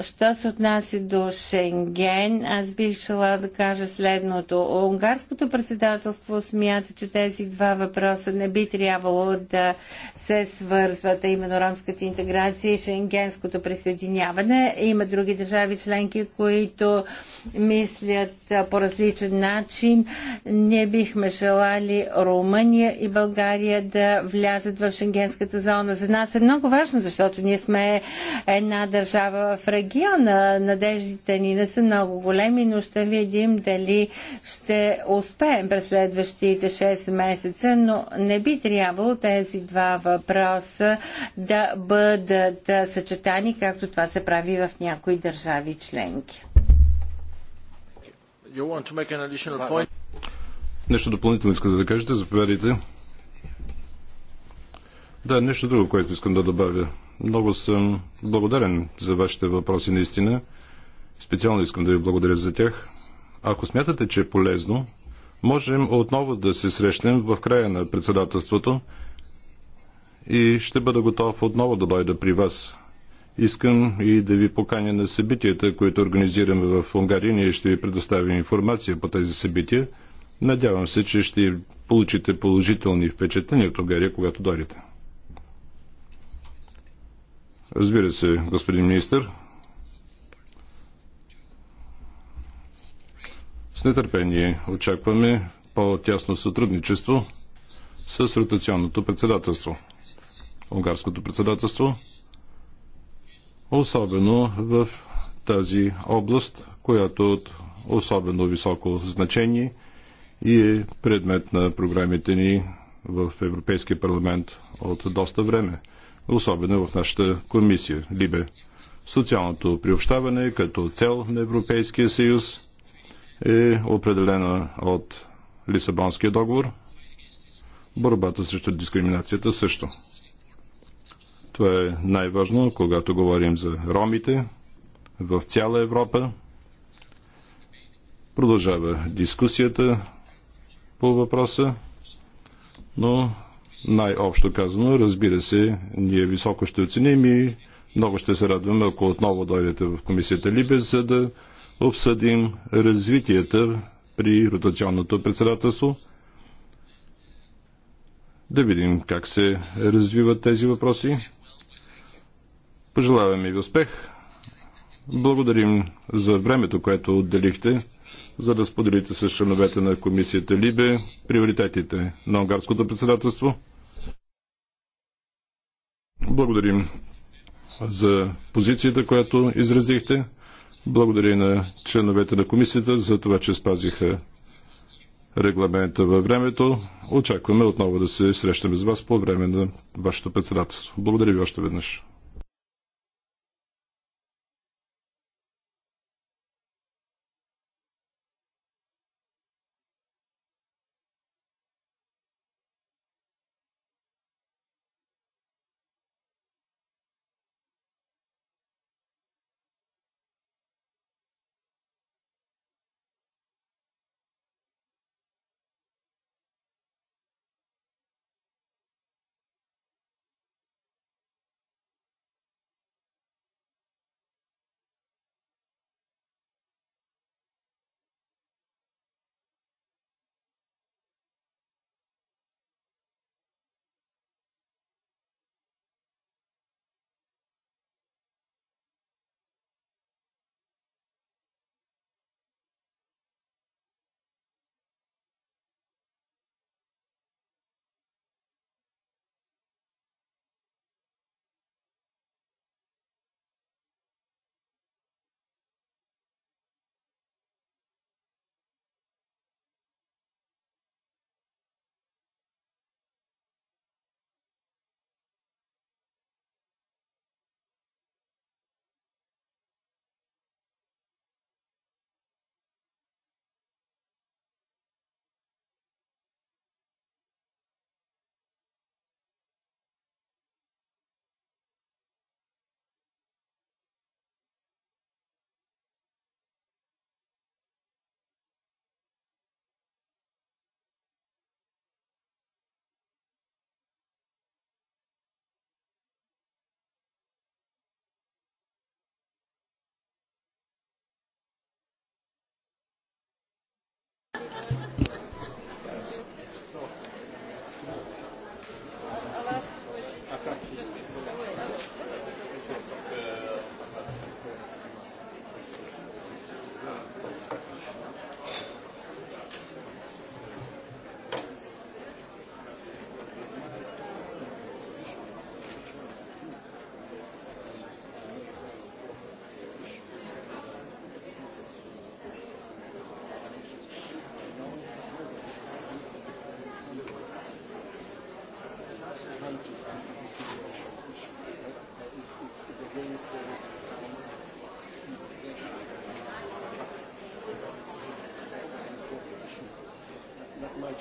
Що се отнася до Шенген, аз бих желала да кажа следното. Унгарското председателство смята, че тези два въпроса не би трябвало да се свързват, а именно ромската интеграция и шенгенското присъединяване. Има други държави членки, които мислят по различен начин. Не бихме желали Румъния и България да влязат в шенгенската зона. За нас е много важно, защото ние сме една държава в региона региона. Надеждите ни не са много големи, но ще видим дали ще успеем през следващите 6 месеца, но не би трябвало тези два въпроса да бъдат съчетани, както това се прави в някои държави членки. Нещо допълнително искате да кажете? Заповядайте. Да, нещо друго, което искам да добавя. Много съм благодарен за вашите въпроси наистина. Специално искам да ви благодаря за тях. Ако смятате, че е полезно, можем отново да се срещнем в края на председателството и ще бъда готов отново да дойда при вас. Искам и да ви поканя на събитията, които организираме в Унгария. Ние ще ви предоставим информация по тези събития. Надявам се, че ще получите положителни впечатления от Унгария, когато дойдете. Разбира се, господин министр. С нетърпение очакваме по-тясно сътрудничество с ротационното председателство. Унгарското председателство, особено в тази област, която е от особено високо значение и е предмет на програмите ни в Европейския парламент от доста време особено в нашата комисия Либе. Социалното приобщаване като цел на Европейския съюз е определена от Лисабонския договор. Борбата срещу дискриминацията също. Това е най-важно, когато говорим за ромите в цяла Европа. Продължава дискусията по въпроса, но най-общо казано. Разбира се, ние високо ще оценим и много ще се радваме, ако отново дойдете в комисията Либе, за да обсъдим развитията при ротационното председателство. Да видим как се развиват тези въпроси. Пожелаваме ви успех. Благодарим за времето, което отделихте за да споделите с членовете на комисията Либе приоритетите на унгарското председателство. Благодарим за позицията, която изразихте. Благодаря на членовете на комисията за това, че спазиха регламента във времето. Очакваме отново да се срещаме с вас по време на вашето председателство. Благодаря ви още веднъж.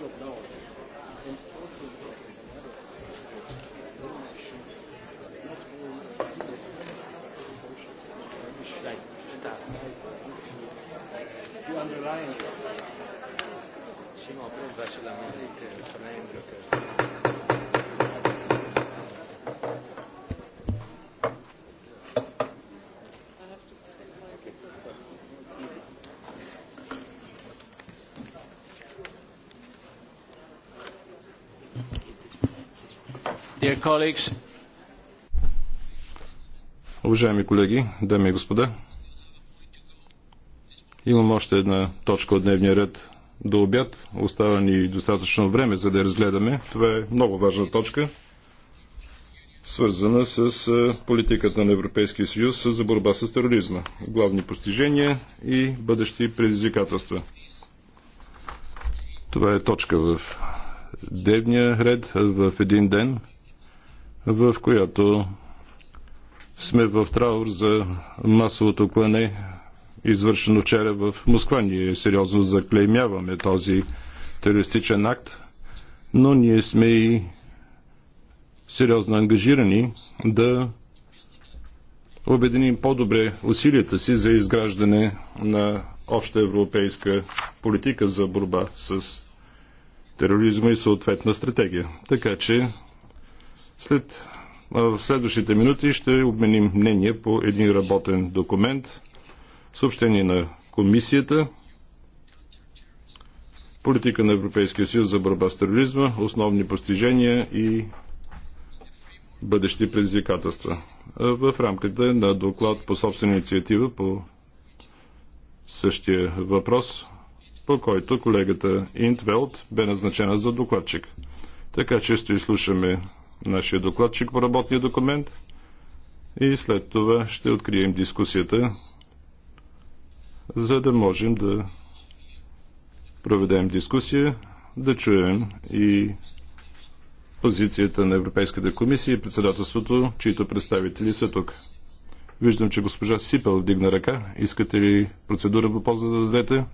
job now. Уважаеми колеги, дами и господа, имам още една точка от дневния ред до обяд. Остава ни достатъчно време, за да я разгледаме. Това е много важна точка, свързана с политиката на Европейския съюз за борба с тероризма, главни постижения и бъдещи предизвикателства. Това е точка в дневния ред в един ден – в която сме в траур за масовото клане, извършено вчера в Москва. Ние сериозно заклеймяваме този терористичен акт, но ние сме и сериозно ангажирани да обединим по-добре усилията си за изграждане на обща европейска политика за борба с тероризма и съответна стратегия. Така че след в следващите минути ще обменим мнение по един работен документ, съобщение на комисията, политика на Европейския съюз за борба с тероризма, основни постижения и бъдещи предизвикателства. В рамката на доклад по собствена инициатива по същия въпрос, по който колегата Интвелт бе назначена за докладчик. Така често изслушаме нашия докладчик по работния документ и след това ще открием дискусията, за да можем да проведем дискусия, да чуем и позицията на Европейската комисия и председателството, чието представители са тук. Виждам, че госпожа Сипел вдигна ръка. Искате ли процедура по полза да дадете?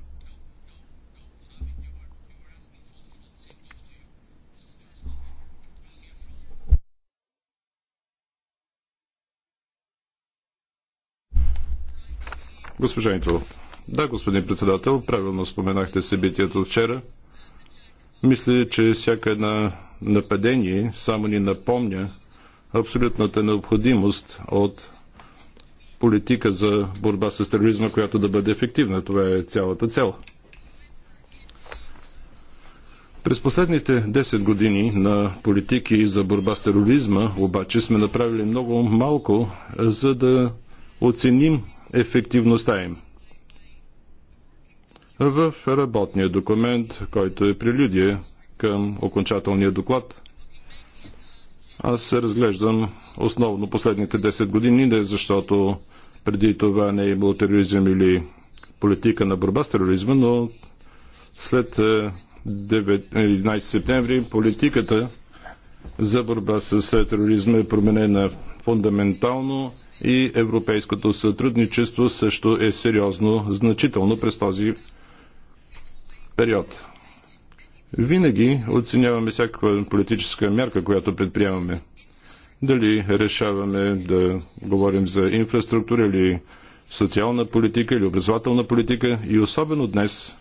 Госпожа Интрова. Да, господин председател, правилно споменахте събитието вчера. Мисля, че всяка една нападение само ни напомня абсолютната необходимост от политика за борба с тероризма, която да бъде ефективна. Това е цялата цел. През последните 10 години на политики за борба с тероризма обаче сме направили много малко, за да оценим ефективността им. В работния документ, който е прелюдие към окончателния доклад, аз се разглеждам основно последните 10 години, не защото преди това не е имало тероризъм или политика на борба с тероризма, но след 11 е, септември политиката за борба с е, тероризма е променена фундаментално и европейското сътрудничество също е сериозно значително през този период. Винаги оценяваме всяка политическа мярка, която предприемаме. Дали решаваме да говорим за инфраструктура или социална политика или образователна политика и особено днес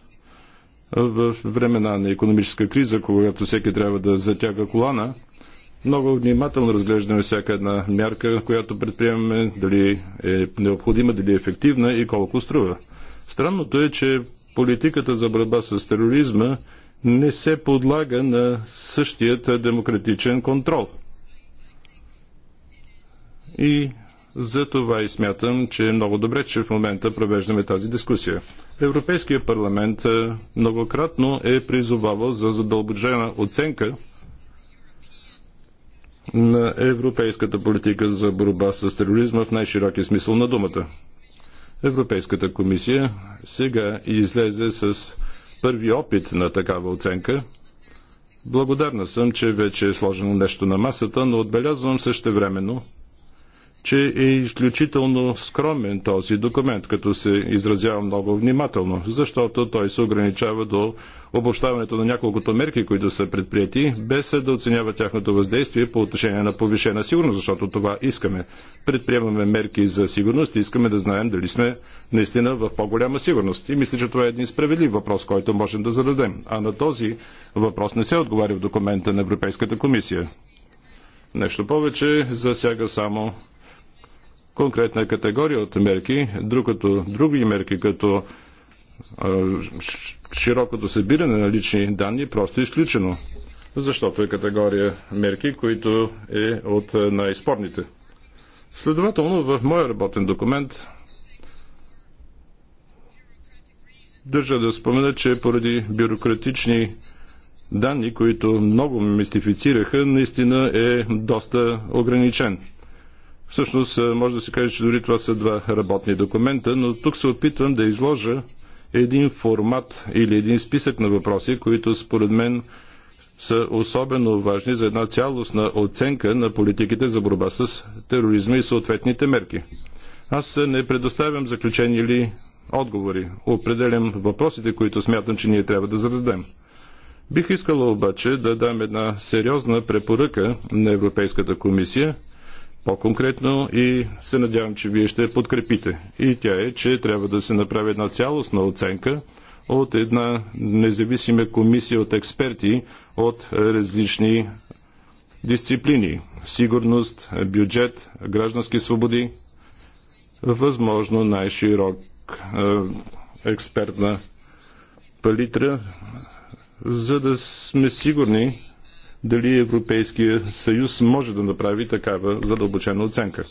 в времена на економическа криза, когато всеки трябва да затяга колана – много внимателно разглеждаме всяка една мярка, която предприемаме, дали е необходима, дали е ефективна и колко струва. Странното е, че политиката за борба с тероризма не се подлага на същият демократичен контрол. И за това и смятам, че е много добре, че в момента провеждаме тази дискусия. Европейския парламент многократно е призовавал за задълбочена оценка на европейската политика за борба с тероризма в най-широкия смисъл на думата. Европейската комисия сега излезе с първи опит на такава оценка. Благодарна съм, че вече е сложено нещо на масата, но отбелязвам също времено, че е изключително скромен този документ, като се изразява много внимателно, защото той се ограничава до обобщаването на няколкото мерки, които са предприяти, без да оценява тяхното въздействие по отношение на повишена сигурност, защото това искаме. Предприемаме мерки за сигурност и искаме да знаем дали сме наистина в по-голяма сигурност. И мисля, че това е един справедлив въпрос, който можем да зададем. А на този въпрос не се отговаря в документа на Европейската комисия. Нещо повече засяга само конкретна категория от мерки, другото, други мерки, като широкото събиране на лични данни просто изключено, защото е категория мерки, които е от най-спорните. Следователно, в моя работен документ държа да спомена, че поради бюрократични данни, които много мистифицираха, наистина е доста ограничен. Всъщност е, може да се каже, че дори това са два работни документа, но тук се опитвам да изложа един формат или един списък на въпроси, които според мен са особено важни за една цялостна оценка на политиките за борба с тероризма и съответните мерки. Аз не предоставям заключения или отговори. Определям въпросите, които смятам, че ние трябва да зададем. Бих искала обаче да дам една сериозна препоръка на Европейската комисия – по-конкретно и се надявам, че вие ще я подкрепите. И тя е, че трябва да се направи една цялостна оценка от една независима комисия от експерти от различни дисциплини. Сигурност, бюджет, граждански свободи, възможно най-широк експертна палитра, за да сме сигурни, дали Европейския съюз може да направи такава задълбочена оценка.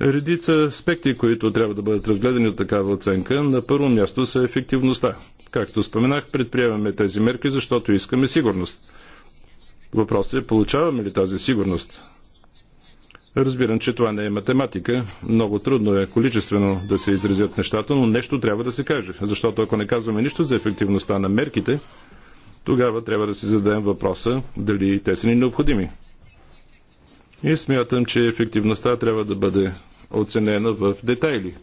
Редица аспекти, които трябва да бъдат разгледани от такава оценка, на първо място са ефективността. Както споменах, предприемаме тези мерки, защото искаме сигурност. Въпросът е, получаваме ли тази сигурност? Разбирам, че това не е математика. Много трудно е количествено да се изразят нещата, но нещо трябва да се каже. Защото ако не казваме нищо за ефективността на мерките, тогава трябва да си зададем въпроса дали те са ни необходими. И смятам, че ефективността трябва да бъде оценена в детайли.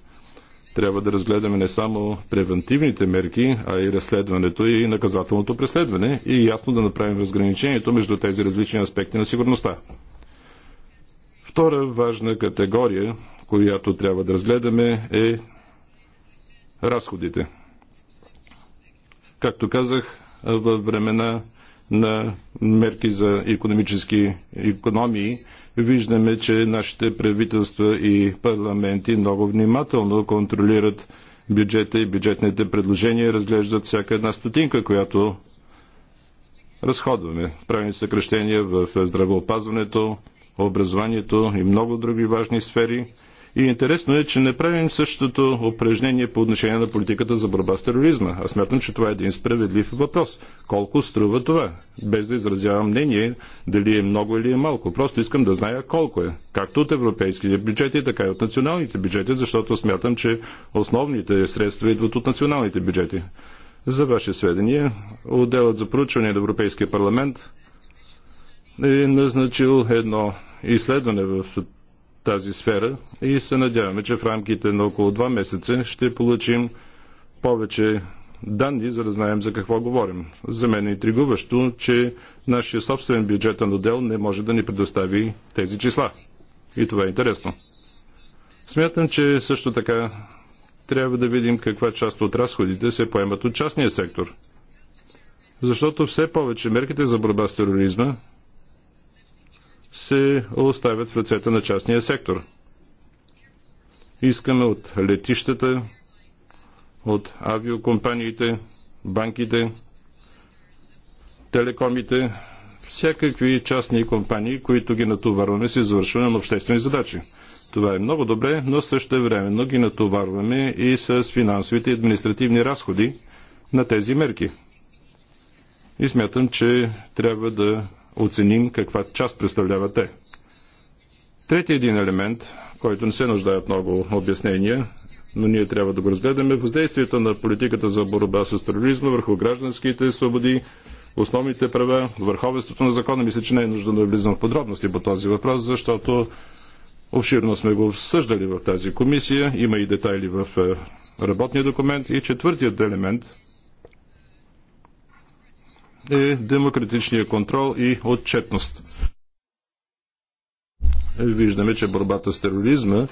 Трябва да разгледаме не само превентивните мерки, а и разследването и наказателното преследване и ясно да направим разграничението между тези различни аспекти на сигурността. Втора важна категория, която трябва да разгледаме е разходите. Както казах, във времена на мерки за економически економии, виждаме, че нашите правителства и парламенти много внимателно контролират бюджета и бюджетните предложения, разглеждат всяка една стотинка, която разходваме. Правим съкрещения в здравеопазването, образованието и много други важни сфери. И интересно е, че не правим същото упражнение по отношение на политиката за борба с тероризма. Аз смятам, че това е един справедлив въпрос. Колко струва това? Без да изразявам мнение дали е много или е малко. Просто искам да зная колко е. Както от европейските бюджети, така и от националните бюджети, защото смятам, че основните средства идват от националните бюджети. За ваше сведение, отделът за проучване на Европейския парламент е назначил едно изследване в тази сфера и се надяваме, че в рамките на около 2 месеца ще получим повече данни, за да знаем за какво говорим. За мен е интригуващо, че нашия собствен бюджетен отдел не може да ни предостави тези числа. И това е интересно. Смятам, че също така трябва да видим каква част от разходите се поемат от частния сектор. Защото все повече мерките за борба с тероризма се оставят в ръцете на частния сектор. Искаме от летищата, от авиокомпаниите, банките, телекомите, всякакви частни компании, които ги натоварваме с извършване на обществени задачи. Това е много добре, но също времено ги натоварваме и с финансовите и административни разходи на тези мерки. И смятам, че трябва да оценим каква част представлява те. Трети един елемент, който не се нуждае от много обяснения, но ние трябва да го разгледаме, е въздействието на политиката за борба с тероризма върху гражданските свободи, основните права, върховенството на закона. Мисля, че не е нужда да влизам в подробности по този въпрос, защото обширно сме го обсъждали в тази комисия. Има и детайли в е, работния документ. И четвъртият елемент – е демократичния контрол и отчетност. Виждаме, че борбата с тероризма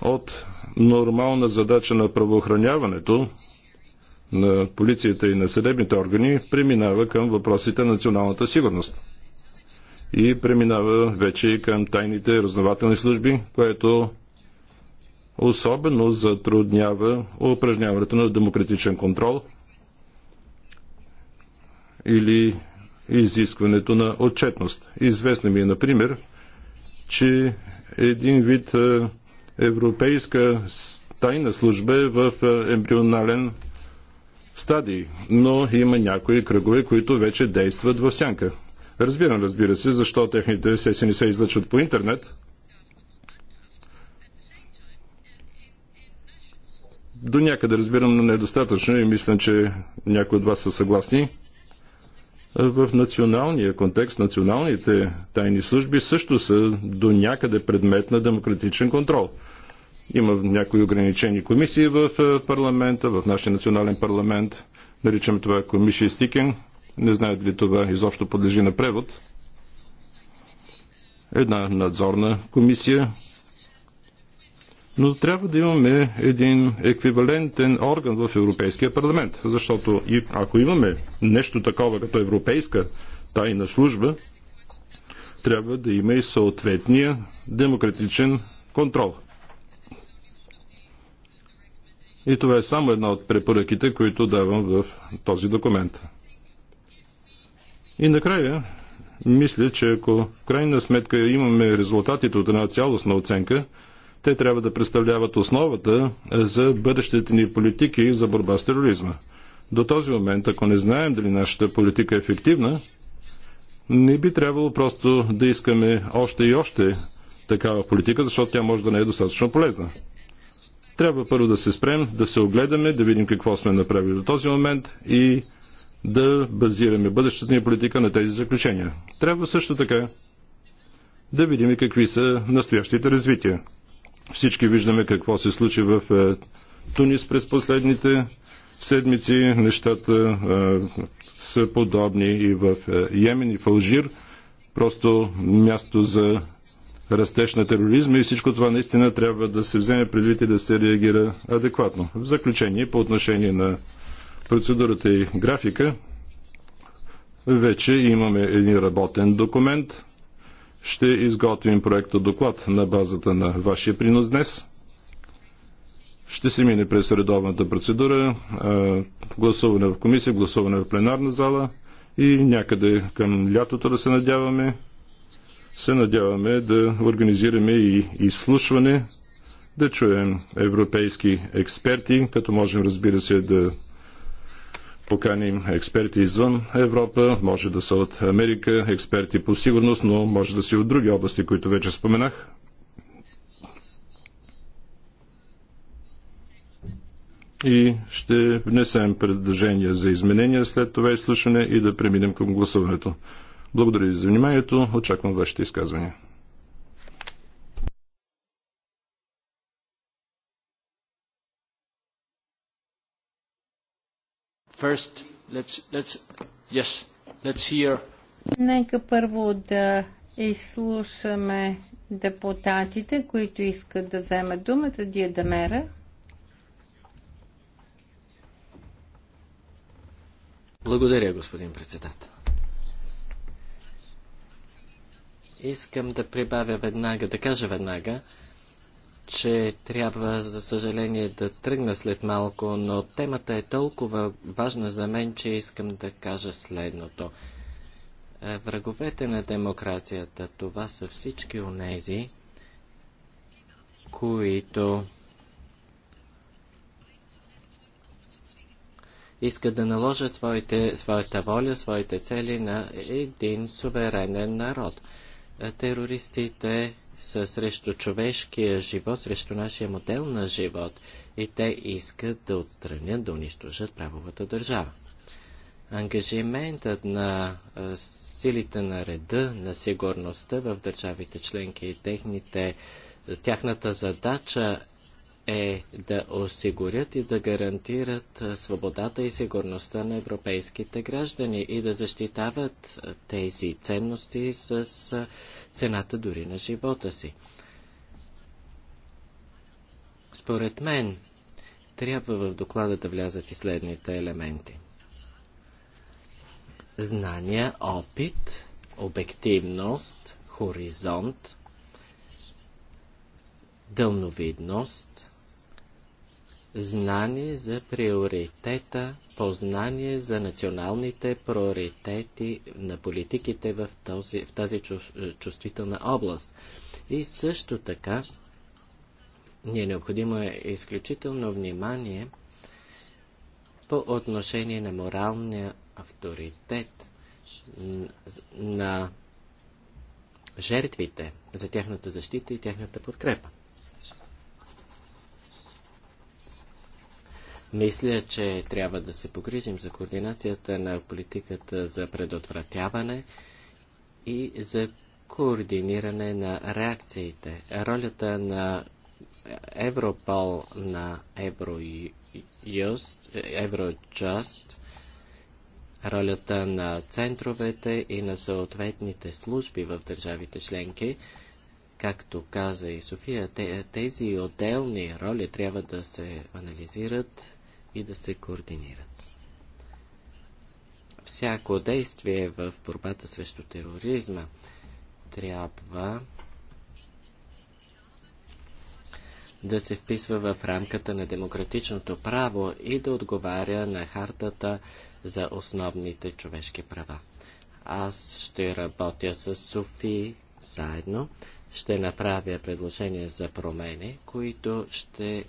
от нормална задача на правоохраняването, на полицията и на съдебните органи, преминава към въпросите на националната сигурност. И преминава вече и към тайните разнователни служби, което особено затруднява упражняването на демократичен контрол или изискването на отчетност. Известно ми е, например, че един вид е, европейска тайна служба е в е, ембрионален стадий, но има някои кръгове, които вече действат в сянка. Разбирам, разбира се, защо техните сесии не се излъчват по интернет. До някъде разбирам, но недостатъчно е и мисля, че някои от вас са съгласни в националния контекст националните тайни служби също са до някъде предмет на демократичен контрол. Има някои ограничени комисии в е, парламента, в нашия национален парламент. Наричаме това комисия стикен. Не знаят ли това изобщо подлежи на превод. Една надзорна комисия, но трябва да имаме един еквивалентен орган в Европейския парламент, защото и ако имаме нещо такова като Европейска тайна служба, трябва да има и съответния демократичен контрол. И това е само една от препоръките, които давам в този документ. И накрая, мисля, че ако в крайна сметка имаме резултатите от една цялостна оценка, те трябва да представляват основата е, за бъдещите ни политики за борба с тероризма. До този момент, ако не знаем дали нашата политика е ефективна, не би трябвало просто да искаме още и още такава политика, защото тя може да не е достатъчно полезна. Трябва първо да се спрем, да се огледаме, да видим какво сме направили до този момент и да базираме бъдещата ни политика на тези заключения. Трябва също така да видим и какви са настоящите развития. Всички виждаме какво се случи в е, Тунис през последните седмици. Нещата е, са подобни и в е, Йемен и в Алжир. Просто място за растеж на тероризма и всичко това наистина трябва да се вземе предвид и да се реагира адекватно. В заключение, по отношение на процедурата и графика, вече имаме един работен документ, ще изготвим проекта доклад на базата на вашия принос днес. Ще се мине през редовната процедура, гласуване в комисия, гласуване в пленарна зала и някъде към лятото да се надяваме. Се надяваме да организираме и изслушване, да чуем европейски експерти, като можем разбира се да поканим експерти извън Европа, може да са от Америка, експерти по сигурност, но може да си от други области, които вече споменах. И ще внесем предложения за изменения след това изслушване и да преминем към гласуването. Благодаря ви за вниманието. Очаквам вашите изказвания. Нека първо да изслушаме депутатите, които искат да вземат думата. Диадамера. Благодаря, господин председател. Искам да прибавя веднага, да кажа веднага, че трябва, за съжаление, да тръгна след малко, но темата е толкова важна за мен, че искам да кажа следното. Е, враговете на демокрацията, това са всички онези, които искат да наложат своите, своята воля, своите цели на един суверенен народ. Е, терористите са срещу човешкия живот, срещу нашия модел на живот и те искат да отстранят, да унищожат правовата държава. Ангажиментът на силите на реда, на сигурността в държавите членки и техните, тяхната задача е да осигурят и да гарантират свободата и сигурността на европейските граждани и да защитават тези ценности с цената дори на живота си. Според мен, трябва в доклада да влязат и следните елементи. Знания, опит, обективност, хоризонт, дълновидност – знание за приоритета, познание за националните приоритети на политиките в, този, в тази е, чувствителна област. И също така ни е необходимо е изключително внимание по отношение на моралния авторитет на жертвите за тяхната защита и тяхната подкрепа. Мисля, че трябва да се погрижим за координацията на политиката за предотвратяване и за координиране на реакциите. Ролята на Европол на Евроюст, Еврочаст, ролята на центровете и на съответните служби в държавите членки, както каза и София, тези отделни роли трябва да се анализират и да се координират. Всяко действие в борбата срещу тероризма трябва да се вписва в рамката на демократичното право и да отговаря на хартата за основните човешки права. Аз ще работя с Софи заедно, ще направя предложения за промени, които ще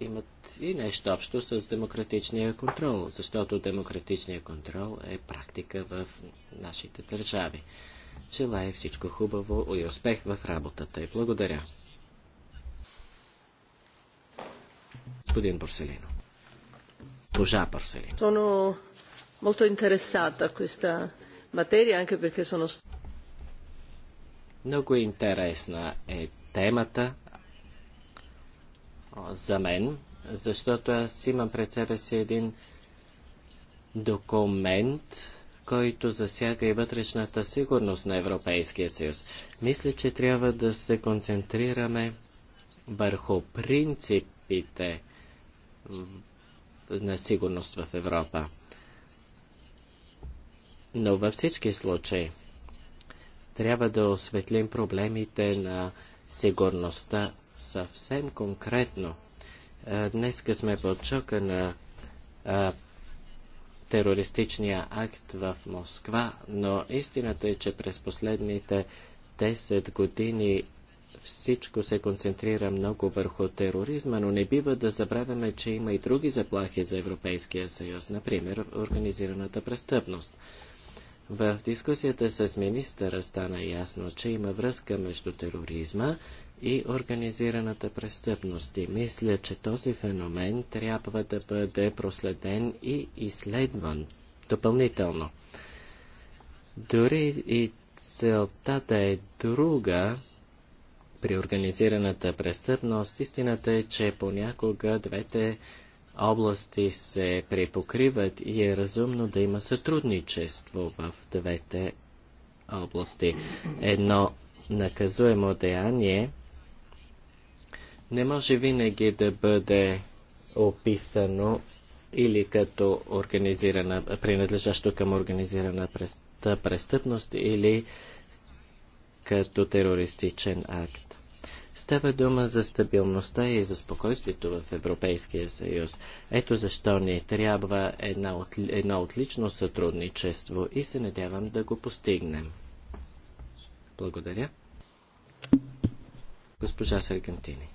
имат и нещо общо с демократичния контрол, защото демократичния контрол е практика в нашите държави. Желая всичко хубаво и успех в работата и благодаря. Господин Борселино. Божа Борселино. Sono molto interessata a questa materia anche perché sono Много интересна е темата за мен, защото аз имам пред себе си един документ, който засяга и вътрешната сигурност на Европейския съюз. Мисля, че трябва да се концентрираме върху принципите на сигурност в Европа. Но във всички случаи трябва да осветлим проблемите на сигурността съвсем конкретно. Е, днеска сме под шока на е, терористичния акт в Москва, но истината е, че през последните 10 години всичко се концентрира много върху тероризма, но не бива да забравяме, че има и други заплахи за Европейския съюз, например организираната престъпност. В дискусията с министъра стана ясно, че има връзка между тероризма и организираната престъпност. И мисля, че този феномен трябва да бъде проследен и изследван допълнително. Дори и целта да е друга при организираната престъпност, истината е, че понякога двете области се препокриват и е разумно да има сътрудничество в двете области. Едно наказуемо деяние не може винаги да бъде описано или като организирана, принадлежащо към организирана престъпност или като терористичен акт. Става дума за стабилността и за спокойствието в Европейския съюз. Ето защо ни трябва една от, едно отлично сътрудничество и се надявам да го постигнем. Благодаря. Госпожа Саргантини.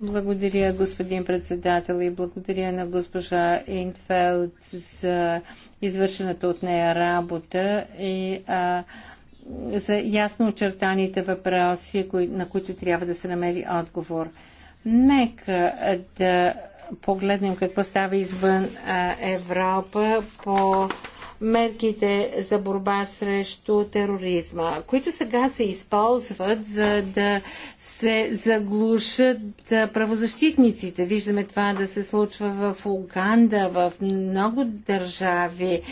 Благодаря, господин председател, и благодаря на госпожа Инфелд за извършената от нея работа и а, за ясно очертаните въпроси, кои, на които трябва да се намери отговор. Нека да погледнем какво става извън а, Европа по мерките за борба срещу тероризма, които сега се използват за да се заглушат правозащитниците. Виждаме това да се случва в Уганда, в много държави.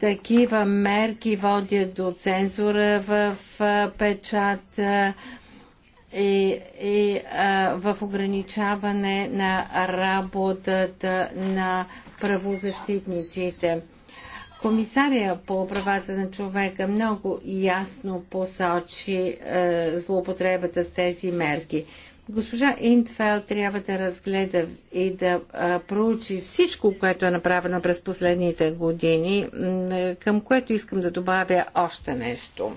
Такива мерки водят до цензура в печата и, и а, в ограничаване на работата на правозащитниците. Комисария по правата на човека много ясно посочи е, злоупотребата с тези мерки. Госпожа Интфел трябва да разгледа и да а, е, проучи всичко, което е направено през последните години, е, към което искам да добавя още нещо.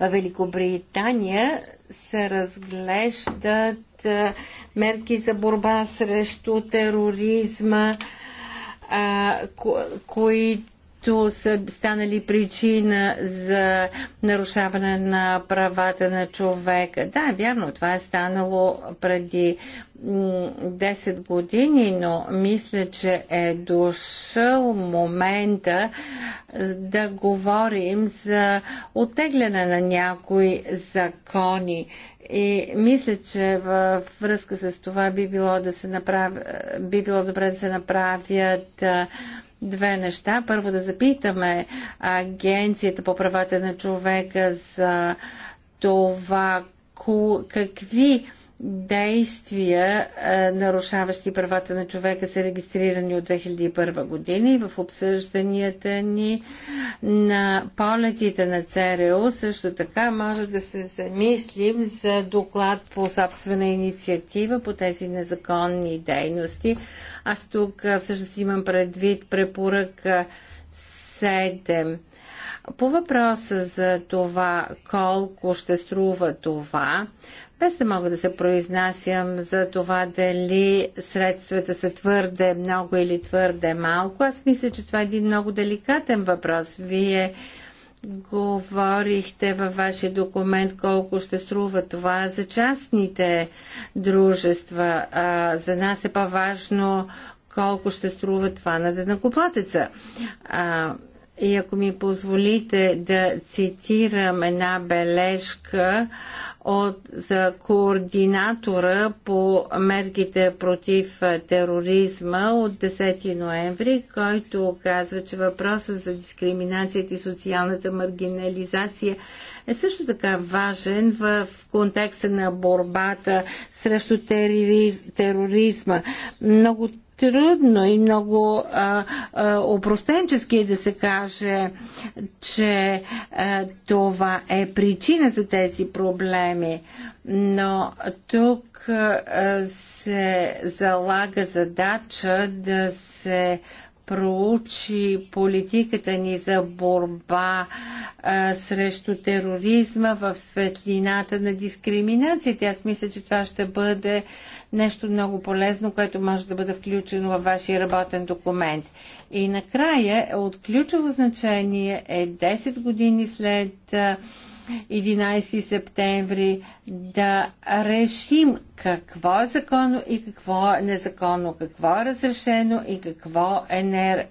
В Великобритания се разглеждат е, мерки за борба срещу тероризма, а, ко, които са станали причина за нарушаване на правата на човека. Да, вярно, това е станало преди 10 години, но мисля, че е дошъл момента да говорим за оттегляне на някои закони. И мисля, че във връзка с това би било, да се направи, би било добре да се направят две неща. Първо да запитаме Агенцията по правата на човека за това, какви действия, нарушаващи правата на човека, са регистрирани от 2001 година и в обсъжданията ни на полетите на ЦРУ също така може да се замислим за доклад по собствена инициатива по тези незаконни дейности. Аз тук всъщност имам предвид препоръка 7. По въпроса за това колко ще струва това, без да мога да се произнасям за това дали средствата са твърде много или твърде малко, аз мисля, че това е един много деликатен въпрос. Вие говорихте във вашия документ колко ще струва това за частните дружества. А, за нас е по-важно колко ще струва това на денакоплатеца. А, и ако ми позволите да цитирам една бележка от, за координатора по мерките против тероризма от 10 ноември, който казва, че въпросът за дискриминацията и социалната маргинализация е също така важен в контекста на борбата срещу тероризма. Много трудно и много а, а, опростенчески е да се каже, че а, това е причина за тези проблеми, но тук а, се залага задача да се а, проучи политиката ни за борба а, срещу тероризма в светлината на дискриминацията. Аз мисля, че това ще бъде нещо много полезно, което може да бъде включено във вашия работен документ. И накрая, от ключово значение е 10 години след а, 11 септември да решим какво е законно и какво е незаконно, какво е разрешено и какво е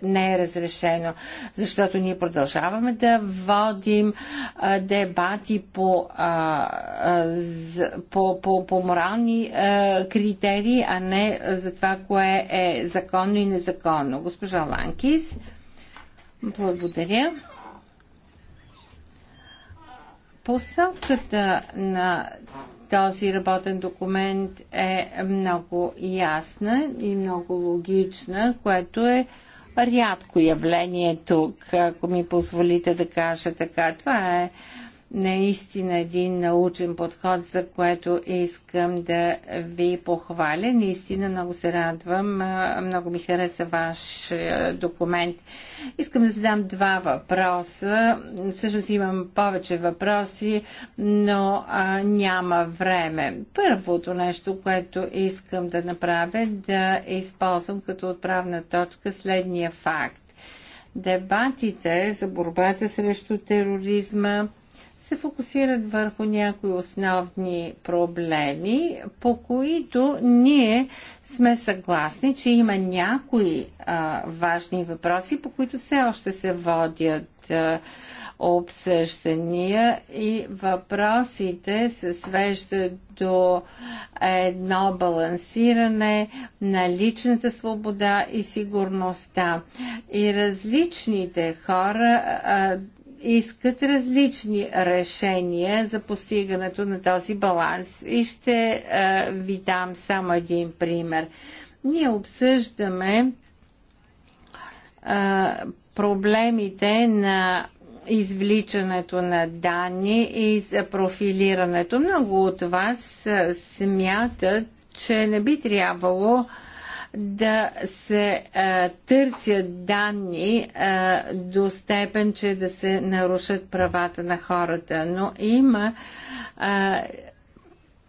не, е разрешено. Защото ние продължаваме да водим а, дебати по, а, а, з, по, по, по морални а, критерии, а не за това, кое е законно и незаконно. Госпожа Ланкис, благодаря. Посоката на този работен документ е много ясна и много логична, което е рядко явление тук, ако ми позволите да кажа така. Това е наистина един научен подход, за което искам да ви похваля. Наистина много се радвам, много ми хареса ваш документ. Искам да задам два въпроса. Всъщност имам повече въпроси, но а, няма време. Първото нещо, което искам да направя, е да използвам като отправна точка следния факт. Дебатите за борбата срещу тероризма, се фокусират върху някои основни проблеми, по които ние сме съгласни, че има някои а, важни въпроси, по които все още се водят а, обсъждания и въпросите се свеждат до едно балансиране на личната свобода и сигурността. И различните хора а, искат различни решения за постигането на този баланс. И ще а, е, ви дам само един пример. Ние обсъждаме а, е, проблемите на извличането на данни и за профилирането. Много от вас е, смятат, че не би трябвало а, да се а, търсят данни а, до степен, че да се нарушат правата на хората. Но има а,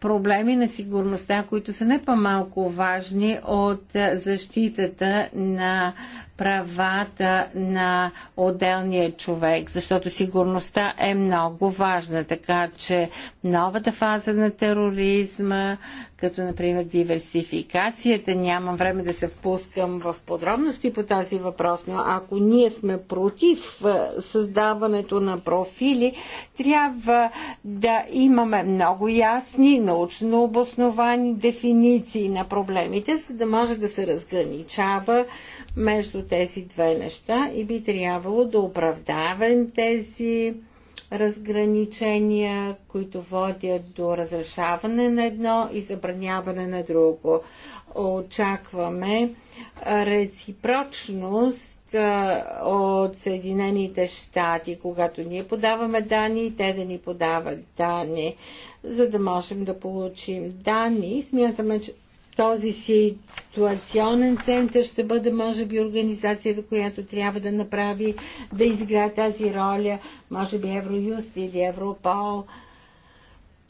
проблеми на сигурността, които са не по-малко важни от защитата на правата на отделния човек, защото сигурността е много важна, така че новата фаза на тероризма, като например диверсификацията, нямам време да се впускам в подробности по този въпрос, но ако ние сме против е, създаването на профили, трябва да имаме много ясни, научно обосновани дефиниции на проблемите, за да може да се разграничава между тези две неща и би трябвало да оправдавам тези разграничения, които водят до разрешаване на едно и забраняване на друго. Очакваме реципрочност от Съединените щати, когато ние подаваме данни и те да ни подават данни, за да можем да получим данни. Смятаме, че този ситуационен център ще бъде, може би, организацията, която трябва да направи, да изиграе тази роля, може би Евроюст или Европол.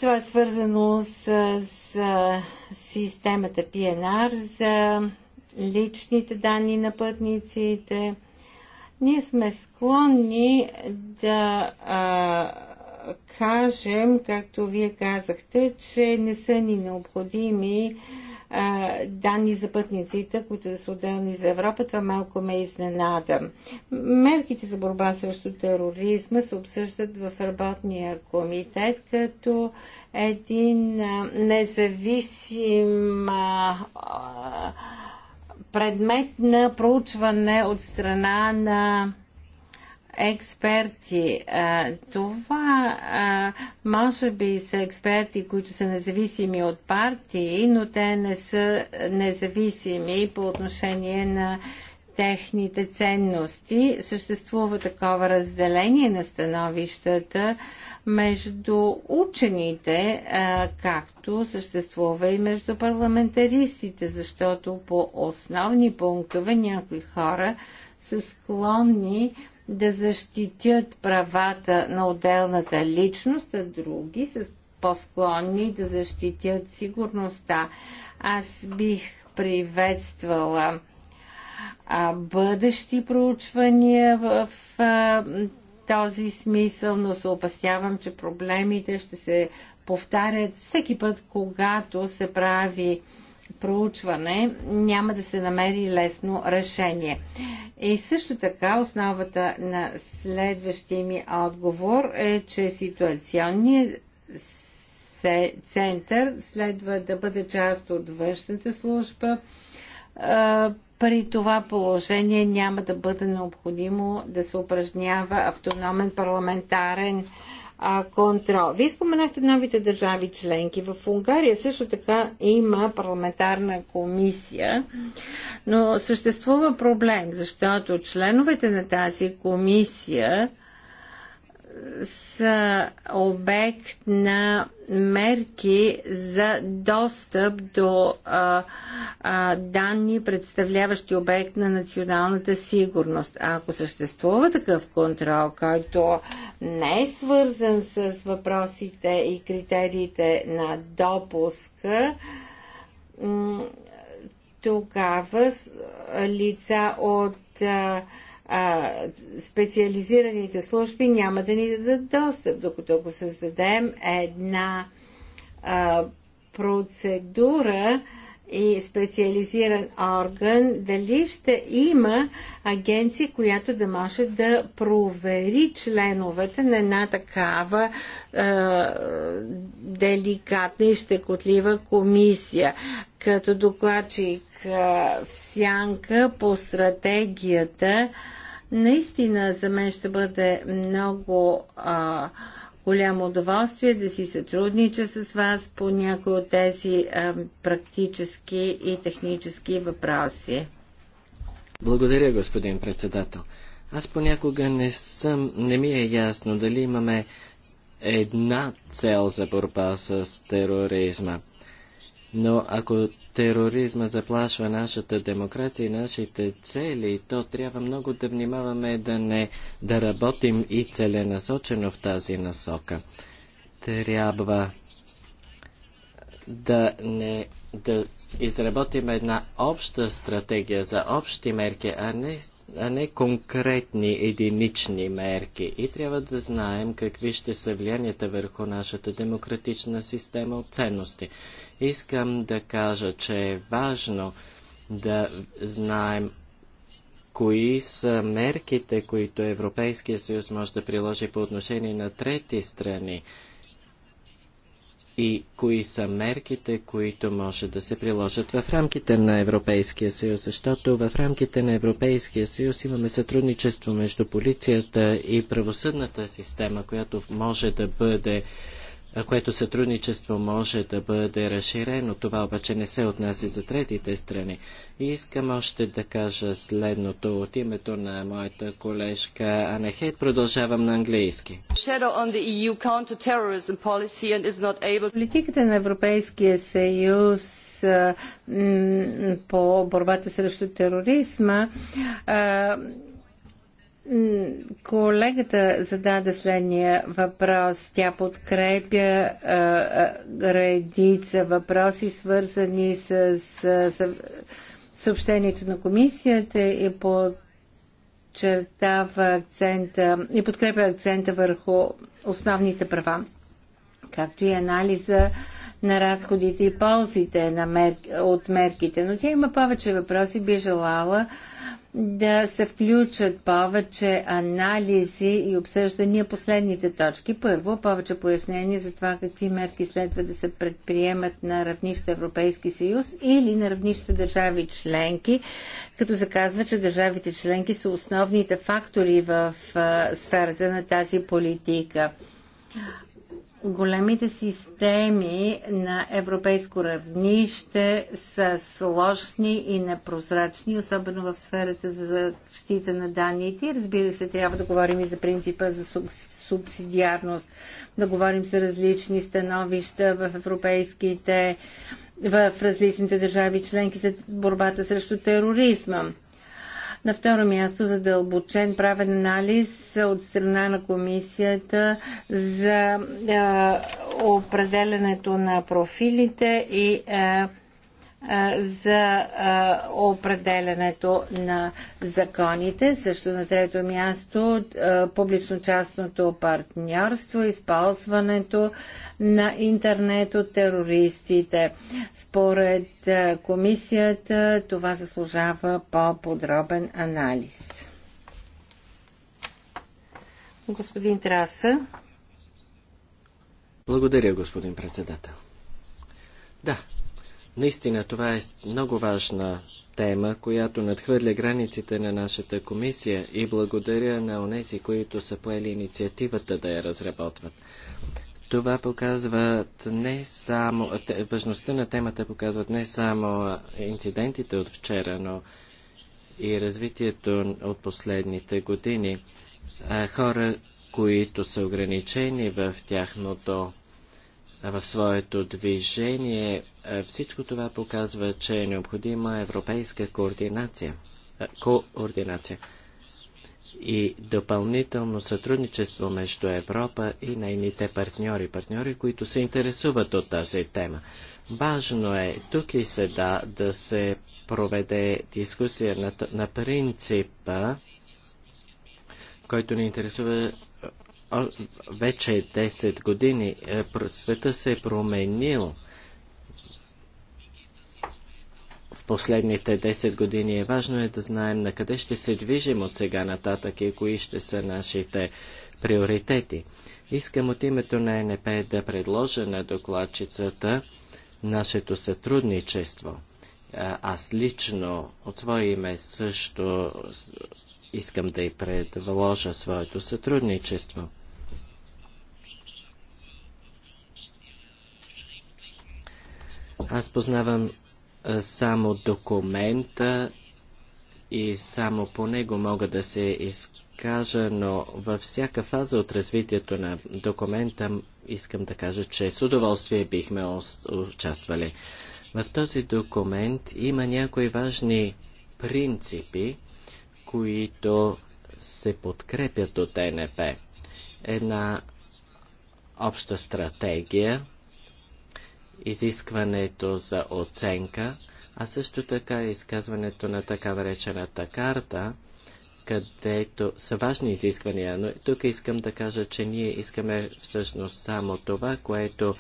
Това е свързано с, с системата PNR за личните данни на пътниците. Ние сме склонни да а, кажем, както вие казахте, че не са ни необходими данни за пътниците, които да са отделни за Европа. Това малко ме изненада. Мерките за борба срещу тероризма се обсъждат в работния комитет като един независим предмет на проучване от страна на експерти. Това може би са експерти, които са независими от партии, но те не са независими по отношение на техните ценности. Съществува такова разделение на становищата между учените, както съществува и между парламентаристите, защото по основни пунктове някои хора са склонни да защитят правата на отделната личност, а други са по-склонни да защитят сигурността. Аз бих приветствала а, бъдещи проучвания в а, този смисъл, но се опасявам, че проблемите ще се повтарят всеки път, когато се прави проучване няма да се намери лесно решение. И също така основата на следващия ми отговор е, че ситуационният център следва да бъде част от външната служба. При това положение няма да бъде необходимо да се упражнява автономен парламентарен а, контрол. Вие споменахте новите държави членки. В Унгария също така има парламентарна комисия, но съществува проблем, защото членовете на тази комисия са обект на мерки за достъп до а, а, данни, представляващи обект на националната сигурност. А ако съществува такъв контрол, който не е свързан с въпросите и критериите на допуска, тогава лица от а, а, специализираните служби няма да ни дадат достъп, докато го създадем една а, процедура и специализиран орган, дали ще има агенция, която да може да провери членовете на една такава е, деликатна и щекотлива комисия. Като докладчик е, в сянка по стратегията е, Наистина за мен ще бъде много а, голямо удоволствие да си сътруднича с вас по някои от тези а, практически и технически въпроси. Благодаря, господин председател. Аз понякога не съм, не ми е ясно дали имаме една цел за борба с тероризма. Но ако тероризма заплашва нашата демокрация и нашите цели, то трябва много да внимаваме да не да работим и целенасочено в тази насока. Трябва да не да изработим една обща стратегия за общи мерки, а не а не конкретни единични мерки. И трябва да знаем какви ще са влиянията върху нашата демократична система от ценности. Искам да кажа, че е важно да знаем кои са мерките, които Европейския съюз може да приложи по отношение на трети страни и кои са мерките, които може да се приложат в рамките на Европейския съюз, защото в рамките на Европейския съюз имаме сътрудничество между полицията и правосъдната система, която може да бъде което сътрудничество може да бъде разширено. Това обаче не се отнася за третите страни. И искам още да кажа следното от името на моята колежка Анахет. Продължавам на английски. E Политиката на Европейския съюз по борбата срещу тероризма Колегата зададе следния въпрос. Тя подкрепя а, а, редица въпроси, свързани с, с съобщението на комисията и подчертава акцента и подкрепя акцента върху основните права, както и анализа на разходите и ползите на мер... от мерките. Но тя има повече въпроси, би желала да се включат повече анализи и обсъждания последните точки. Първо, повече пояснение за това какви мерки следва да се предприемат на равнище Европейски съюз или на равнище държави членки, като се казва, че държавите членки са основните фактори в сферата на тази политика големите системи на европейско равнище са сложни и непрозрачни, особено в сферата за защита на данните. разбира се, трябва да говорим и за принципа за субсидиарност, да говорим за различни становища в европейските в различните държави членки за борбата срещу тероризма. На второ място задълбочен правен анализ от страна на комисията за е, определенето на профилите и за определенето на законите. Също на трето място публично-частното партньорство, използването на интернет от терористите. Според комисията това заслужава по-подробен анализ. Господин Траса. Благодаря, господин председател. Да, Наистина, това е много важна тема, която надхвърля границите на нашата комисия и благодаря на онези, които са поели инициативата да я разработват. Това показват не само... Важността на темата показват не само инцидентите от вчера, но и развитието от последните години. Хора, които са ограничени в тяхното в своето движение. Всичко това показва, че е необходима европейска координация. Координация и допълнително сътрудничество между Европа и нейните партньори, партньори, които се интересуват от тази тема. Важно е тук и сега да се проведе дискусия на, на принципа, който ни интересува вече 10 е години. Е, света се е променил. В последните 10 години е важно е да знаем на къде ще се движим от сега нататък и кои ще са нашите приоритети. Искам от името на НП да предложа на докладчицата нашето сътрудничество. Аз лично от свое име също Искам да й предложа своето сътрудничество. Аз познавам само документа и само по него мога да се изкажа, но във всяка фаза от развитието на документа искам да кажа, че с удоволствие бихме участвали. В този документ има някои важни принципи, които се подкрепят от ЕНП. Една обща стратегия, изискването за оценка, а също така изказването на така наречената карта, където са важни изисквания, но тук искам да кажа, че ние искаме всъщност само това, което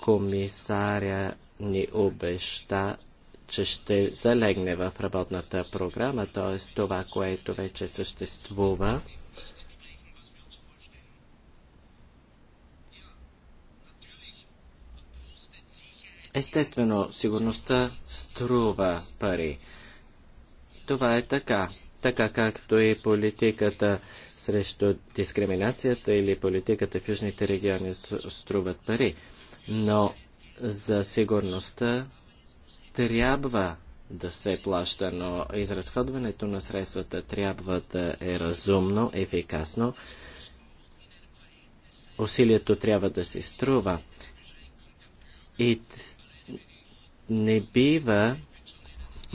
комисаря ни обеща че ще залегне в работната програма, т.е. това, което вече съществува. Естествено, сигурността струва пари. Това е така. Така както и политиката срещу дискриминацията или политиката в южните региони струват пари. Но за сигурността трябва да се плаща, но изразходването на средствата трябва да е разумно, ефикасно. Усилието трябва да се струва. И не бива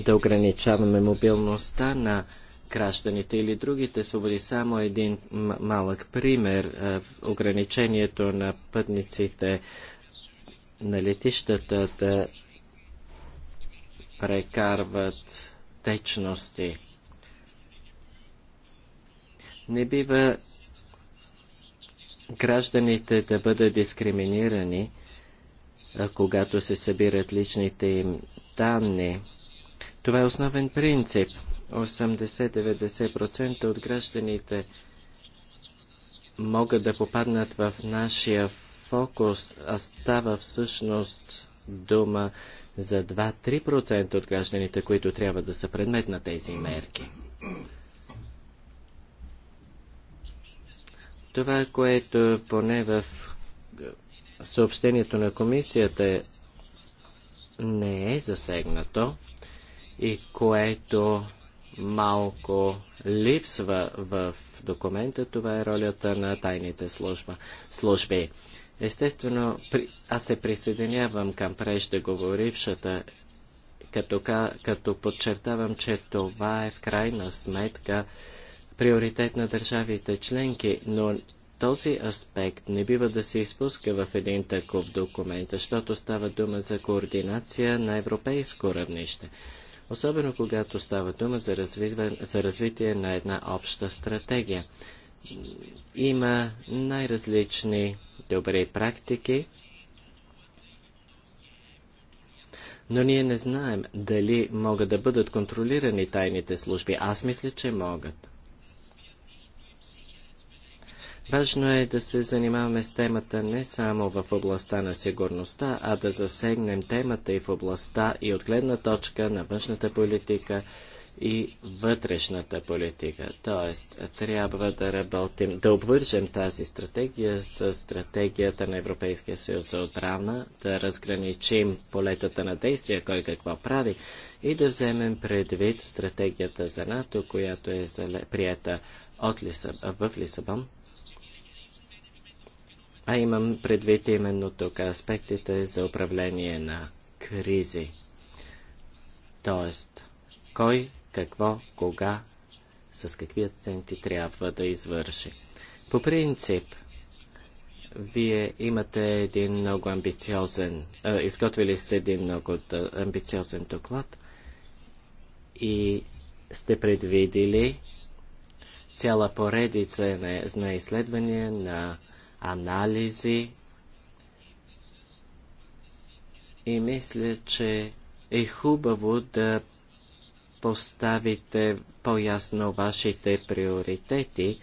да ограничаваме мобилността на гражданите или другите свободи. Само един малък пример. Ограничението на пътниците на летищата да прекарват течности. Не бива гражданите да бъдат дискриминирани, когато се събират личните им данни. Това е основен принцип. 80-90% от гражданите могат да попаднат в нашия фокус, а става всъщност дума за 2-3% от гражданите, които трябва да са предмет на тези мерки. Това, което поне в съобщението на комисията не е засегнато и което малко липсва в документа, това е ролята на тайните служба, служби. Естествено, при... аз се присъединявам към преждеговорившата, като, като подчертавам, че това е в крайна сметка приоритет на държавите членки, но този аспект не бива да се изпуска в един такъв документ, защото става дума за координация на европейско равнище. Особено когато става дума за, развитие, за развитие на една обща стратегия. Има най-различни Добре практики, но ние не знаем дали могат да бъдат контролирани тайните служби. Аз мисля, че могат. Важно е да се занимаваме с темата не само в областта на сигурността, а да засегнем темата и в областта и от гледна точка на външната политика и вътрешната политика. Тоест, трябва да работим, да обвържем тази стратегия с стратегията на Европейския съюз за отбрана, да разграничим полетата на действия, кой какво прави и да вземем предвид стратегията за НАТО, която е прията от Лисъб, в Лисабон. А имам предвид именно тук аспектите за управление на кризи. Тоест, кой какво, кога, с какви акценти трябва да извърши. По принцип, вие имате един много амбициозен, а, изготвили сте един много амбициозен доклад и сте предвидили цяла поредица на, на изследвания, на анализи. И мисля, че е хубаво да поставите по-ясно вашите приоритети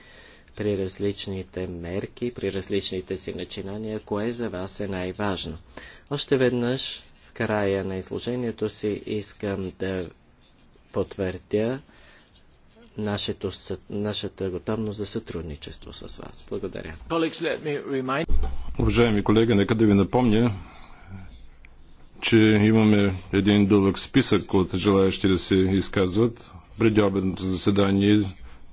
при различните мерки, при различните си начинания, кое за вас е най-важно. Още веднъж в края на изложението си искам да потвърдя нашето, нашата готовност за сътрудничество с вас. Благодаря. Уважаеми колеги, нека да ви напомня, че имаме един дълъг списък от желаящи да се изказват. Преди обедното заседание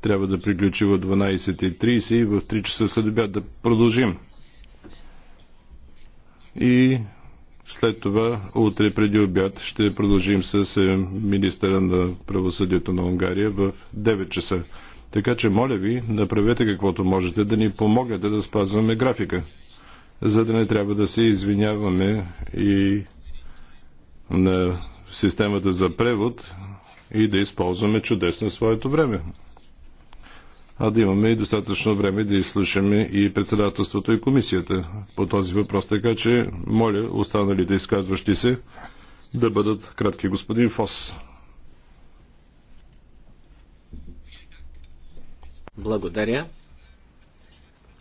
трябва да приключи в 12.30 и в 3 часа след обяд да продължим. И след това, утре преди обяд, ще продължим с е, министъра на правосъдието на Унгария в 9 часа. Така че, моля ви, направете каквото можете да ни помогнете да спазваме графика, за да не трябва да се извиняваме и на системата за превод и да използваме чудесно своето време. А да имаме и достатъчно време да изслушаме и председателството и комисията по този въпрос. Така че, моля, останалите изказващи се да бъдат кратки. Господин Фос. Благодаря.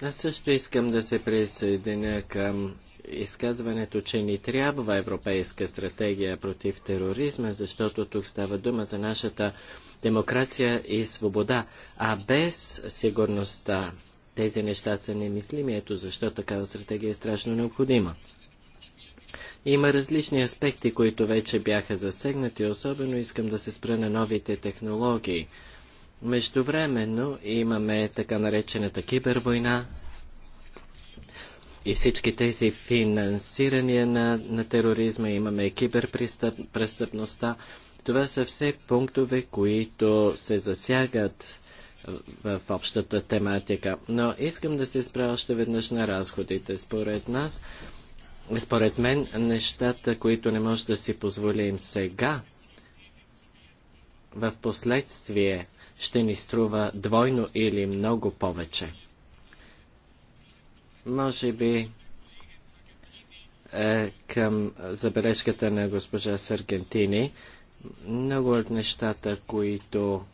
Аз също искам да се присъединя към изказването, че ни трябва европейска стратегия против тероризма, защото тук става дума за нашата демокрация и свобода, а без сигурността тези неща са немислими, ето защо такава стратегия е страшно необходима. Има различни аспекти, които вече бяха засегнати, особено искам да се спра на новите технологии. Междувременно имаме така наречената кибервойна, и всички тези финансирания на, на тероризма, имаме киберпрестъпността. Това са все пунктове, които се засягат в, в общата тематика. Но искам да се спра още веднъж на разходите. Според нас, според мен, нещата, които не може да си позволим сега, в последствие ще ни струва двойно или много повече. Може би е, към забележката на госпожа Саргентини, много от нещата, които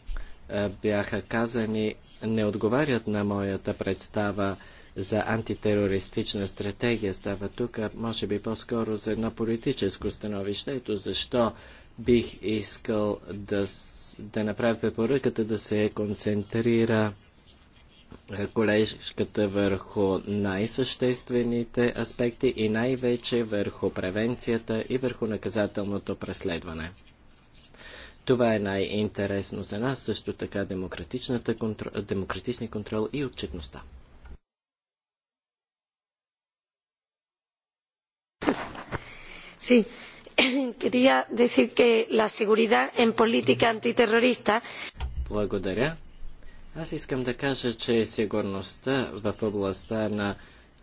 е, бяха казани, не отговарят на моята представа за антитерористична стратегия. Става тук, може би, по-скоро за едно политическо становище. Ето защо бих искал да, да направя препоръката да се концентрира колежката върху най-съществените аспекти и най-вече върху превенцията и върху наказателното преследване. Това е най-интересно за нас, също така демократичната контрол, демократични контрол и отчетността. Sí, quería decir que la seguridad en política antiterrorista. Благодаря. Аз искам да кажа, че сигурността в областта на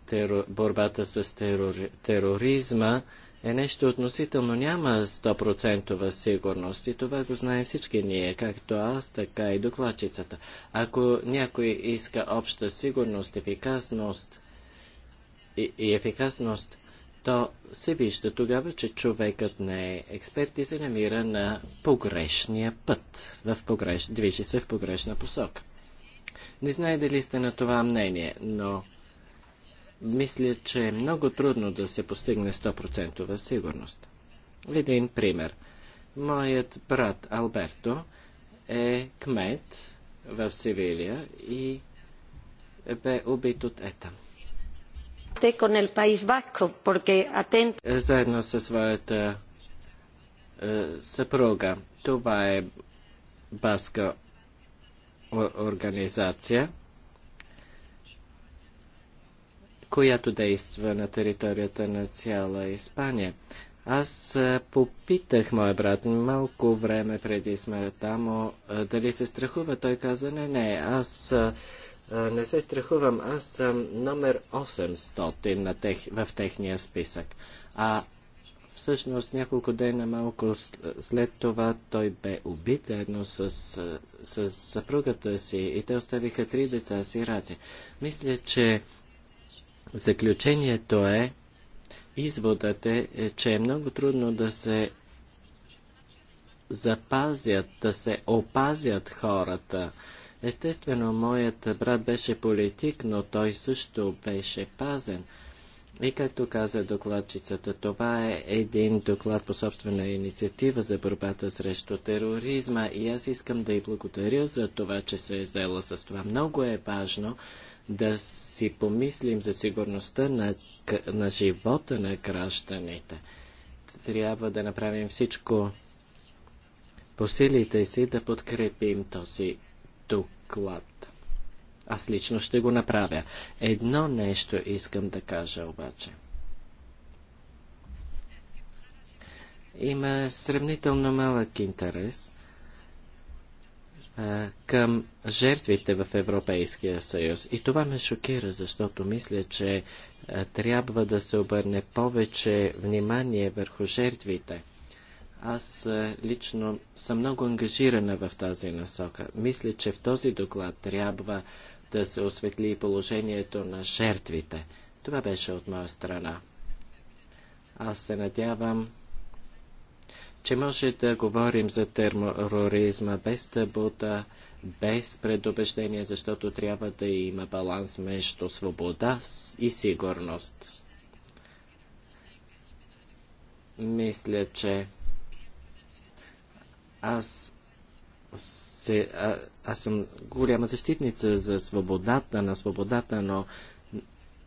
терор... борбата с терор... тероризма е нещо относително. Няма 100% сигурност и това го знаем всички ние, както аз, така и докладчицата. Ако някой иска обща сигурност, ефикасност и, и ефикасност, то се вижда тогава, че човекът не е експерт и се намира на погрешния път, в погреш... движи се в погрешна посока. Не знае дали сте на това мнение, но мисля, че е много трудно да се постигне 100% сигурност. Един пример. Моят брат Алберто е кмет в Севилия и бе убит от ета. Заедно със своята е, съпруга. Това е баска организация, която действа на територията на цяла Испания. Аз попитах моя брат малко време преди смъртта му дали се страхува. Той каза, не, не, аз не се страхувам, аз съм номер 800 на тех, в техния списък. А Всъщност няколко дена малко след това той бе убит едно с, с, с съпругата си и те оставиха три деца си рати. Мисля, че заключението е, изводът е, е, че е много трудно да се запазят, да се опазят хората. Естествено, моят брат беше политик, но той също беше пазен. И както каза докладчицата, това е един доклад по собствена инициатива за борбата срещу тероризма и аз искам да й благодаря за това, че се е взела с това. Много е важно да си помислим за сигурността на, на живота на гражданите. Трябва да направим всичко по силите си да подкрепим този доклад. Аз лично ще го направя. Едно нещо искам да кажа обаче. Има сравнително малък интерес а, към жертвите в Европейския съюз. И това ме шокира, защото мисля, че а, трябва да се обърне повече внимание върху жертвите. Аз лично съм много ангажирана в тази насока. Мисля, че в този доклад трябва да се осветли положението на жертвите. Това беше от моя страна. Аз се надявам, че може да говорим за тероризма без табута, без предубеждение, защото трябва да има баланс между свобода и сигурност. Мисля, че аз се, а, аз съм голяма защитница за свободата, на свободата, но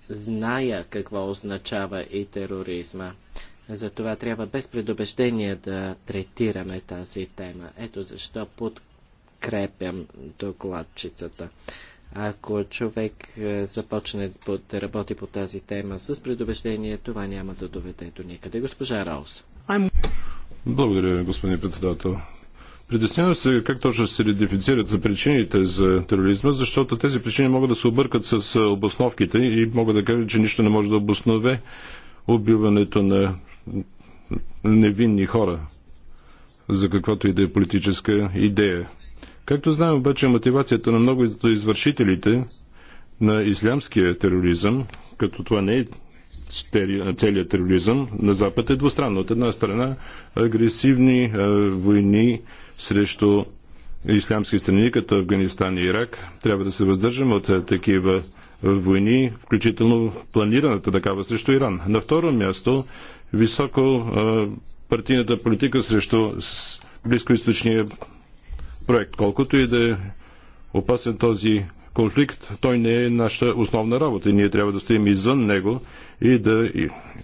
зная какво означава и тероризма. Затова трябва без предубеждение да третираме тази тема. Ето защо подкрепям докладчицата. Ако човек е, започне да работи по тази тема с предубеждение, това няма да доведе до никъде. Госпожа Раус. Благодаря, господин председател. Притеснявам се как точно ще се идентифицират причините за тероризма, защото тези причини могат да се объркат с обосновките и могат да кажат, че нищо не може да обоснове убиването на невинни хора за каквато и да е политическа идея. Както знаем обаче, мотивацията на много от извършителите на ислямския тероризъм, като това не е целият тероризъм на Запад е двустранно. От една страна агресивни войни срещу ислямски страни, като Афганистан и Ирак. Трябва да се въздържим от такива войни, включително планираната такава срещу Иран. На второ място, високо партийната политика срещу близкоисточния проект. Колкото и да е опасен този конфликт, той не е нашата основна работа и ние трябва да стоим извън него и да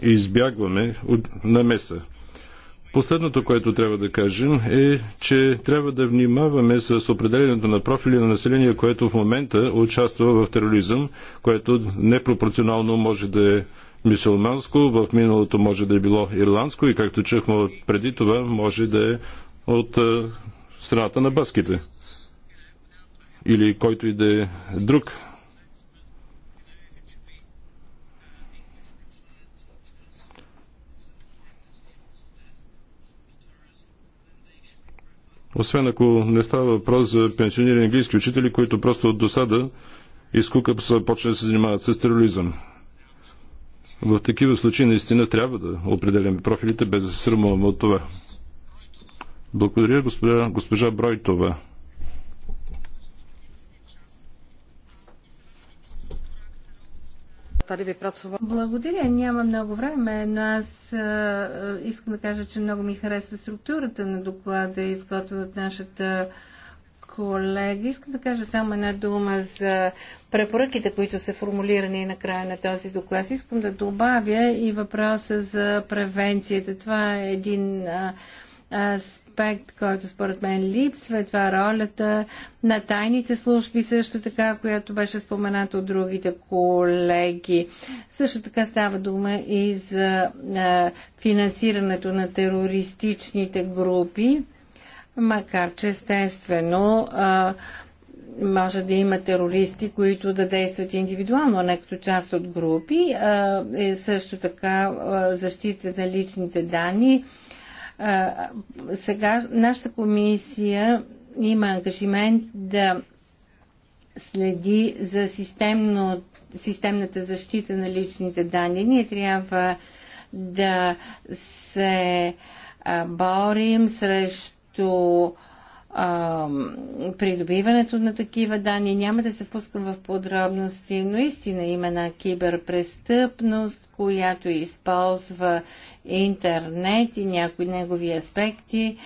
избягваме от намеса. Последното, което трябва да кажем е, че трябва да внимаваме с определенето на профили на население, което в момента участва в тероризъм, което непропорционално може да е мисулманско, в миналото може да е било ирландско и както чухме преди това може да е от е, страната на баските или който и да е друг освен ако не става въпрос за пенсионирани английски учители, които просто от досада и скука са да се занимават с тероризъм. В такива случаи наистина трябва да определяме профилите, без да се срамуваме от това. Благодаря, госпожа госпожа Бройтова. tady vypracovali. Благодаря, няма много време, но аз а, искам да кажа, че много ми харесва структурата на доклада, изготвен от нашата колега. Искам да кажа само една дума за препоръките, които са формулирани на края на този доклад. Искам да добавя и въпроса за превенцията. Това е един а, аспект, който според мен липсва, е това ролята на тайните служби, също така, която беше спомената от другите колеги. Също така става дума и за а, финансирането на терористичните групи, макар че естествено а, може да има терористи, които да действат индивидуално, не като част от групи. А, е също така а, защита на личните данни сега нашата комисия има ангажимент да следи за системно, системната защита на личните данни. Ние трябва да се борим срещу придобиването на такива данни. Няма да се впускам в подробности, но истина има една киберпрестъпност, която използва интернет и някои негови аспекти.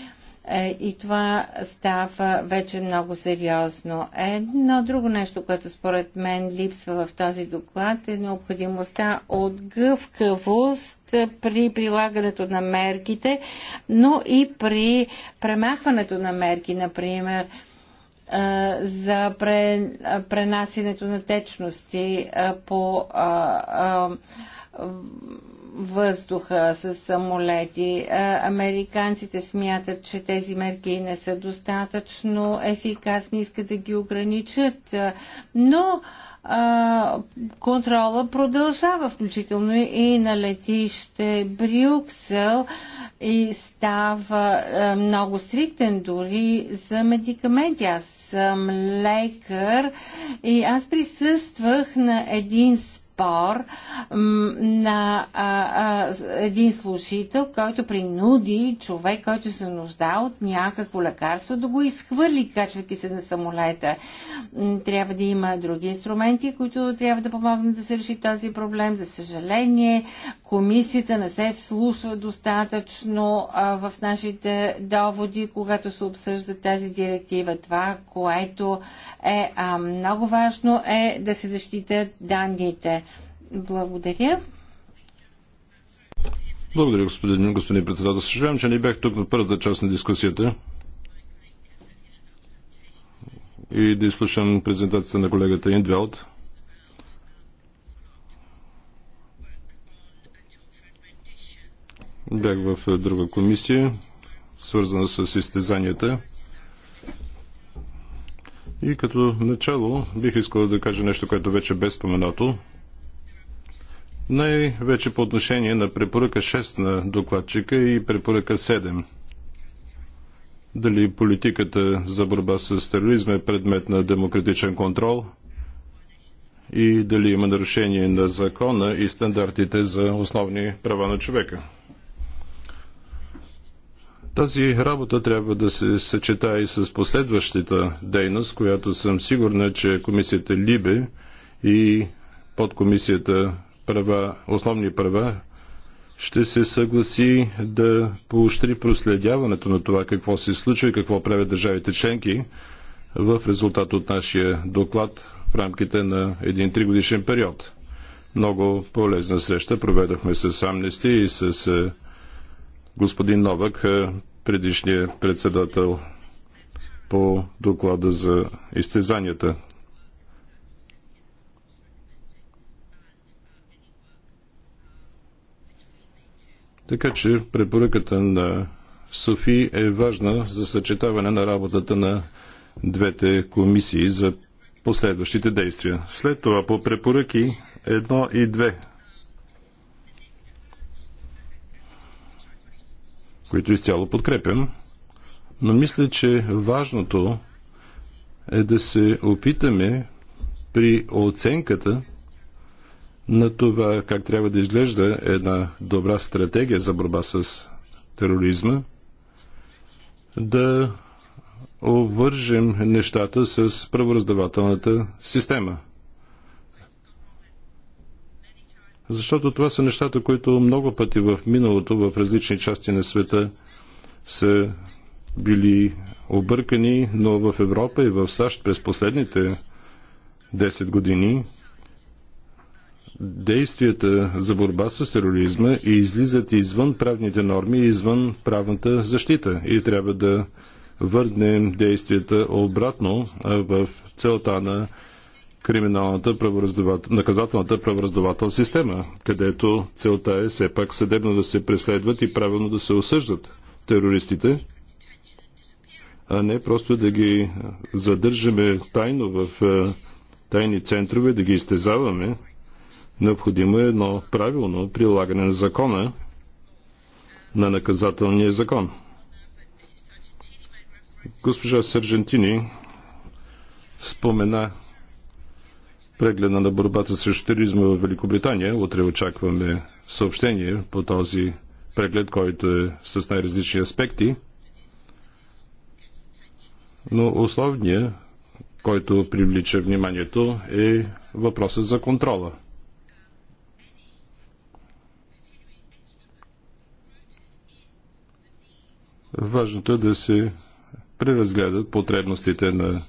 Е, и това става вече много сериозно. Едно друго нещо, което според мен липсва в този доклад е необходимостта от гъвкавост при прилагането на мерките, но и при премахването на мерки, например е, за пренасенето на течности е, по въздуха с самолети. Американците смятат, че тези мерки не са достатъчно ефикасни, искат да ги ограничат. Но контрола продължава, включително и на летище Брюксел и става много стриктен дори за медикаменти. Аз съм лекар и аз присъствах на един спор на един служител, който принуди човек, който се нужда от някакво лекарство, да го изхвърли, качвайки се на самолета. Трябва да има други инструменти, които трябва да помогнат да се реши този проблем. За съжаление, комисията не се вслушва достатъчно в нашите доводи, когато се обсъжда тази директива. Това, което е много важно, е да се защитят данните. Благодаря. Благодаря, господин, господин председател. Съжалявам, че не бях тук на първата част на дискусията и да изслушам презентацията на колегата Индвелт. Бях в друга комисия, свързана с изтезанията. И като начало бих искал да кажа нещо, което вече бе споменато – най-вече по отношение на препоръка 6 на докладчика и препоръка 7. Дали политиката за борба с тероризма е предмет на демократичен контрол и дали има нарушение на закона и стандартите за основни права на човека. Тази работа трябва да се съчета и с последващата дейност, която съм сигурна, че комисията Либе и подкомисията права, основни права, ще се съгласи да поощри проследяването на това какво се случва и какво правят държавите членки в резултат от нашия доклад в рамките на един тригодишен период. Много полезна среща проведохме с Амнести и с е, господин Новак, е, предишният председател по доклада за изтезанията. Така че препоръката на Софи е важна за съчетаване на работата на двете комисии за последващите действия. След това по препоръки 1 и 2, които изцяло подкрепям, но мисля, че важното е да се опитаме при оценката на това как трябва да изглежда една добра стратегия за борба с тероризма, да обвържем нещата с правораздавателната система. Защото това са нещата, които много пъти в миналото, в различни части на света са били объркани, но в Европа и в САЩ през последните 10 години действията за борба с тероризма и излизат извън правните норми и извън правната защита. И трябва да върнем действията обратно в целта на криминалната правораздавател... наказателната правораздавателна система, където целта е все пак съдебно да се преследват и правилно да се осъждат терористите, а не просто да ги задържаме тайно в тайни центрове, да ги изтезаваме Необходимо е едно правилно прилагане на закона, на наказателния закон. Госпожа Сержантини спомена прегледа на борбата срещу тероризма в Великобритания. Утре очакваме съобщение по този преглед, който е с най-различни аспекти. Но основният, който привлича вниманието, е въпросът за контрола – Важното е да се преразгледат потребностите на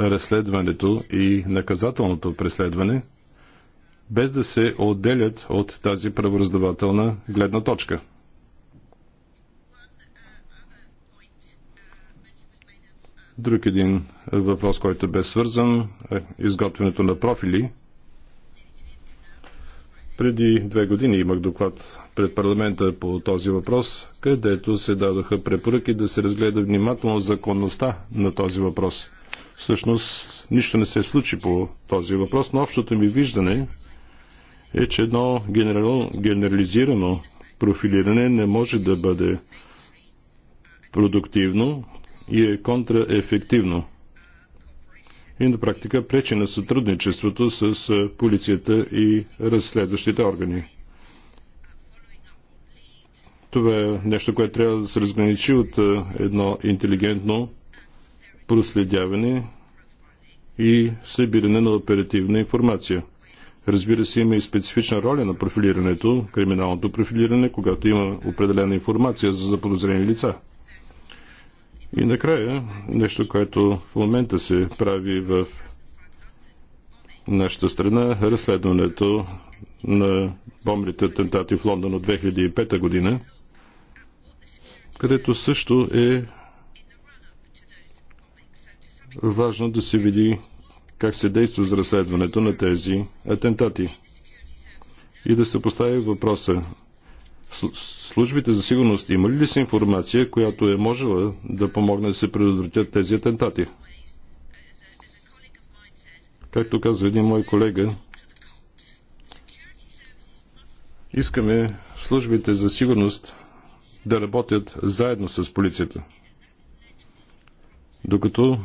разследването и наказателното преследване, без да се отделят от тази правораздавателна гледна точка. Друг един въпрос, който бе свързан е изготвянето на профили. Преди две години имах доклад пред парламента по този въпрос, където се дадоха препоръки да се разгледа внимателно законността на този въпрос. Всъщност нищо не се случи по този въпрос, но общото ми виждане е, че едно генерал, генерализирано профилиране не може да бъде продуктивно и е контраефективно. И на практика пречи на сътрудничеството с полицията и разследващите органи. Това е нещо, което трябва да се разграничи от е, едно интелигентно проследяване и събиране на оперативна информация. Разбира се, има и специфична роля на профилирането, криминалното профилиране, когато има определена информация за заподозрени лица. И накрая, нещо, което в момента се прави в нашата страна, разследването на бомбите атентати в Лондон от 2005 година – където също е важно да се види как се действа за разследването на тези атентати и да се постави въпроса службите за сигурност имали ли са информация, която е можела да помогне да се предотвратят тези атентати? Както казва един мой колега, искаме службите за сигурност да работят заедно с полицията. Докато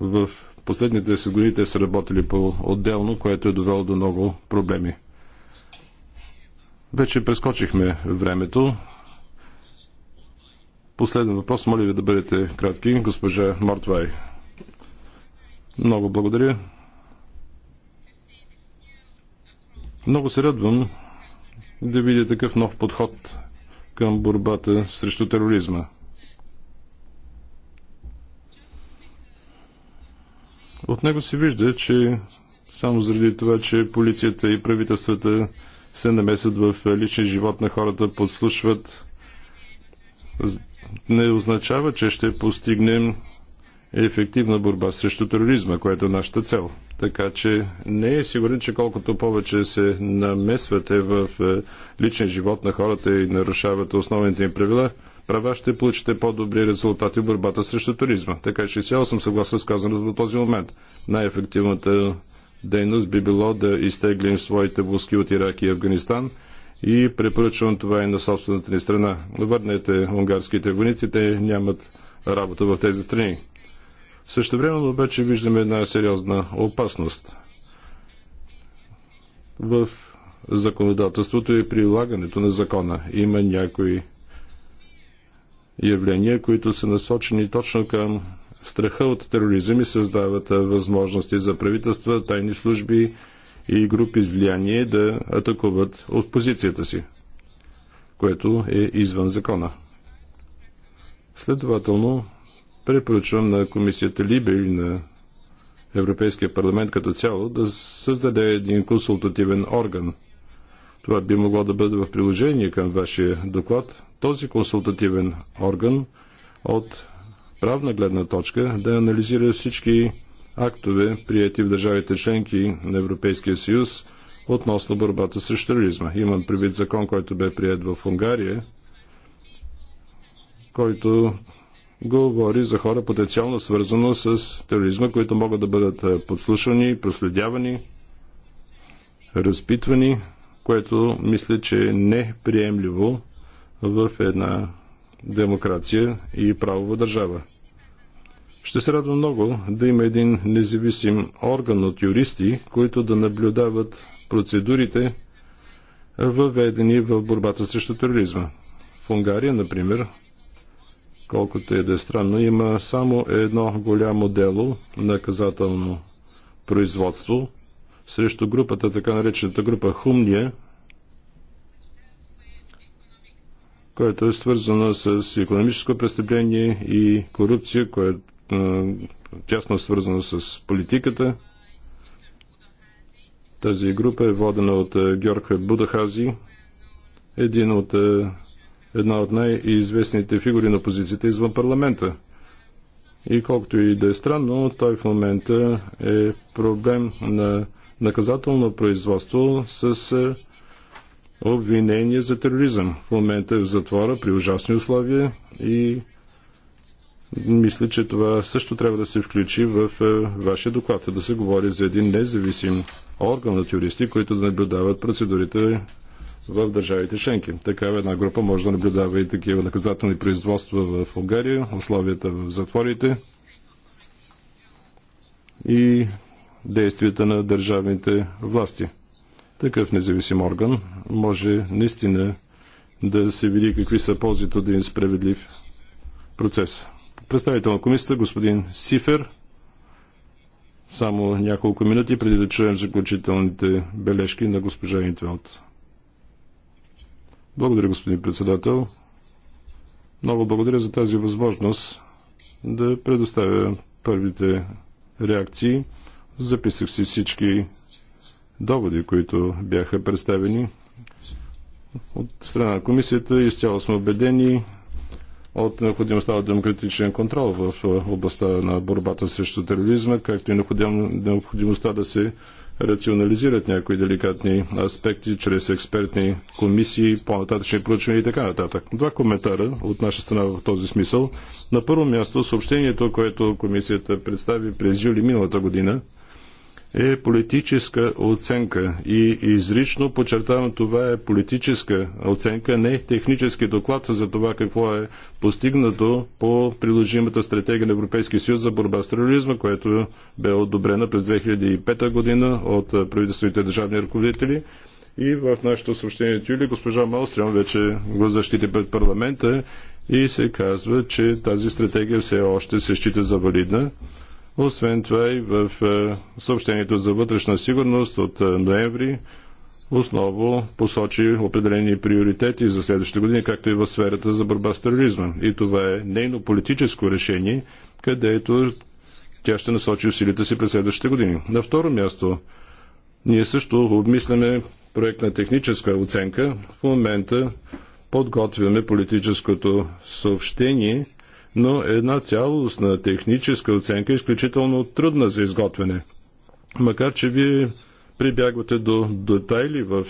в последните 10 години те са работили по-отделно, което е довело до много проблеми. Вече прескочихме времето. Последен въпрос, моля ви да бъдете кратки, госпожа Мортвай. Много благодаря. Много се радвам да видя такъв нов подход към борбата срещу тероризма. От него се вижда, че само заради това, че полицията и правителствата се намесят в личен живот на хората, подслушват, не означава, че ще постигнем е ефективна борба срещу тероризма, което е нашата цел. Така че не е сигурен, че колкото повече се намесвате в е, личния живот на хората и нарушавате основните им правила, права ще получите по-добри резултати в борбата срещу туризма. Така че сега съм съгласен с казаното до този момент. Най-ефективната дейност би било да изтеглим своите войски от Ирак и Афганистан и препоръчвам това и на собствената ни страна. Върнете унгарските войници, те нямат работа в тези страни. Също време обаче виждаме една сериозна опасност в законодателството и прилагането на закона. Има някои явления, които са насочени точно към страха от тероризъм и създават възможности за правителства, тайни служби и групи с влияние да атакуват от позицията си, което е извън закона. Следователно, препоръчвам на комисията Либе и на Европейския парламент като цяло да създаде един консултативен орган. Това би могло да бъде в приложение към вашия доклад. Този консултативен орган от правна гледна точка да анализира всички актове, прияти в държавите членки на Европейския съюз относно борбата с тероризма. Имам предвид закон, който бе прият в Унгария, който говори за хора потенциално свързано с тероризма, които могат да бъдат е, подслушвани, проследявани, разпитвани, което мисля, че е неприемливо в една демокрация и правова държава. Ще се радвам много да има един независим орган от юристи, които да наблюдават процедурите, е, въведени в борбата срещу тероризма. В Унгария, например, Колкото и е да е странно, има само едно голямо дело, наказателно производство, срещу групата, така наречената група Хумния, което е свързана с економическо престъпление и корупция, която е тясно свързана с политиката. Тази група е водена от Георг Будахази, един от една от най-известните фигури на позицията извън парламента. И колкото и да е странно, той в момента е проблем на наказателно производство с е, обвинение за тероризъм. В момента е в затвора при ужасни условия и мисля, че това също трябва да се включи в е, вашия доклад, да се говори за един независим орган на юристи, които да наблюдават процедурите в държавите членки. Такава една група може да наблюдава и такива наказателни производства в България, условията в затворите и действията на държавните власти. Такъв независим орган може наистина да се види какви са ползите от един справедлив процес. Представител на комисията, господин Сифер, само няколко минути преди да чуем заключителните бележки на госпожа Интвелт. Благодаря, господин председател. Много благодаря за тази възможност да предоставя първите реакции. Записах си всички доводи, които бяха представени от страна на комисията. Изцяло сме убедени от необходимостта от демократичен контрол в областта на борбата срещу тероризма, както и необходимостта да се рационализират някои деликатни аспекти чрез експертни комисии, по-нататъчни проучвания и така нататък. Два коментара от наша страна в този смисъл. На първо място, съобщението, което комисията представи през юли миналата година е политическа оценка и изрично подчертавам това е политическа оценка, не технически доклад за това какво е постигнато по приложимата стратегия на Европейския съюз за борба с тероризма, която бе одобрена през 2005 година от правителствените държавни ръководители и в нашето съобщение от юли госпожа Малстрем вече го защити пред парламента и се казва, че тази стратегия все още се счита за валидна освен това и в е, съобщението за вътрешна сигурност от е, ноември основно посочи определени приоритети за следващата година, както и в сферата за борба с тероризма. И това е нейно политическо решение, където тя ще насочи усилите си през следващите години. На второ място, ние също обмисляме проект на техническа оценка. В момента подготвяме политическото съобщение – но една цялостна техническа оценка е изключително трудна за изготвяне. Макар, че вие прибягвате до детайли в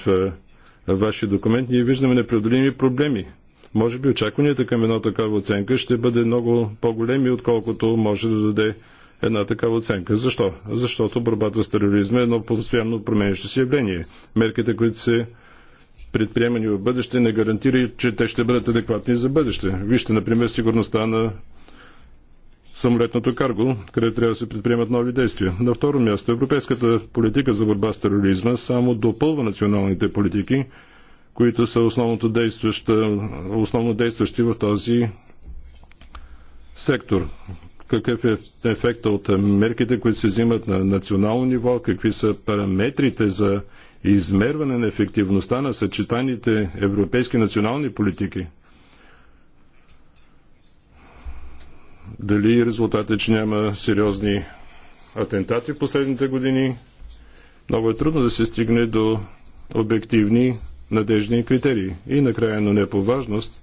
е, ваши документ, ние виждаме непреодолими проблеми. Може би очакванията към една такава оценка ще бъде много по-големи, отколкото може да даде една такава оценка. Защо? Защото борбата с тероризма е едно постоянно променящо се явление. Мерките, които се предприемани в бъдеще, не гарантира, че те ще бъдат адекватни за бъдеще. Вижте, например, сигурността на самолетното карго, където трябва да се предприемат нови действия. На второ място, европейската политика за борба с тероризма само допълва националните политики, които са основното действаща, основно действащи в този сектор. Какъв е ефекта от мерките, които се взимат на национално ниво, какви са параметрите за и измерване на ефективността на съчетаните европейски национални политики. Дали резултатът е, че няма сериозни атентати в последните години, много е трудно да се стигне до обективни, надежни критерии. И накрая, но не по важност,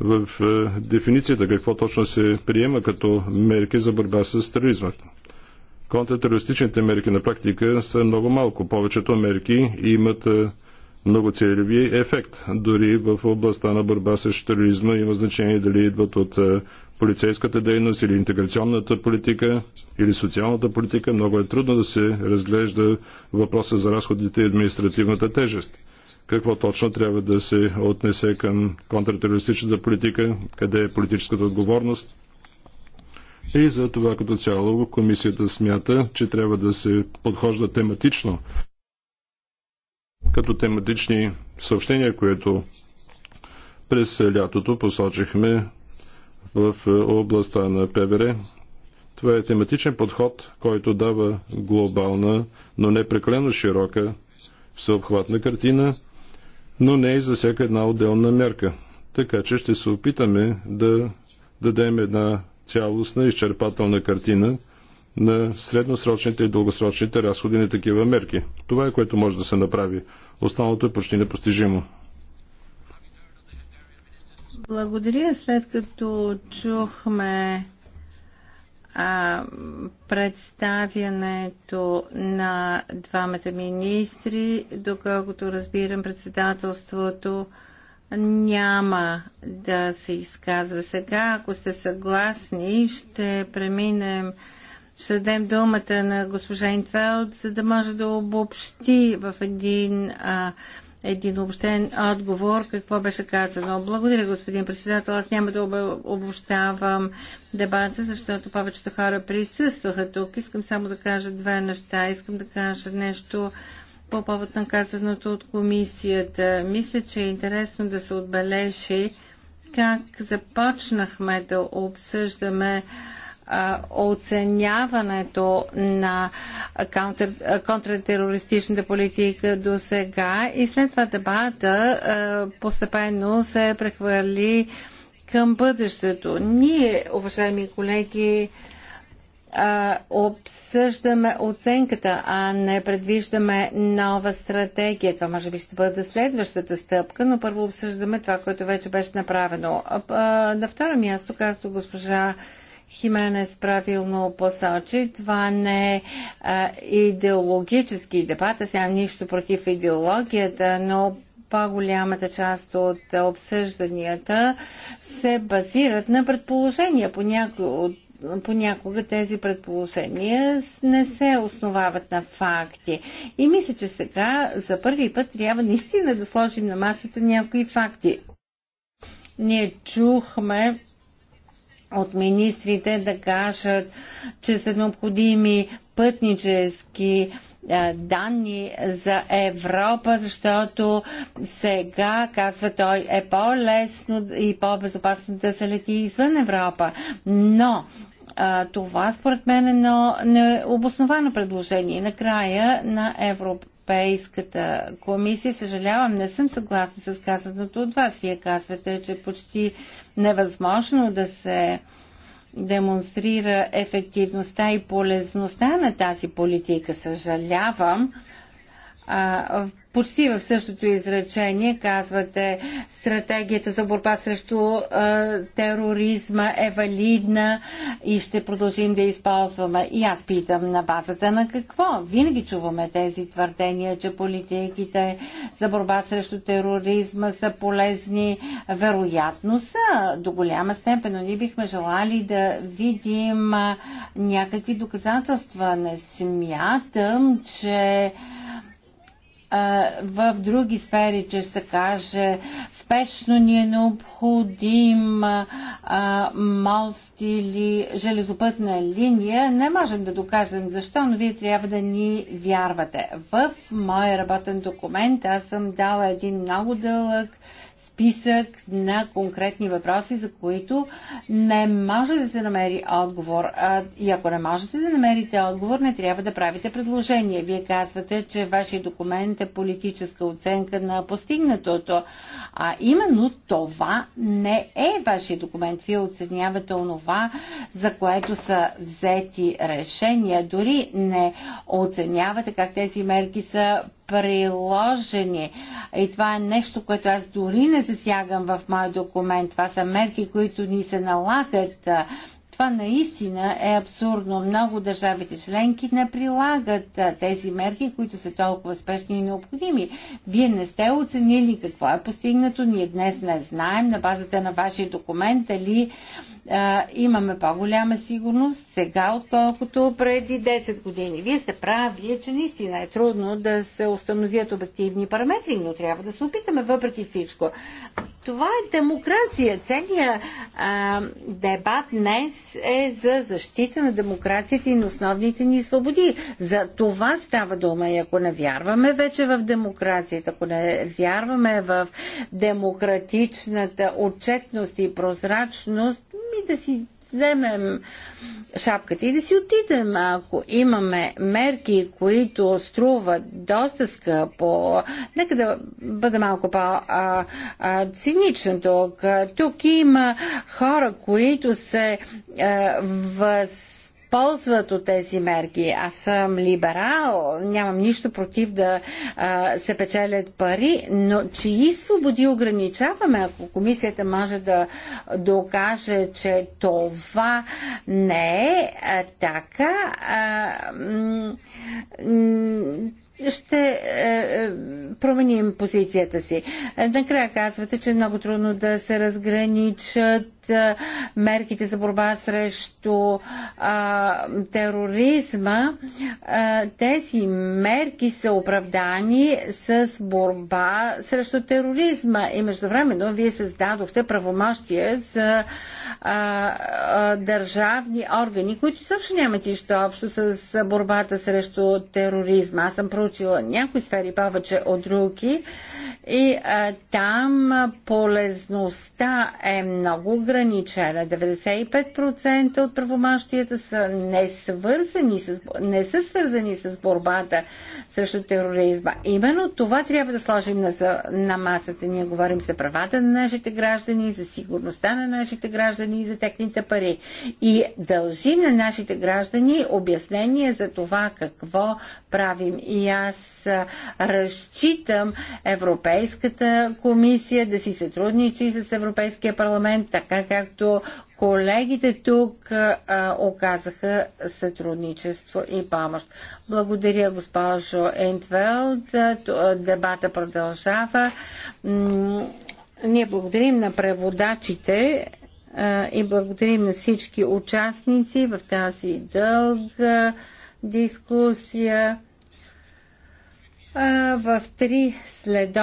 в е, дефиницията какво точно се приема като мерки за борба с тероризмата. Контртерористичните мерки на практика са много малко. Повечето мерки имат е, много целеви ефект. Дори в областта на борба с тероризма има значение дали идват от е, полицейската дейност или интеграционната политика или социалната политика. Много е трудно да се разглежда въпроса за разходите и административната тежест. Какво точно трябва да се отнесе към контртерористичната политика, къде е политическата отговорност, и за това като цяло комисията смята, че трябва да се подхожда тематично като тематични съобщения, които през лятото посочихме в областта на ПВР. Това е тематичен подход, който дава глобална, но не прекалено широка, всеобхватна картина, но не и за всяка една отделна мерка. Така че ще се опитаме да дадем една цялостна изчерпателна картина на средносрочните и дългосрочните разходи на такива мерки. Това е което може да се направи. Останалото е почти непостижимо. Благодаря. След като чухме а, представянето на двамата министри, доколкото разбирам председателството, няма да се изказва сега. Ако сте съгласни, ще преминем, ще дадем думата на госпожа Интвелд, за да може да обобщи в един а, един обобщен отговор какво беше казано. Благодаря, господин председател. Аз няма да обобщавам дебата, защото повечето хора присъстваха тук. Искам само да кажа две неща. Искам да кажа нещо по повод на казаното от комисията. Мисля, че е интересно да се отбележи как започнахме да обсъждаме оценяването на контр, контртерористичната политика до сега и след това дебата постепенно се прехвърли към бъдещето. Ние, уважаеми колеги, а, обсъждаме оценката, а не предвиждаме нова стратегия. Това може би ще бъде следващата стъпка, но първо обсъждаме това, което вече беше направено. А, а, на второ място, както госпожа Хименес правилно посочи, това не е а, идеологически дебат. Аз нямам нищо против идеологията, но по-голямата част от обсъжданията се базират на предположения. По някои от понякога тези предположения не се основават на факти. И мисля, че сега за първи път трябва наистина да сложим на масата някои факти. Ние чухме от министрите да кажат, че са необходими пътнически данни за Европа, защото сега, казва той, е по-лесно и по-безопасно да се лети извън Европа. Но а, това според мен е едно необосновано предложение. Накрая на Европа Европейската комисия. Съжалявам, не съм съгласна с казаното от вас. Вие казвате, че е почти невъзможно да се демонстрира ефективността и полезността на тази политика. Съжалявам. А, почти в същото изречение казвате, стратегията за борба срещу е, тероризма е валидна и ще продължим да използваме. И аз питам на базата на какво? Винаги чуваме тези твърдения, че политиките за борба срещу тероризма са полезни. Вероятно са до голяма степен, но ние бихме желали да видим някакви доказателства. Не смятам, че в други сфери, че се каже спешно ни е необходим мост или железопътна линия. Не можем да докажем защо, но вие трябва да ни вярвате. В моя работен документ аз съм дала един много дълъг списък на конкретни въпроси, за които не може да се намери отговор. И ако не можете да намерите отговор, не трябва да правите предложение. Вие казвате, че вашия документ е политическа оценка на постигнатото. А именно това не е вашия документ. Вие оценявате онова, за което са взети решения. Дори не оценявате как тези мерки са приложени. И това е нещо, което аз дори не засягам в моя документ. Това са мерки, които ни се налагат това наистина е абсурдно. Много държавите членки не прилагат тези мерки, които са толкова спешни и необходими. Вие не сте оценили какво е постигнато. Ние днес не знаем на базата на вашия документ дали а, имаме по-голяма сигурност сега, отколкото преди 10 години. Вие сте прави, че наистина е трудно да се установят обективни параметри, но трябва да се опитаме въпреки всичко. Това е демокрация. Целият а, дебат днес е за защита на демокрацията и на основните ни свободи. За това става дума. И ако не вярваме вече в демокрацията, ако не вярваме в демократичната отчетност и прозрачност, ми да си вземем шапката и да си отидем. Ако имаме мерки, които струват доста скъпо, нека да бъда малко по цинично. тук. Тук има хора, които се а, е, въз ползват от тези мерки. Аз съм либерал, нямам нищо против да а, се печелят пари, но чии свободи ограничаваме, ако комисията може да докаже, че това не е а, така. А, ще е, е, променим позицията си. Накрая казвате, че е много трудно да се разграничат е, мерките за борба срещу е, тероризма. Е, тези мерки са оправдани с борба срещу тероризма и междувременно вие създадохте правомощие за е, а, а, държавни органи, които също нямат нищо общо с борбата срещу тероризма. Аз съм проучила някои сфери повече от други. А, и а, там полезността е много ограничена. 95% от правомащията са не, свързани с, не са свързани с борбата срещу тероризма. Именно това трябва да сложим на, на масата. Ние говорим за правата на нашите граждани, за сигурността на нашите граждани и за техните пари. И дължим на нашите граждани обяснение за това какво правим. И аз разчитам Европа Европейската комисия да си сътрудничи с Европейския парламент, така както колегите тук а, оказаха сътрудничество и помощ. Благодаря, госпожо Ентвелд. Дебата продължава. Ние благодарим на преводачите и благодарим на всички участници в тази дълга дискусия. В три следа